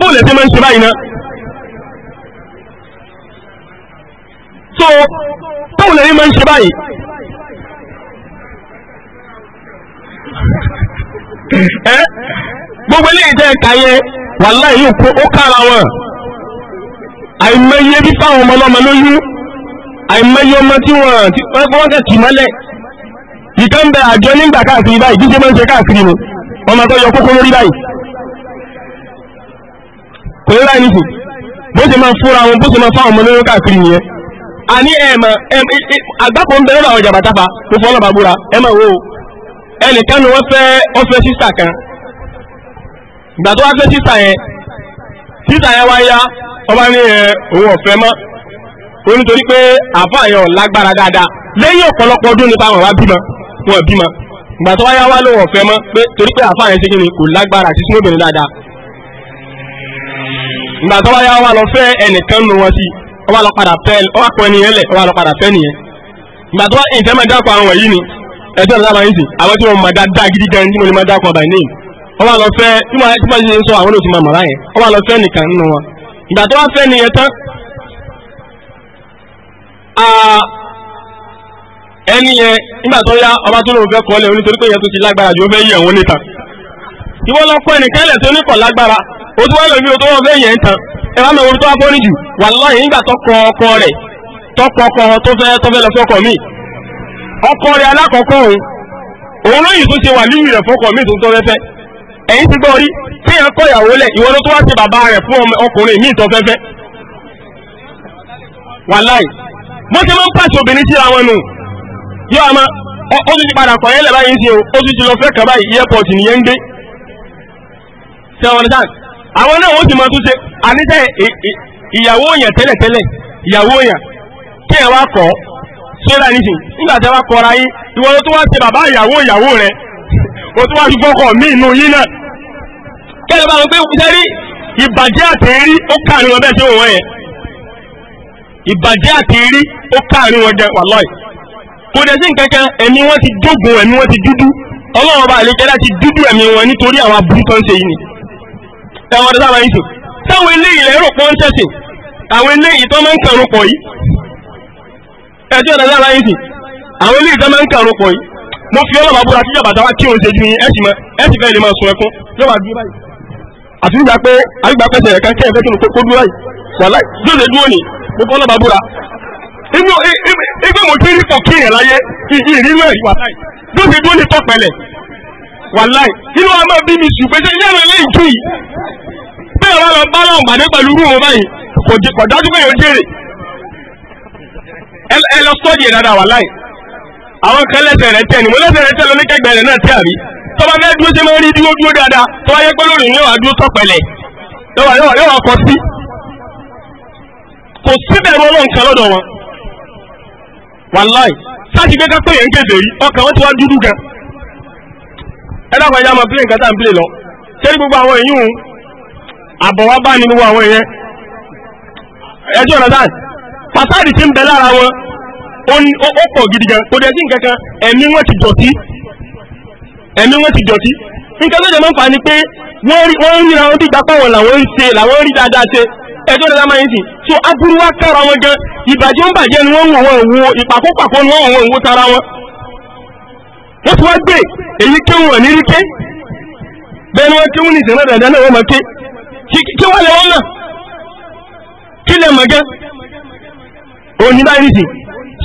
bó lè ṣe máa ń ṣe báyìí náà. so báwo lè ní máa ń ṣe báyìí. gbogbo eléyìí tẹ́ ẹ̀ka yẹn wàláì yóò kó ó kára wọn. àìmọye bí ihe ọmọ lóyún àìmọye ọmọ tí wọ́n ti wọ́n tì mọ́lẹ̀ ìkan bẹ àjọ nígbà káàkiri báyìí jíjẹ máa ń ṣe káàkiri ni ọmọ tó yọ kókó lórí báyìí kò ní láì nìkú bó ṣe máa fúnra wọn bó ṣe máa ọmọ lóyún káàkiri nìyẹn a ní ẹ̀mọ̀ àgbàpọ̀ ń bẹ lọ́dọ̀ àwọn ìjàmbá tápa tó fọ́ búra ẹnìkan ni wọ́n fẹ́ kan ìgbà tó wá fẹ́ sísà yẹn sísà yẹn wá ọba ní ẹ eh, òun ọ̀fẹ́ mọ́ o nítorí pé àfa yẹn lágbára dáadáa lẹ́yìn ọ̀pọ̀lọpọ̀ ọdún nípa àwọn bímọ wọn ìgbà tó wáyá wá lóun ọ̀fẹ́ mọ́ pé torí pé àfa yẹn ṣe kò lágbára àti sínú obìnrin dáadáa ìgbà tó wáyá wá lọ fẹ́ ẹnìkan nu wọn sí ọba lọ padà fẹ́ ọba pọ̀ ẹnìyẹn lẹ̀ ọba lọ padà fẹ́ nìyẹn ìgbà tó wá wọ́n lọ fẹ́ tí sọ àwọn olóòtú máa ìgbà tó wá fẹ́ nìyẹn tán ẹni yẹn nígbà tó yá ọba tó lòun fẹ́ kọ́lẹ̀ onítorí pé yẹn tó ti lágbára ju ó fẹ́ yí ẹ̀wọ̀n níta ìwọ lọ kọ́ ẹnì kẹ́lẹ̀ tó níkọ̀ lágbára o tó wá lòmí o tó wọ́n fẹ́ yẹn tán ẹ bá mẹ́wòrán tó wá kọ́ni jù wàláhì nígbà tó kọ ọkọ rẹ̀ tó kọ ọkọ tó fẹ́ tó fẹ́ lọ fọkọ mi ọkọ rẹ̀ alákọ̀ọ́kọ́ òun òun lóyìn tó ṣe wà tí yẹn kọ ìyàwó lẹ̀ ìwọ ló tó wá sí bàbá rẹ̀ fún ọkùnrin míì tó fẹ́fẹ́ wàláì bó ṣe máa ń pàṣẹ obìnrin síra wọn nù yóò àmọ́ ó tún ti padà kọ̀ yẹn lẹ̀ báyìí ń ṣe o ó tún ti lọ fẹ́ kàn báyìí airport nìyẹn ń gbé ṣe wọn dáhùn àwọn náà wọ́n ti máa tún ṣe àníṣe ìyàwó yẹn tẹ́lẹ̀tẹ́lẹ̀ ìyàwó yẹn kí ẹ wá kọ́ sódà níṣì nígbà tí wọ́n kọ́ra yín ìwọ ló tún wá ṣe bàbá ìyàwó ìyàwó rẹ̀ o tún wá fi fọ́kọ̀ mí inú yín náà kẹ́lẹ̀ bá wọn pé sẹ́rí ìbàjẹ́ àtẹ̀rí ó káàrin wọn bẹ́ẹ̀ tí wọ́n yẹn ìbàjẹ́ àtẹ̀rí ó káàrin wọn jẹ wàlọ́ì kò dẹ̀ sí nǹkankan ẹ̀mí wọn ti dógùn ẹ̀mí wọn ti dúdú àlejò ti dúdú ẹ̀mí wọn nítorí àwọn ṣe yìí ni ẹ̀wọ̀n táwọn eléyìí ṣẹ̀ṣẹ̀ àwọn eléyìí tó máa ń kàrò pọ̀ yìí àwọn eléyìí tó máa ń kàrò pọ̀ yìí mo fi àti nígbà pé àgbà pẹ́sẹ̀ rẹ̀ kankan ẹ̀fẹ́ kí kó dúró yìí wàláì jóde dúró ni mo kọ́ lọ́ba búra inú igbó mo ti rí fọ̀kí yẹn láyé ìdí ìrírú ẹ̀ wàláì jóde dúró ni tọ́pẹ̀lẹ̀ wàláì inú wa máa bí mi sùn pé ṣé ilé ìrìn lẹ́yìn tú yìí bẹ́ẹ̀ wá lọ bá láwọn pàdé pẹ̀lú rúwò báyìí kò dájú pé yóò jèrè ẹ lọ sọ́ọ̀dì ẹ̀ dáadáa wàláì àwọn kan lẹ́sẹ̀ rẹ̀ tẹ̀ ni mo lẹ́sẹ̀ rẹ̀ tẹ̀ lọ tọba bá fẹ́ dúró ṣe máa ń rí dúró dúró dáadáa tó yẹ pé lórí yóò wá dúró nke yóò kọ sí kò síbẹ̀ wọn lọ nǹkan lọ́dọ̀ wọn wàláì sáàtì pé ká pé ń kéde yìí ọkàn wọn ti wá dúdú gan ẹ dákun ẹja máa pílẹ̀ nǹkan tá à ń ẹ̀mí wọn ti dọ̀tí nǹkan tó jẹ mọ́ ń fa ni pé wọ́n rí ra wọn bí ìgbà páwọn làwọn ń ṣe làwọn rí dáadáa ṣe ẹjọ́ dáadáa máa ń sìn so aburú wa kára wọn gan ìbàjẹ́ ń bàjẹ́ ni wọ́n ń wọ̀ wo ìpàkópàkó ni wọ́n wọ̀ wo tara wọn. wọ́n ti wá gbé èyí kéwọn wọn ní rí ké bẹ́ẹ̀ ni wọ́n kéwọn ní ìsìnkú dáadáa náà wọ́n máa ké kí wọ́n lè wọ́n náà kí lè mọ̀ gan òní báyìí sìn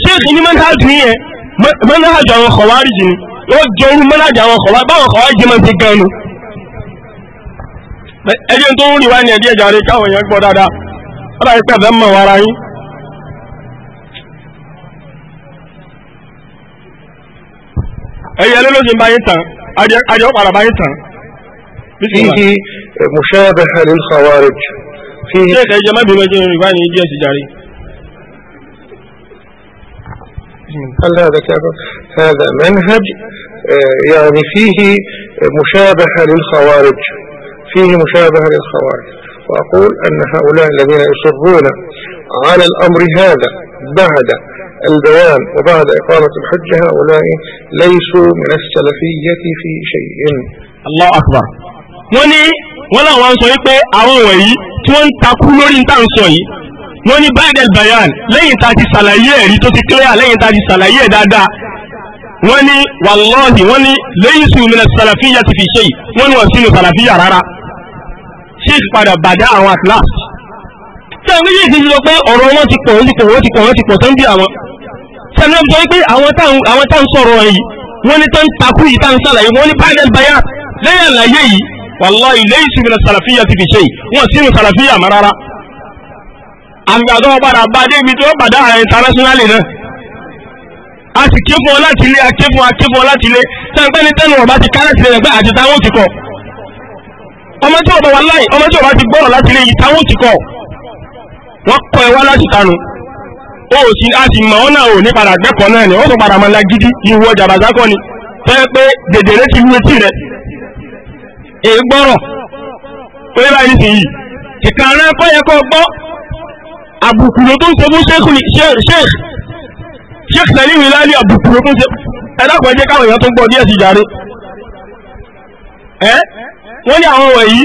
ṣé èkìní mọ́tàjù yẹn mọ́tàjù àwọn kọ̀wárìjì ni wọ́n jọ orú mọ́nájà àwọn kọ̀wá báwọn kọ̀wá jẹ́ máa ti gan nu. ẹjẹ́ tó ń rí wá ní ẹ̀dí ẹ̀jà rẹ̀ káwọn èèyàn gbọ́ dáadáa wọ́n dàbí pẹ̀lẹ́ mọ̀ wá ara yín. ẹ̀yẹ lọ́lọ́sìn bá yín tàn ajẹ́ ọ̀pára bá yín tàn. فيه مشابهة للخوارج فيه شيخ يا جماعة بما جاء هل هذا كذا هذا منهج آه، يعني فيه مشابهة للخوارج فيه مشابهة للخوارج وأقول أن هؤلاء الذين يصرون على الأمر هذا بعد البيان وبعد إقامة الحجة هؤلاء ليسوا من السلفية في شيء الله أكبر wọ́n ní wọ́n láwọn sọ wípé àwọn wọ̀nyí wọ́n ní báyìí bayan lẹ́yìn tá a ti ṣàlàyé ẹ̀rí tó ti clear lẹ́yìn tá a ti ṣàlàyé ẹ̀ dáadáa wọ́n ní wàlọ́ọ̀hì wọ́n ní lẹ́yìn sùn mi sàlàfíyà ti fi ṣe yìí wọ́n ní wọ́n sínú sàlàfíyà rárá sheik padà bàdá àwọn atlas tẹ́ ẹ̀mí yìí ti sọ pé ọ̀rọ̀ wọn ti pọ̀ wọ́n ti pọ̀ wọ́n ti pọ̀ wọ́n ti pọ̀ tó ń bí àwọn tẹ́lẹ̀ sọ pé àwọn táwọn sọ̀rọ̀ àgbàdo ọ̀padà bá ibi tó padà àrẹ internationally náà a sì ké fún ọ láti ilé a fún fún ọ láti ilé sẹ́ńpẹ́ ní tẹ́nu ọ̀bá ti kárẹ́ sílẹ̀ àti táwọn ọmọ tí ọba wà ọmọ tí ti gbọ́rọ̀ láti ilé yìí táwọn ti kọ̀ wọ́n kọ́ ẹ wá láti tanu ó a sì mọ̀ ọ́ náà ò ní padà gbẹ́kọ̀ọ́ náà ni ó gidi ìwọ ni pé àbùkù ló tó ń ṣe fún sheikh sheikh sheikh Salim Ilani àbùkù ló tó ń ṣe ẹ̀dàpọ̀ ẹ̀jẹ̀ káwọn èèyàn tó ń gbọ́ díẹ̀ sí jàre ẹ́ wọ́n ní àwọn wọ̀nyí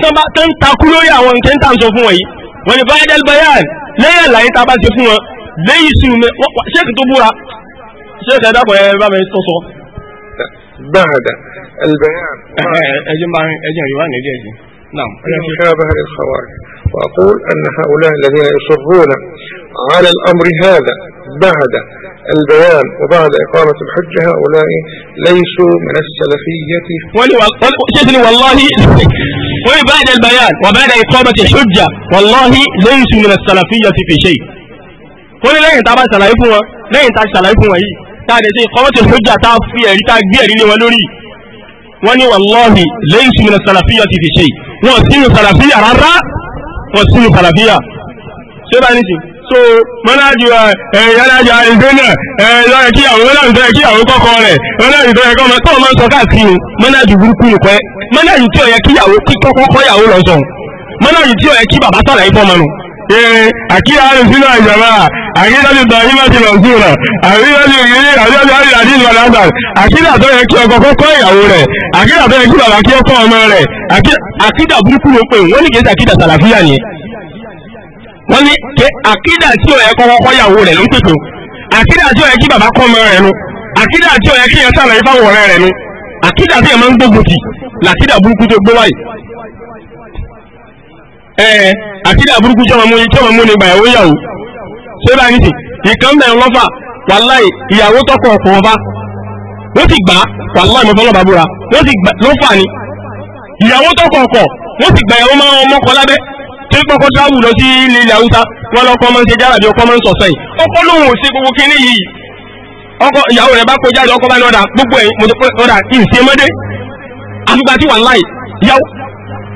tó ń takú lórí àwọn nǹkan tá à ń sọ fún wọ̀nyí wọ́n ní fayadel bayan lẹ́yìn àlàyé tá a bá ṣe fún wọn lẹ́yìn sí mi sheikh tó búra sheikh ẹ̀dàpọ̀ ẹ̀ bá mi sọ sọ. بعد فأقول أن هؤلاء الذين يصرون على الأمر هذا بعد البيان وبعد إقامة الحجة هؤلاء ليسوا من السلفية ولو والله وبعد البيان وبعد إقامة الحجة والله ليسوا من السلفية في شيء قولي لا ينتبع سلايكم لا ينتبع سلايكم وهي تعالي شيء إقامة الحجة تعفية لتعبير لولوري وني والله ليس من السلفية في شيء هو سن السلفية رارا wọn sínú kàlàfíà ṣé bá nìsín so mọ́nájú ẹ̀yánájà ìgbéná ẹ̀yọ́ kí àwọn ọlọ́run tó yẹ kí àwọn kọ́kọ́ rẹ̀ ọlọ́run tó yẹ kọ́ ọmọ tó ọmọ sọ káàkiri mọ́nájú burúkú nìkọ́ ẹ mọ́nájú tí ó yẹ kí kọ́kọ́ yàwó lọ sọ mọ́nájú tí ó yẹ kí bàbá sàlàyé fọ́mọ nù àkíyà àrùsílà ìjọba àkíyàjú ìdáyímáṣe lọ́sùnà àríyájú ìrírí àríyájú àríyájú ìlànà àkíyà tó yẹ kí ọkọ kọ́kọ́ ìyàwó rẹ̀ àkíyà tó yẹ kí bàbá kí ọkọ ọmọ rẹ̀ àkídà burúkú ló pè wọ́n ní kí àkídà sàlàfíà ni wọ́n ní kí àkídà tí ó yẹ kọ́kọ́ kọ́ ìyàwó rẹ̀ ló ń pètò àkídà tí ó yẹ kí bàbá kọ́ ọmọ rẹ̀ nu àkídà tí ó yẹ kí ẹ sàlàyé fáwọn ẹ àti àbúrúkú jọmọ mú ni jọmọ mú ni gbàyàwó yàwó ṣé bá ní sí ìkan bẹ̀rẹ̀ wọn fà wàláì ìyàwó tọkọ ọkọ wọn bá wọ́n ti gbà wàláì mọ́fọ́lọ́ bàbúra wọ́n ti gbà ló fà ìyàwó tọkọ ọkọ wọ́n ti gbà ìyàwó máa lábẹ́ kọ́kọ́ lọ sí ilé ilẹ̀ haúsá wọn máa ń ṣe máa ọkọ lóhùn sí gbogbo kínní ọkọ ìyàwó rẹ̀ bá kọjá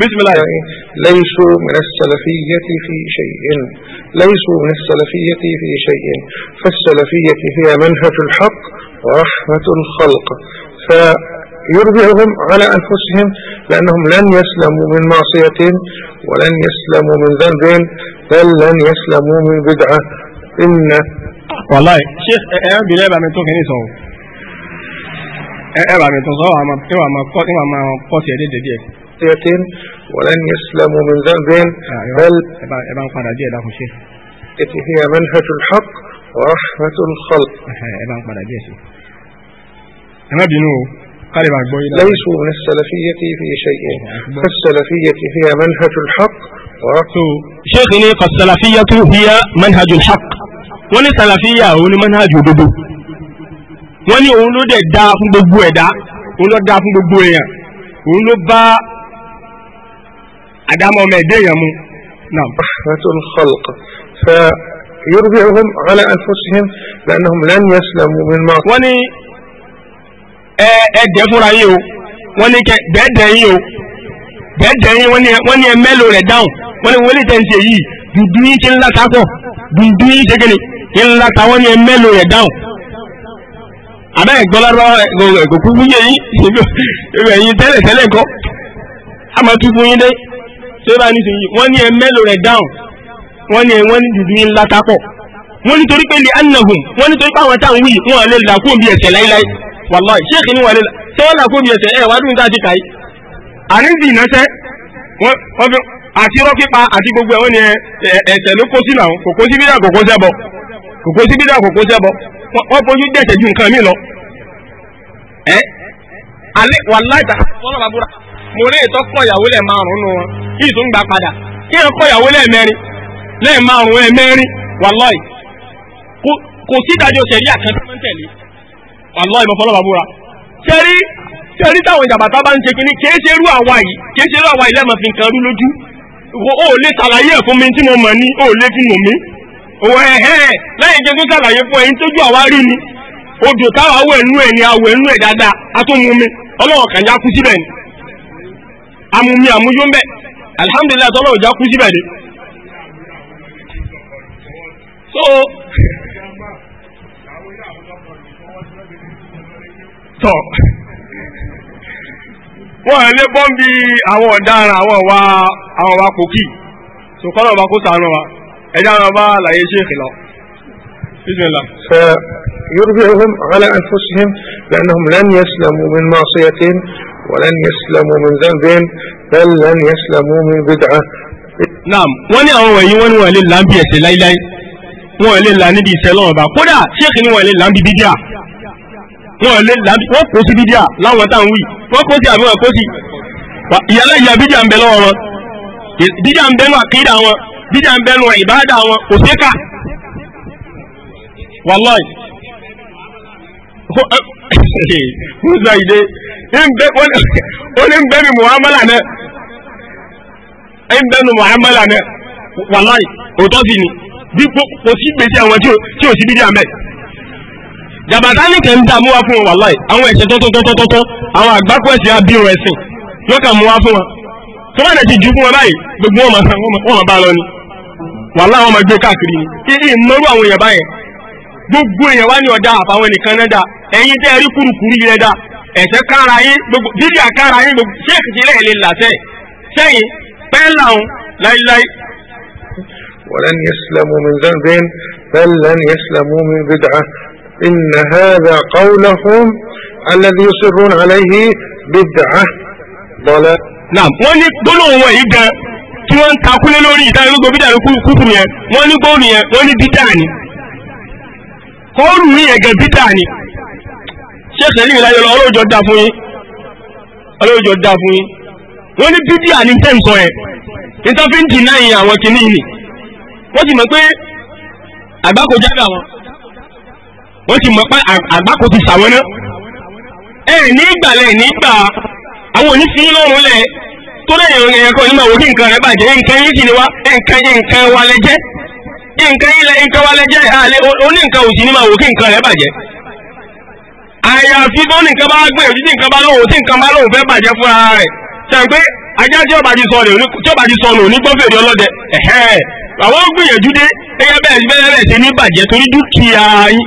بسم الله ليسوا من السلفية في شيء ليسوا من السلفية في شيء فالسلفية هي منهج الحق ورحمة الخلق فيربعهم على أنفسهم لأنهم لن يسلموا من معصية ولن يسلموا من ذنب بل لن يسلموا من بدعة إن والله شيخ أعلم إيه، إيه، بلا بأمن توكنيسون أعلم إيه، بأمن توكنيسون أعلم بأمن توكنيسون معصية ولن يسلموا من ذنب بل هي منهج الحق ورحمة الخلق ليسوا من السلفية في شيء فالسلفية هي منهج الحق ورحمة شيخني فالسلفية هي منهج الحق ولسلفية هو منهج دبو wọ́n ní òun ló dẹ̀ dáa fún gbogbo ẹ̀dá òun ló dáa fún gbogbo èèyàn òun ló bá àdámọ́ ọmọ ẹ̀dẹ́ èèyàn mu. rahmatul khalq fa yurdi'uhum ala anfusihim lannahum lan yaslamu min ma. wọ́n ní ẹ ẹ jẹ́ fúnra yín o wọ́n ní kẹ bẹ́ẹ̀ dẹ̀ yín o bẹ́ẹ̀ dẹ̀ yín wọ́n ní ẹ mẹ́lò rẹ̀ dáhùn wọ́n ní wọlé tẹ̀ ń ṣe yìí dùdú yín ṣe ńlá sákọ̀ dùdú ṣe kéde yín ńlá ta wọ́n ní ẹ mẹ́lò rẹ̀ dáhùn àbẹ́ ìgbọ́lárọ́ ẹ̀gòkú fún yẹ̀yìn ìbẹ̀yìn tẹ́lẹ̀ tẹ́lẹ̀ kọ́ a máa yín dé tó bá nísìnyí wọ́n ní ẹ mẹ́lò rẹ̀ dáhùn wọ́n ní ẹ wọ́n ní dùdú yín ńlá tápọ̀ wọ́n nítorí pé lè anahum wọ́n nítorí pé àwọn táwọn wí wọn lè là fún bí ẹsẹ̀ láíláí wàláì ṣéèkì ni wọn lè là tí wọ́n là fún bí ẹsẹ̀ ẹ̀ wá dùn dájú káyí. àníjì ìnáṣẹ́ àti irọ́ pípa àti gbogbo ẹ̀ wọ́n ní ẹsẹ̀ ló kó sí làwọn kò mo rí ètò kọ ìyàwó lẹ̀ márùn nù wọn kí ìtò ń padà kí ẹ̀ kọ ìyàwó lẹ́ẹ̀mẹ́rin lẹ́ẹ̀márùn ẹ̀mẹ́rin wàlọ́ì kò sí ìdájọ́ sẹ̀rí àkàntàn tẹ̀lé wàlọ́ì mo fọlọ́ bàbúra sẹ́rí sẹ́rí táwọn ìjàmbá bá ń ṣe kínní kìí ṣe irú àwa yìí kìí ṣe irú àwa yìí lẹ́ẹ̀mọ́ fi nǹkan rú lójú o lè ṣàlàyé o lè fi mọ̀ mí òwò jẹ́ tó ṣàlàyé fún ẹ̀yin tójú àwa rí ni odò amumi amuyó mbẹ alihamudulilayi tọ́lọ́ òjá kú síbẹ̀ de so tọ́ wọ́n lè bọ́ bí àwọn ọ̀daràn àwọn wa àwọn wa kò kí so kọ́nà ọba kó sànù wa ẹ̀dá àwọn bá làyé ṣe ìkìlọ̀ bismillah. فيرجعهم على أنفسهم لأنهم لن يسلموا من معصيتهم ولن يسلموا من ذنب بل لن يسلموا من بدعة naam wọ́n ní àwọn wọ̀nyí wọ́n ní wọ́n lè là ń bí ẹ̀ṣẹ̀ láíláí wọ́n lè là níbi ìṣẹ́ lọ́wọ́ bá kódà ṣéèkì ni wọ́n lè là ń bí bídíà wọ́n lè là wọ́n kó sí bídíà láwọn táwọn wí wọ́n kó sí àbí wọ́n kó sí ìyálà ìyá bídíà ń bẹ lọ́wọ́ wọn bídíà ń bẹnu àkídà wọn bídíà ń bẹnu ìbáàdà wọn kò séka wàláì musa yìí dé ó ní bẹ́ẹ̀ ni muhammadu náà ń bẹ́ẹ̀ ni muhammadu náà wàláì òótọ́ bí kò sí gbèsè àwọn tí ò sí bídí àmẹ́ jàbàtà ní kẹ́ ń wa fún wọn wàláì àwọn ẹ̀sẹ̀ tọ́tọ́tọ́tọ́ àwọn àgbákò ẹ̀sẹ̀ abíọ̀ ẹ̀sìn ló kà mú wa fún wọn tó bá ti jù fún wọn báyìí gbogbo wọn máa wọn máa bá lọ ni wàláì wọn máa gbé káàkiri ni kí ìmọ̀rú àwọn èèyàn báyẹn gbogbo èèyàn wá ní ọ̀dà àbáwọn nìkan náà dáa ẹ̀yin tẹ́ rí kúrukùrú yìí rẹ̀ dá kára yín gbogbo bíbíà kára yín gbogbo ṣéèkì ti lẹ́yìn lè làtẹ́ sẹ́yìn pẹ́ńlá òun láíláí. ولن يسلموا من ذنب بل لن يسلموا من بدعة إن هذا قولهم الذي يصرون عليه بدعة ضلال نعم wọ́n ní gbólóhùn wọn yìí gan tí wọ́n ń takúlé lórí ìdánilógún bídà ló ní góòlù sheikh sẹ́lẹ̀ ìlàyé lọ ọlọ́jọ́ dá fún yín ọlọ́jọ́ dá fún yín wọ́n ní bídíà ní tẹ́ǹsọ ẹ̀ fi ń dì náà àwọn kìíní yìí wọ́n ti mọ̀ pé àgbákò jáde àwọn wọ́n ti mọ̀ pé àgbákò ti sàwọn náà ẹ̀ nígbà àwọn onífin lọ́rùn lẹ̀ tó lẹ́yìn nǹkan rẹ̀ bàjẹ́ nǹkan yín kì ni àyàfi tó nìkan bá gbìyànjú tí nǹkan bá lóhùn tí nǹkan bá lóhùn fẹ́ bàjẹ́ fúnra rẹ̀ sẹ́yìn ajá tí ọba ti sọnù tí ọba ti sọnù ní gbọ́fèrè ọlọ́dẹ ẹ̀hẹ́ àwọn gbìyànjú dé ẹyẹ bẹ́ẹ̀ bẹ́ẹ̀ bẹ́ẹ̀ ṣe ní bàjẹ́ torí dúkìá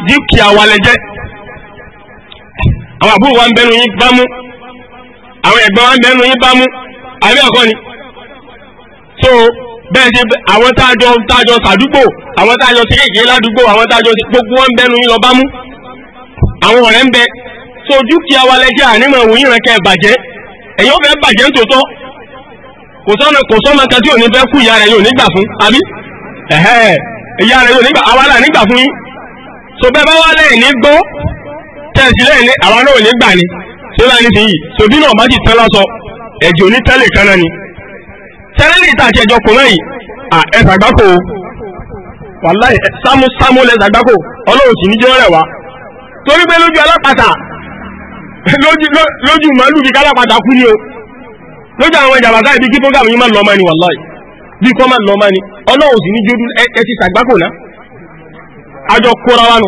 dúkìá wa lẹ́jẹ́ àwọn àbúrò wa ń bẹnu yín bámú àwọn ẹ̀gbọ́n wa ń bẹnu yín bámú àbí ọ̀kọ́ ni so bẹ́ẹ̀ ṣe àwọn tájọ tájọ sàdúgbò àwọn tájọ sí kéèké ládùúgbò àwọn tájọ gbogbo wọn ń bẹnu yín lọ bámú àwọn ọ̀rẹ́ ń bẹ tó dúkìá wa lẹ́jẹ́ ànímọ̀ òun yìí rẹ̀kẹ́ bàjẹ́ ẹ̀yin ó fẹ́ bàjẹ́ ń tòótọ́ kò sọ́nà kò sọ́mọ kan tí ò ní fẹ́ kú ìyá rẹ̀ yóò nígbà fún àbí ẹ̀hẹ́ ìyá rẹ̀ yóò nígbà àwa là nígbà fún yín so bẹ́ẹ̀ bá wá lẹ́yìn ní gbọ́ tẹ̀sí lẹ́yìn ní àwa náà ò ní gbà ni ṣé bá ní sìn yìí sobi náà bá ti tẹ́ lọ́sọ ẹ̀jẹ̀ òní tẹ́lẹ̀ kan náà ni tẹ́lẹ̀lì tá a ti ẹjọ́ kò mẹ́yìn à ẹ sàgbákò wàláì sámú sámú lẹ sàgbákò ọlọ́run sì ní jẹ́ rẹ̀ wá torí pé lójú alápàtà lójú màálù kíkà alápàtà kú ni o lójú àwọn ìjàmbá ibi kí program yìí ma lọ máa ni wàláì bí kọ́ máa lọ máa ni ọlọ́run sì ní jódú ẹ ti sàgbákò àjọ kóra wa nù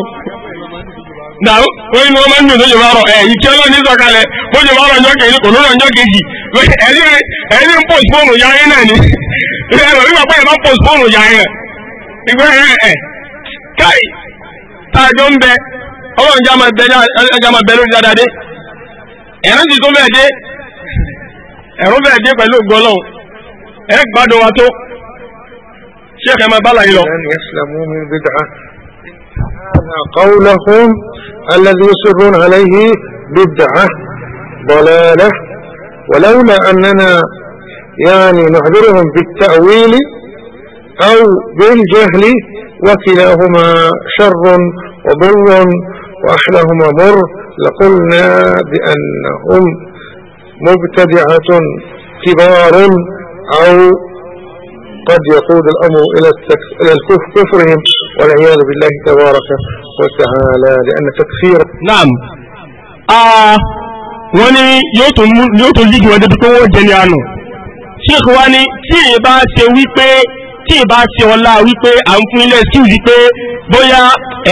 dàrú oyin ni wọn máa ń dùn lójúmọ́ ọ̀rọ̀ ẹ̀ ìkí ọlọ́run ní ọjọ́ kejì kò ọjọ́ kejì ń ya yín náà ni ẹ̀rọ ya ọlọ́run já máa bẹ lórí dáadáa dé ẹ̀rọ ti tó bẹ́ẹ̀ dé ẹ̀rọ bẹ́ẹ̀ dé pẹ̀lú ògùn ọlọ́run ẹ̀ gbádùn wa tó ṣé ẹ̀kẹ́ máa bá láyé lọ. قولهم الذي يصرون عليه بدعة ضلالة ولولا أننا يعني نخبرهم بالتأويل أو بالجهل وكلاهما شر وضر وأحلاهما مر لقلنا بأنهم مبتدعة كبار أو قد يقود الأمر إلى الكفرهم والعياذ بالله تبارك وتعالى لأن تكفير نعم آه wọ́n ní yóò tó yíjú ọjọ́ tó wọ́n jẹ́ ní àná ṣíkò wá ní tí ìbá ṣe wípé tí ì bá ṣe ọlá wípé à ń fún ilé sí wípé bóyá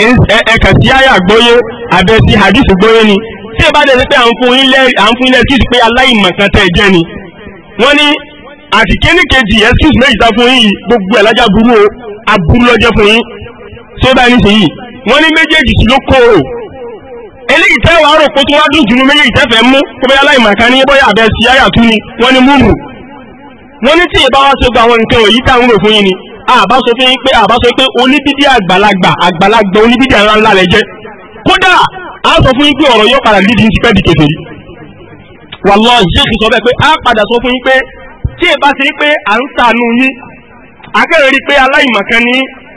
ẹ̀kà sí àyà gbóyé abẹ́ sí hadith gbóyé ni tí ì bá dẹ̀ sí pé à ń fún ilé sí wípé aláìmọ̀kan tẹ̀ jẹ́ ni wọ́n ní àti kíní kejì excuse méjì tá fún yìí gbogbo ẹ̀ lájà burú o aburú lọ́jọ́ fún yín tó bá ní sèyí wọ́n ní méjèèjì tí ló kó o eléyìí tẹ́ wàá rò pé tó wá dùn jùlọ méjèèjì tẹ́ mú kó bẹ́ẹ̀ wọ́n ní tí ìbá wá sọ gba àwọn nǹkan wọ̀nyí tá à ń rò fún yín ni àbá sọ fún yín pé àbá sọ pé oníbídí àgbàlagbà àgbàlagbà oníbídí àrà ńlá rẹ jẹ kódà á sọ fún yín pé ọ̀rọ̀ yóò padà lídìí ti pẹ́ di kèfèrí wallahi Sheikh sọ bẹ́ẹ̀ pé á padà sọ fún yín pé tí ìbá ṣe pé à ń sànú yín akẹ́rẹ́ rí pé aláìmọ̀kan ní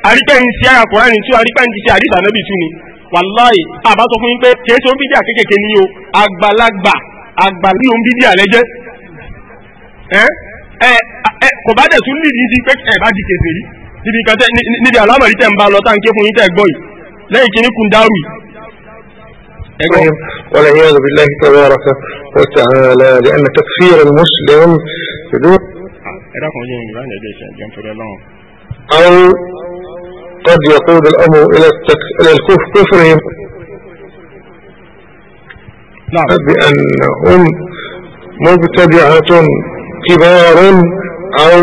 arípẹ́ ń ṣe àkùrá ni tí arípẹ́ ń ti ṣe àdìsá nábì tún ni wàláì àbá sọ fún yín pé kìí ṣe bídíà kékèké ní o àgbàlagbà àgbàlí òun bídíà lẹ́jẹ́ ẹ́ ẹ eh, ẹ eh, kò bá dẹ̀ tún nídìí sí pé ẹ bá di kèfèrí níbi kan tẹ níbi àlámọ̀rí tẹ̀ ń bá lọ táǹkì fún yín tẹ̀ gbọ́ yìí lẹ́yìn kìíní kun dárú yìí. والعياذ بالله تبارك وتعالى لأن تكفير المسلم بدون قد يقود الأمر إلى التك... الكفر نعم بأنهم مبتدعة كبار أو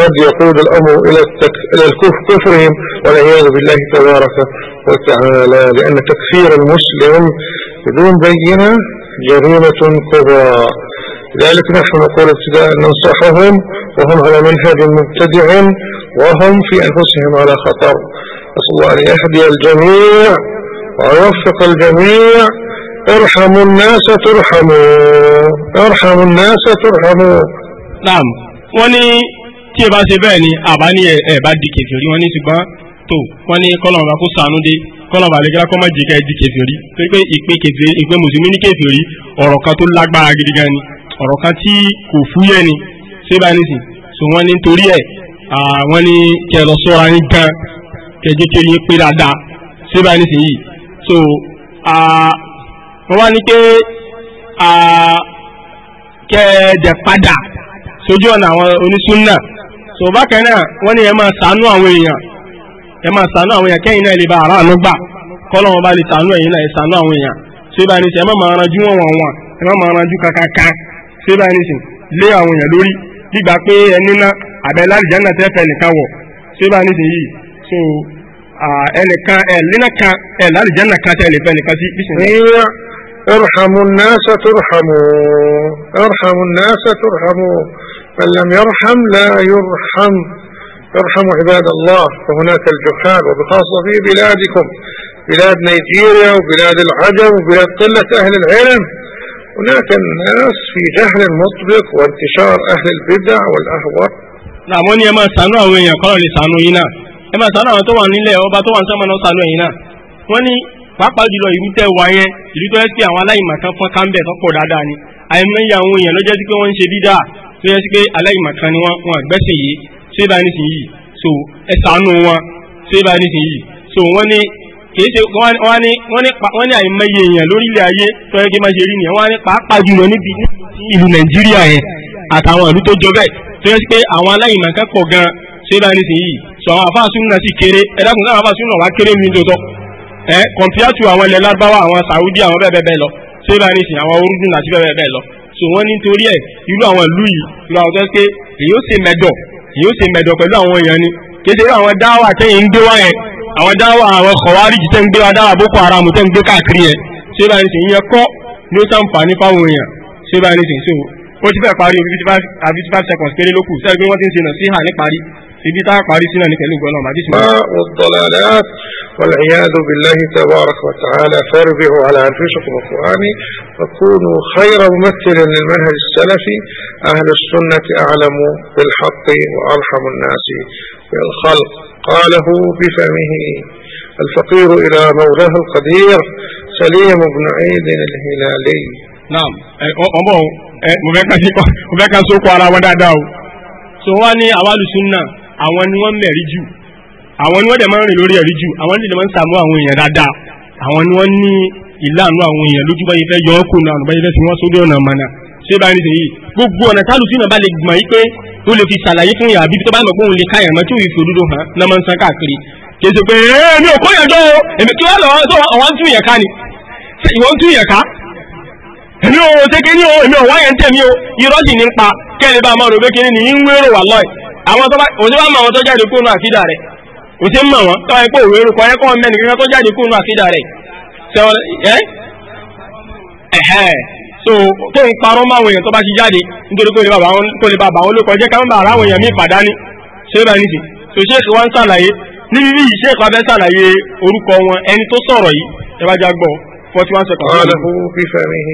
قد يقود الأمر إلى إلى كفرهم والعياذ بالله تبارك وتعالى لأن تكفير المسلم بدون بينة جريمة كبرى لذلك نحن نقول ابتداء ننصحهم وهم على منهج مبتدع وهم في أنفسهم على خطر نسأل الله أن يهدي الجميع ويوفق الجميع ارحموا الناس ترحموا ارحموا الناس ترحموا نعم wọ́n ní tí ẹ bá ṣe bẹ́ẹ̀ ni àbá ní ẹ bá di kèfèrí wọ́n ní ṣùgbọ́n tó wọ́n ní kọ́lọ̀n bá kó sànú dé kọ́lọ̀n bá lẹ́gẹ́rẹ́ kọ́ má jẹ́ ká ẹ di kèfèrí torí pé ìpín kèfèrí ìpín mùsùlùmí ní kèfèrí ọ̀rọ̀ kan tó lágbára gidi gan ni ọ̀rọ̀ kan tí kò fúyẹ́ ni ṣé bá ní sìn so wọ́n ní torí ẹ̀ wọ́n ní kẹ lọ sọ́ra ní gan kẹjẹ́ kí pé dáadáa ṣé bá ní sìn yìí so wọ́n wá ní pé kẹ́ẹ̀dẹ̀ padà sójú ọ̀nà àwọn onísúnnà tó bákan náà wọ́n ní ẹ máa sànú àwọn èèyàn ẹ máa sànú àwọn èèyàn kẹ́yìn náà lè ba àránú gbà kọ́lọ́ wọn bá lè sànú ẹ̀yìn náà ẹ sànú àwọn èèyàn ṣé bá ní ẹ má máa ranjú ẹ má máa ranjú kankan ṣé bá ní lé àwọn èèyàn lórí gbígbà pé ẹ níná àbẹ̀lá آه، إيه، إيه، ارحموا الناس ترحموا ارحموا الناس ترحموا من لم يرحم لا يرحم ارحموا عباد الله فهناك الجحال وبخاصة في بلادكم بلاد نيجيريا وبلاد العجم وبلاد قلة أهل العلم هناك الناس في جهل مطبق وانتشار أهل البدع والأهواء نعم يا ما سانوا وين يقولوا لسانوا ẹ máa sànú àwọn tó wà nílẹ̀ ọba tó wà ní sánmà náà sànú ẹ̀yin náà wọ́n ní pàápàá jùlọ ìlú tẹ́ wà yẹn ìlú tó yẹ pé àwọn aláìmọ̀kan fọ́n káńbẹ̀ tó pọ̀ dáadáa ni àìmọye àwọn èèyàn ló sí pé wọ́n ń ṣe dídá tó yẹ sí pé aláìmọ̀kan ni wọ́n wọn àgbẹ́sẹ̀ yìí tó yẹ bá yìí so ẹ sànú wọn tó yẹ bá yìí so wọ́n ní kìí ṣe wọ́n ní wọ́n ní àìmọye èèyàn lórílẹ̀ ayé tó yẹ kí máa ṣe rí nìyẹn wọ́n ní pàápàá jùlọ níbi ìlú Nàìjíríà yẹn àtàwọn ìlú tó jọ bẹ́ẹ̀ tó yẹ sí pé àwọn aláìmọ̀kan pọ̀ gan-an tó yẹ yìí sọ àwọn àfáà súnà sì kéré ẹ̀dàkùn sáwọn àfáà súnà wá kéré ní tòótọ́ ẹ kọ̀m̀pìátù àwọn ilẹ̀ lágbáwá àwọn Saudi àwọn bẹ́ẹ̀ bẹ́ẹ̀ lọ ṣé bá ní sìn àwọn orúdùn àti bẹ́ẹ̀ bẹ́ẹ̀ lọ sọ wọ́n nítorí ẹ̀ irú àwọn ìlú yìí irú àwọn tó ṣe èyí ó ṣe mẹ́dọ̀ èyí ó ṣe mẹ́dọ̀ pẹ̀lú àwọn èèyàn ni kéde àwọn dáwà tẹ́yìn ń gbé wá yẹn àwọn dáwà àwọn kọ̀wárìjì tẹ́ ń gbé wá dáwà Boko Haram tẹ́ ń gbé káàkiri yẹn ṣé bá ní sìn ìyẹn kọ́ ni ó sàǹfààní fáwọn èèyàn ṣé bá ní sìn so ó ti fẹ́ parí fifty five seconds péré lókù sẹ́yìn pé wọ́n ti ń ṣe nà sí hà ní ibi tá a parí sí náà ní pẹ̀lú gbọ́nà والعياذ بالله تبارك وتعالى فاربعوا على أنفسكم القراني فكونوا خير ممثل للمنهج السلفي أهل السنة أعلم بالحق وأرحم الناس بالخلق قاله بفمه الفقير إلى مولاه القدير سليم بن عيد الهلالي نعم أمو مبكا سوكو على ودادا سواني أوال السنة àwọn ni wọ́n mẹ̀rí jù àwọn ni wọ́n dẹ̀ máa ń rìn lórí ẹ̀rí jù àwọn ni wọ́n ń sàmú àwọn èèyàn dáadáa àwọn ni wọ́n ní ìlànà àwọn èèyàn lójú báyìí fẹ́ yọ ọkùn náà báyìí fẹ́ fi wọ́n sórí ọ̀nà mọ̀nà ṣé bá ń ṣe yìí gbogbo ọ̀nà tálù tí ìnàbá lè gbọ̀n yí pé tó lè fi ṣàlàyé fún yàrá bíbí tó bá mọ̀ pé òun lè ká yàrá mọ́ tí òun fi òdodo hàn náà máa ń san káàkiri kì í ṣe pé ò kó jọ o èmi kí wọ́n lọ ọ̀wá ń tún yẹn ká ni ìwọ ń tún yẹn ká èmi ò ṣe kíní o èmi ò wá yẹn tẹ̀mí o irọ́ sì ní pa kẹ́ni bá a máa rò pé kíní ni ń wérò wà lọ́ọ̀ àwọn tó bá òṣè bá mọ àwọn tó jáde kúrò àkídà rẹ̀ òṣè mọ wọn tó wáyé pé òwe orúkọ ẹ kọ́ mẹ́rin kankan tó jáde kúrò àkídà rẹ̀ sẹ́wọ́n ẹ́ ẹ̀hẹ́ so tó ń parọ́ máwọn èèyàn tó bá ti jáde nítorí kó lè bàbá wọn kó lè bàbá wọn ló kọjá ká ń bá aráwọn èèyàn míì pàdánì ṣé ó bá ní sí so ṣéèkì wọn ń ṣàlàyé níbi bí ṣéèkì abẹ́ ṣàlàyé orúkọ wọn ẹni tó sọ̀rọ̀ yìí ẹ bá já gbọ́ forty one seconds. قاله في فمه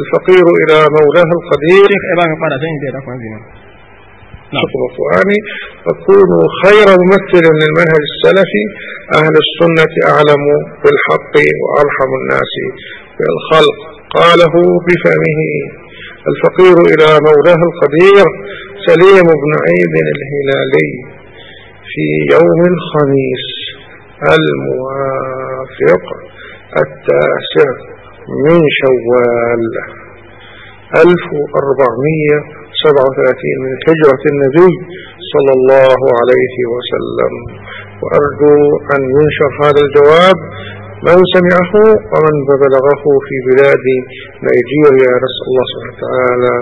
الفقير إلى مولاه القدير. ẹ الحفظ نعم. القرآني فكونوا خير ممثل للمنهج السلفي أهل السنة أعلم بالحق وأرحم الناس بالخلق قاله بفمه الفقير إلى مولاه القدير سليم بن عيد الهلالي في يوم الخميس الموافق التاسع من شوال 1400 37 من هجرة النبي صلى الله عليه وسلم وأرجو أن ينشر هذا الجواب من سمعه ومن بلغه في بلاد نيجيريا نسأل الله سبحانه وتعالى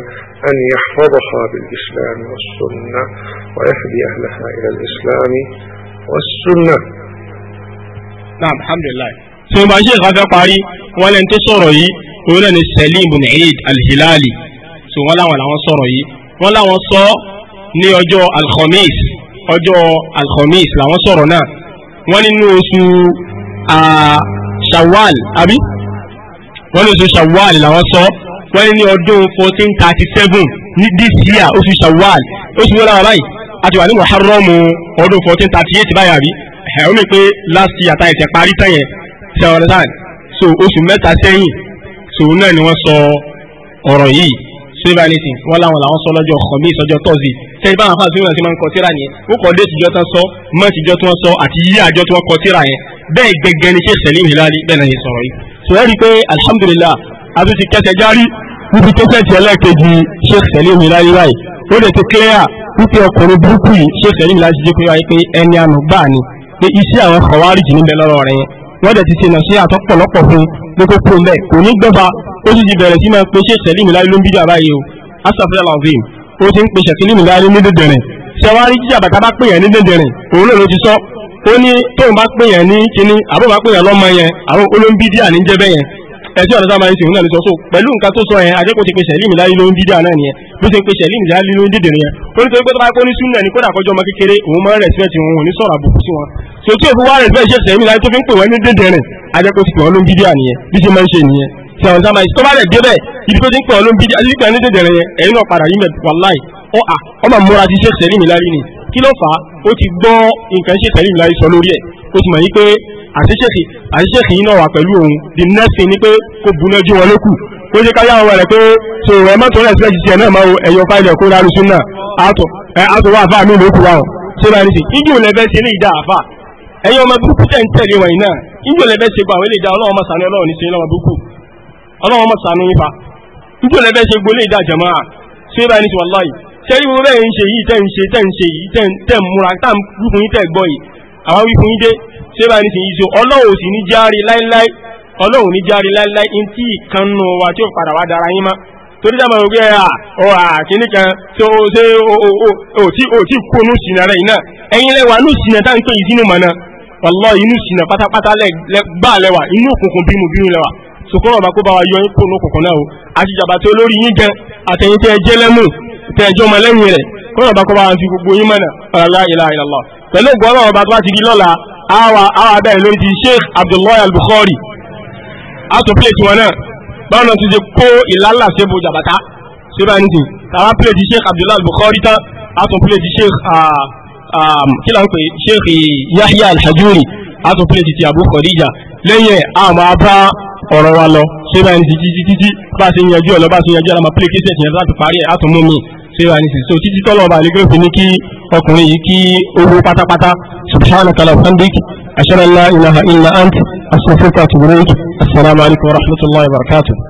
أن يحفظها بالإسلام والسنة ويهدي أهلها إلى الإسلام والسنة نعم الحمد لله ثم أجل غفا قاري ولن تصري هنا السليم بن عيد الهلالي wọ́n láwọn làwọn sọ̀rọ̀ yìí wọ́n láwọn sọ ní ọjọ́ alkhamis ọjọ́ alkhamis làwọn sọ̀rọ̀ náà wọ́n nínú oṣù shawwal àbí wọ́n ní oṣù shawwal làwọn sọ wọ́n ní ọdún fourteen thirty seven ní this year oṣù shawwal oṣù wọn làwọn báyìí àti wà ní muharramu ọdún fourteen thirty eight báyìí àbí ẹ̀ omi pé last year táyà ti parí tán yẹn seven hundred so oṣù mẹ́ta sẹ́yìn so náà ni wọ́n sọ ọ̀rọ̀ yìí sílẹ̀ ní sìn wọ́n láwọn làwọn sọ lọ́jọ́ ọkọ̀ míì sọ́jọ́ tọ́sí tẹ́lẹ̀ báwọn afáàsì wọn ti máa ń kọ tíra yẹn ó kọ dé tìjọ́ tán sọ mọ́ tìjọ́ tí wọ́n sọ àti yí àjọ tí wọ́n kọ tíra yẹn bẹ́ẹ̀ gẹ́gẹ́ ni ṣe sẹ́lẹ̀ ìhìlárí bẹ́ẹ̀ náà sọ̀rọ̀ yìí. sọ rí i pé alhamdulillah a tún ti kẹsẹ̀ járí níbi tó fẹ́ẹ̀ tiẹ̀ lẹ́ẹ̀kejì ṣe sẹ́lẹ̀ ìhìlárí báyìí ó lè ti clear wípé ọkùnrin burúkú yìí ṣe sẹ́lẹ̀ ìhìlárí ti jẹ́ pé wáyé pé ẹni àná gbáà ni pé iṣẹ́ àwọn kọ̀wárìjì níbẹ̀ lọ́rọ̀ rẹ̀ yẹn wọ́n dẹ̀ ti ṣe nà sí àtọ́pọ̀lọpọ̀ fún pé kó kó mbẹ kò ní gbẹfa ó sì ti bẹ̀rẹ̀ sí máa pe ṣe sẹlẹ mi láyé ló ń bíjà báyìí o asàfihàn làwọn ó ti ń pe sẹkìlì mi láyé ní dẹdẹrẹ ṣẹwárí jíjà bàtà bá pè yẹn ní dẹdẹrẹ òun náà ló ti sọ ó ní tóun bá pè yẹn ní kinní àbó bá pè yẹn lọ́mọ yẹn àbó olóńbídíà ní jẹ́ bẹ́yẹn ẹtí ọ̀nà sábà ń sìn náà ló sọ so pẹ̀lú nǹkan tó sọ yẹn àjẹkù ti pe sẹ̀límù láyé ló ń dídà náà nìyẹn bó ti pe sẹ̀límù láyé ló ń dídè nìyẹn ó ní torí pé tó bá kó ní súnà ní kódà kọjọ́ ọmọ kékeré òun máa ń rẹ̀síwẹ̀tì wọn ò ní sọ̀rọ̀ àbùkù sí wọn so tí òfin wá rẹ̀ fẹ́ ṣe sẹ́yìn láyé tó fi ń pè wọ́n ní dédé rẹ̀ ajẹ́pọ̀ ti pè wọ́n ló ń bídí àníyẹn bí ṣe máa ń ṣe nìyẹn tí àwọn sábà tó bá rẹ̀ débẹ̀ ibi tó ti ń pè wọ́n ló ń bídí àti pípẹ́ ní dédé rẹ̀ yẹn ẹ̀yin náà padà yín mẹ́tò wàláì ó à ọmọ múra ti ṣe sẹ́yìn láyé ni kí ló fà á ó ti gbọ́ nǹkan ṣe sẹ́yìn láyé sọ lórí ẹ̀ ó ti mọ̀ yí pé àṣeṣẹ́sì àṣeṣẹ́sì yìí náà wà pẹ̀lú òun the next thing ni pé kò bu lọ́jọ́ wọn lókù ó ṣe ká yáwọn rẹ̀ pé so rẹ̀ mọ́tò rẹ̀ sílẹ̀ ṣiṣẹ́ náà máa wo ẹ̀yọ fáìlẹ̀ kó rárú sún náà àtọ̀ ẹ̀ àtọ̀ wà fáà mí lókù wa ọ̀ ṣé báyìí nìṣẹ́ ìdí òun lẹ́fẹ́ ṣe ní ìdá àfáà ẹ̀yin ọmọ burúkú tẹ̀ ń tẹ̀lé wọ̀nyí náà níjọ́ lẹ́bẹ̀ ṣe gba àwọn eléyìí dá ọlọ́run ọmọ sànú ọlọ́run níṣẹ́ ọmọ burúkú ọlọ́run ọmọ sànú yín fa níjọ́ lẹ́bẹ̀ ṣe gbolé ìdá jẹ̀mọ́ à ṣé báyìí níṣẹ́ wàláyì ṣé ibi wo bẹ́ẹ̀ ń ṣe yìí tẹ̀ ń ṣe tẹ̀ ń ṣe yìí tẹ̀ ń múra tá à ń wí fún yín tẹ̀ gbọ́ yìí àwọn wí fún yín dé ṣé báyìí níṣẹ́ yìí so ọlọ́run sì ní járe láíláí ọlọ́run ní járe láíláí ní tí ìkànnù wa tí ó padà o dára yín má torí dáàmà o ẹ̀ ọ̀hà kìíní kan tó ṣe òtí kó nù sínú rẹ̀ yìí náà ẹ̀yin lẹ́wà nù sínú táwọn tó yìí sínú mọ̀ náà wàlọ́ inú ìsìnà pátápátá gbà lẹ́wà inú òkùnkùn bínú bínú lẹ́wà sùkúrọ̀ ọba kó bá wa yọ ipò ní òkùnkùn náà o àti ìjàmbá tí olórí yín gan àtẹ̀yìn tẹ́ ẹ jẹ́ lẹ́mù tẹ́ ẹ jọmọ lẹ́yìn rẹ̀ kọ́nà ọba kó bá wa fi gbogbo yín mọ̀nà ọ̀làlá ilà ìlàlọ́ pẹ̀lú ògbó ọlọ́run ọba tó bá ti di lọ́la àwa àwa dá ìlú ti Sheikh Abdullahi Al-Bukhari àtò pílẹ̀tì wọn náà báwọn náà ti ṣe kó ìlàlà ṣebo jàbàtà ṣé bá ń dì tàwa pílẹ̀tì Sheikh Abdullahi Al-Bukhari tán àtò pílẹ̀tì Sheikh ah, Um, kí la ń pè ṣéèkì Yahya Al-Hajuri àtò pílẹ̀tì ti Abu Khadija lẹ́yìn ẹ̀ a máa bá ọ̀rọ̀ wa lọ ṣé bá ń di títí títí bá a ṣe yanjú ẹ̀ lọ bá a ṣe yanjú ẹ̀ lọ máa pílẹ̀ kéṣẹ̀ tiẹ̀ láti parí ẹ̀ àtò mú mi ṣé bá a ní sí títí tọ́lọ̀ ọba àlẹ́ gírèfì ní kí ọkùnrin yìí kí owó pátápátá subhanaka alhamdik ashhadu an wa atubu wa barakatuh.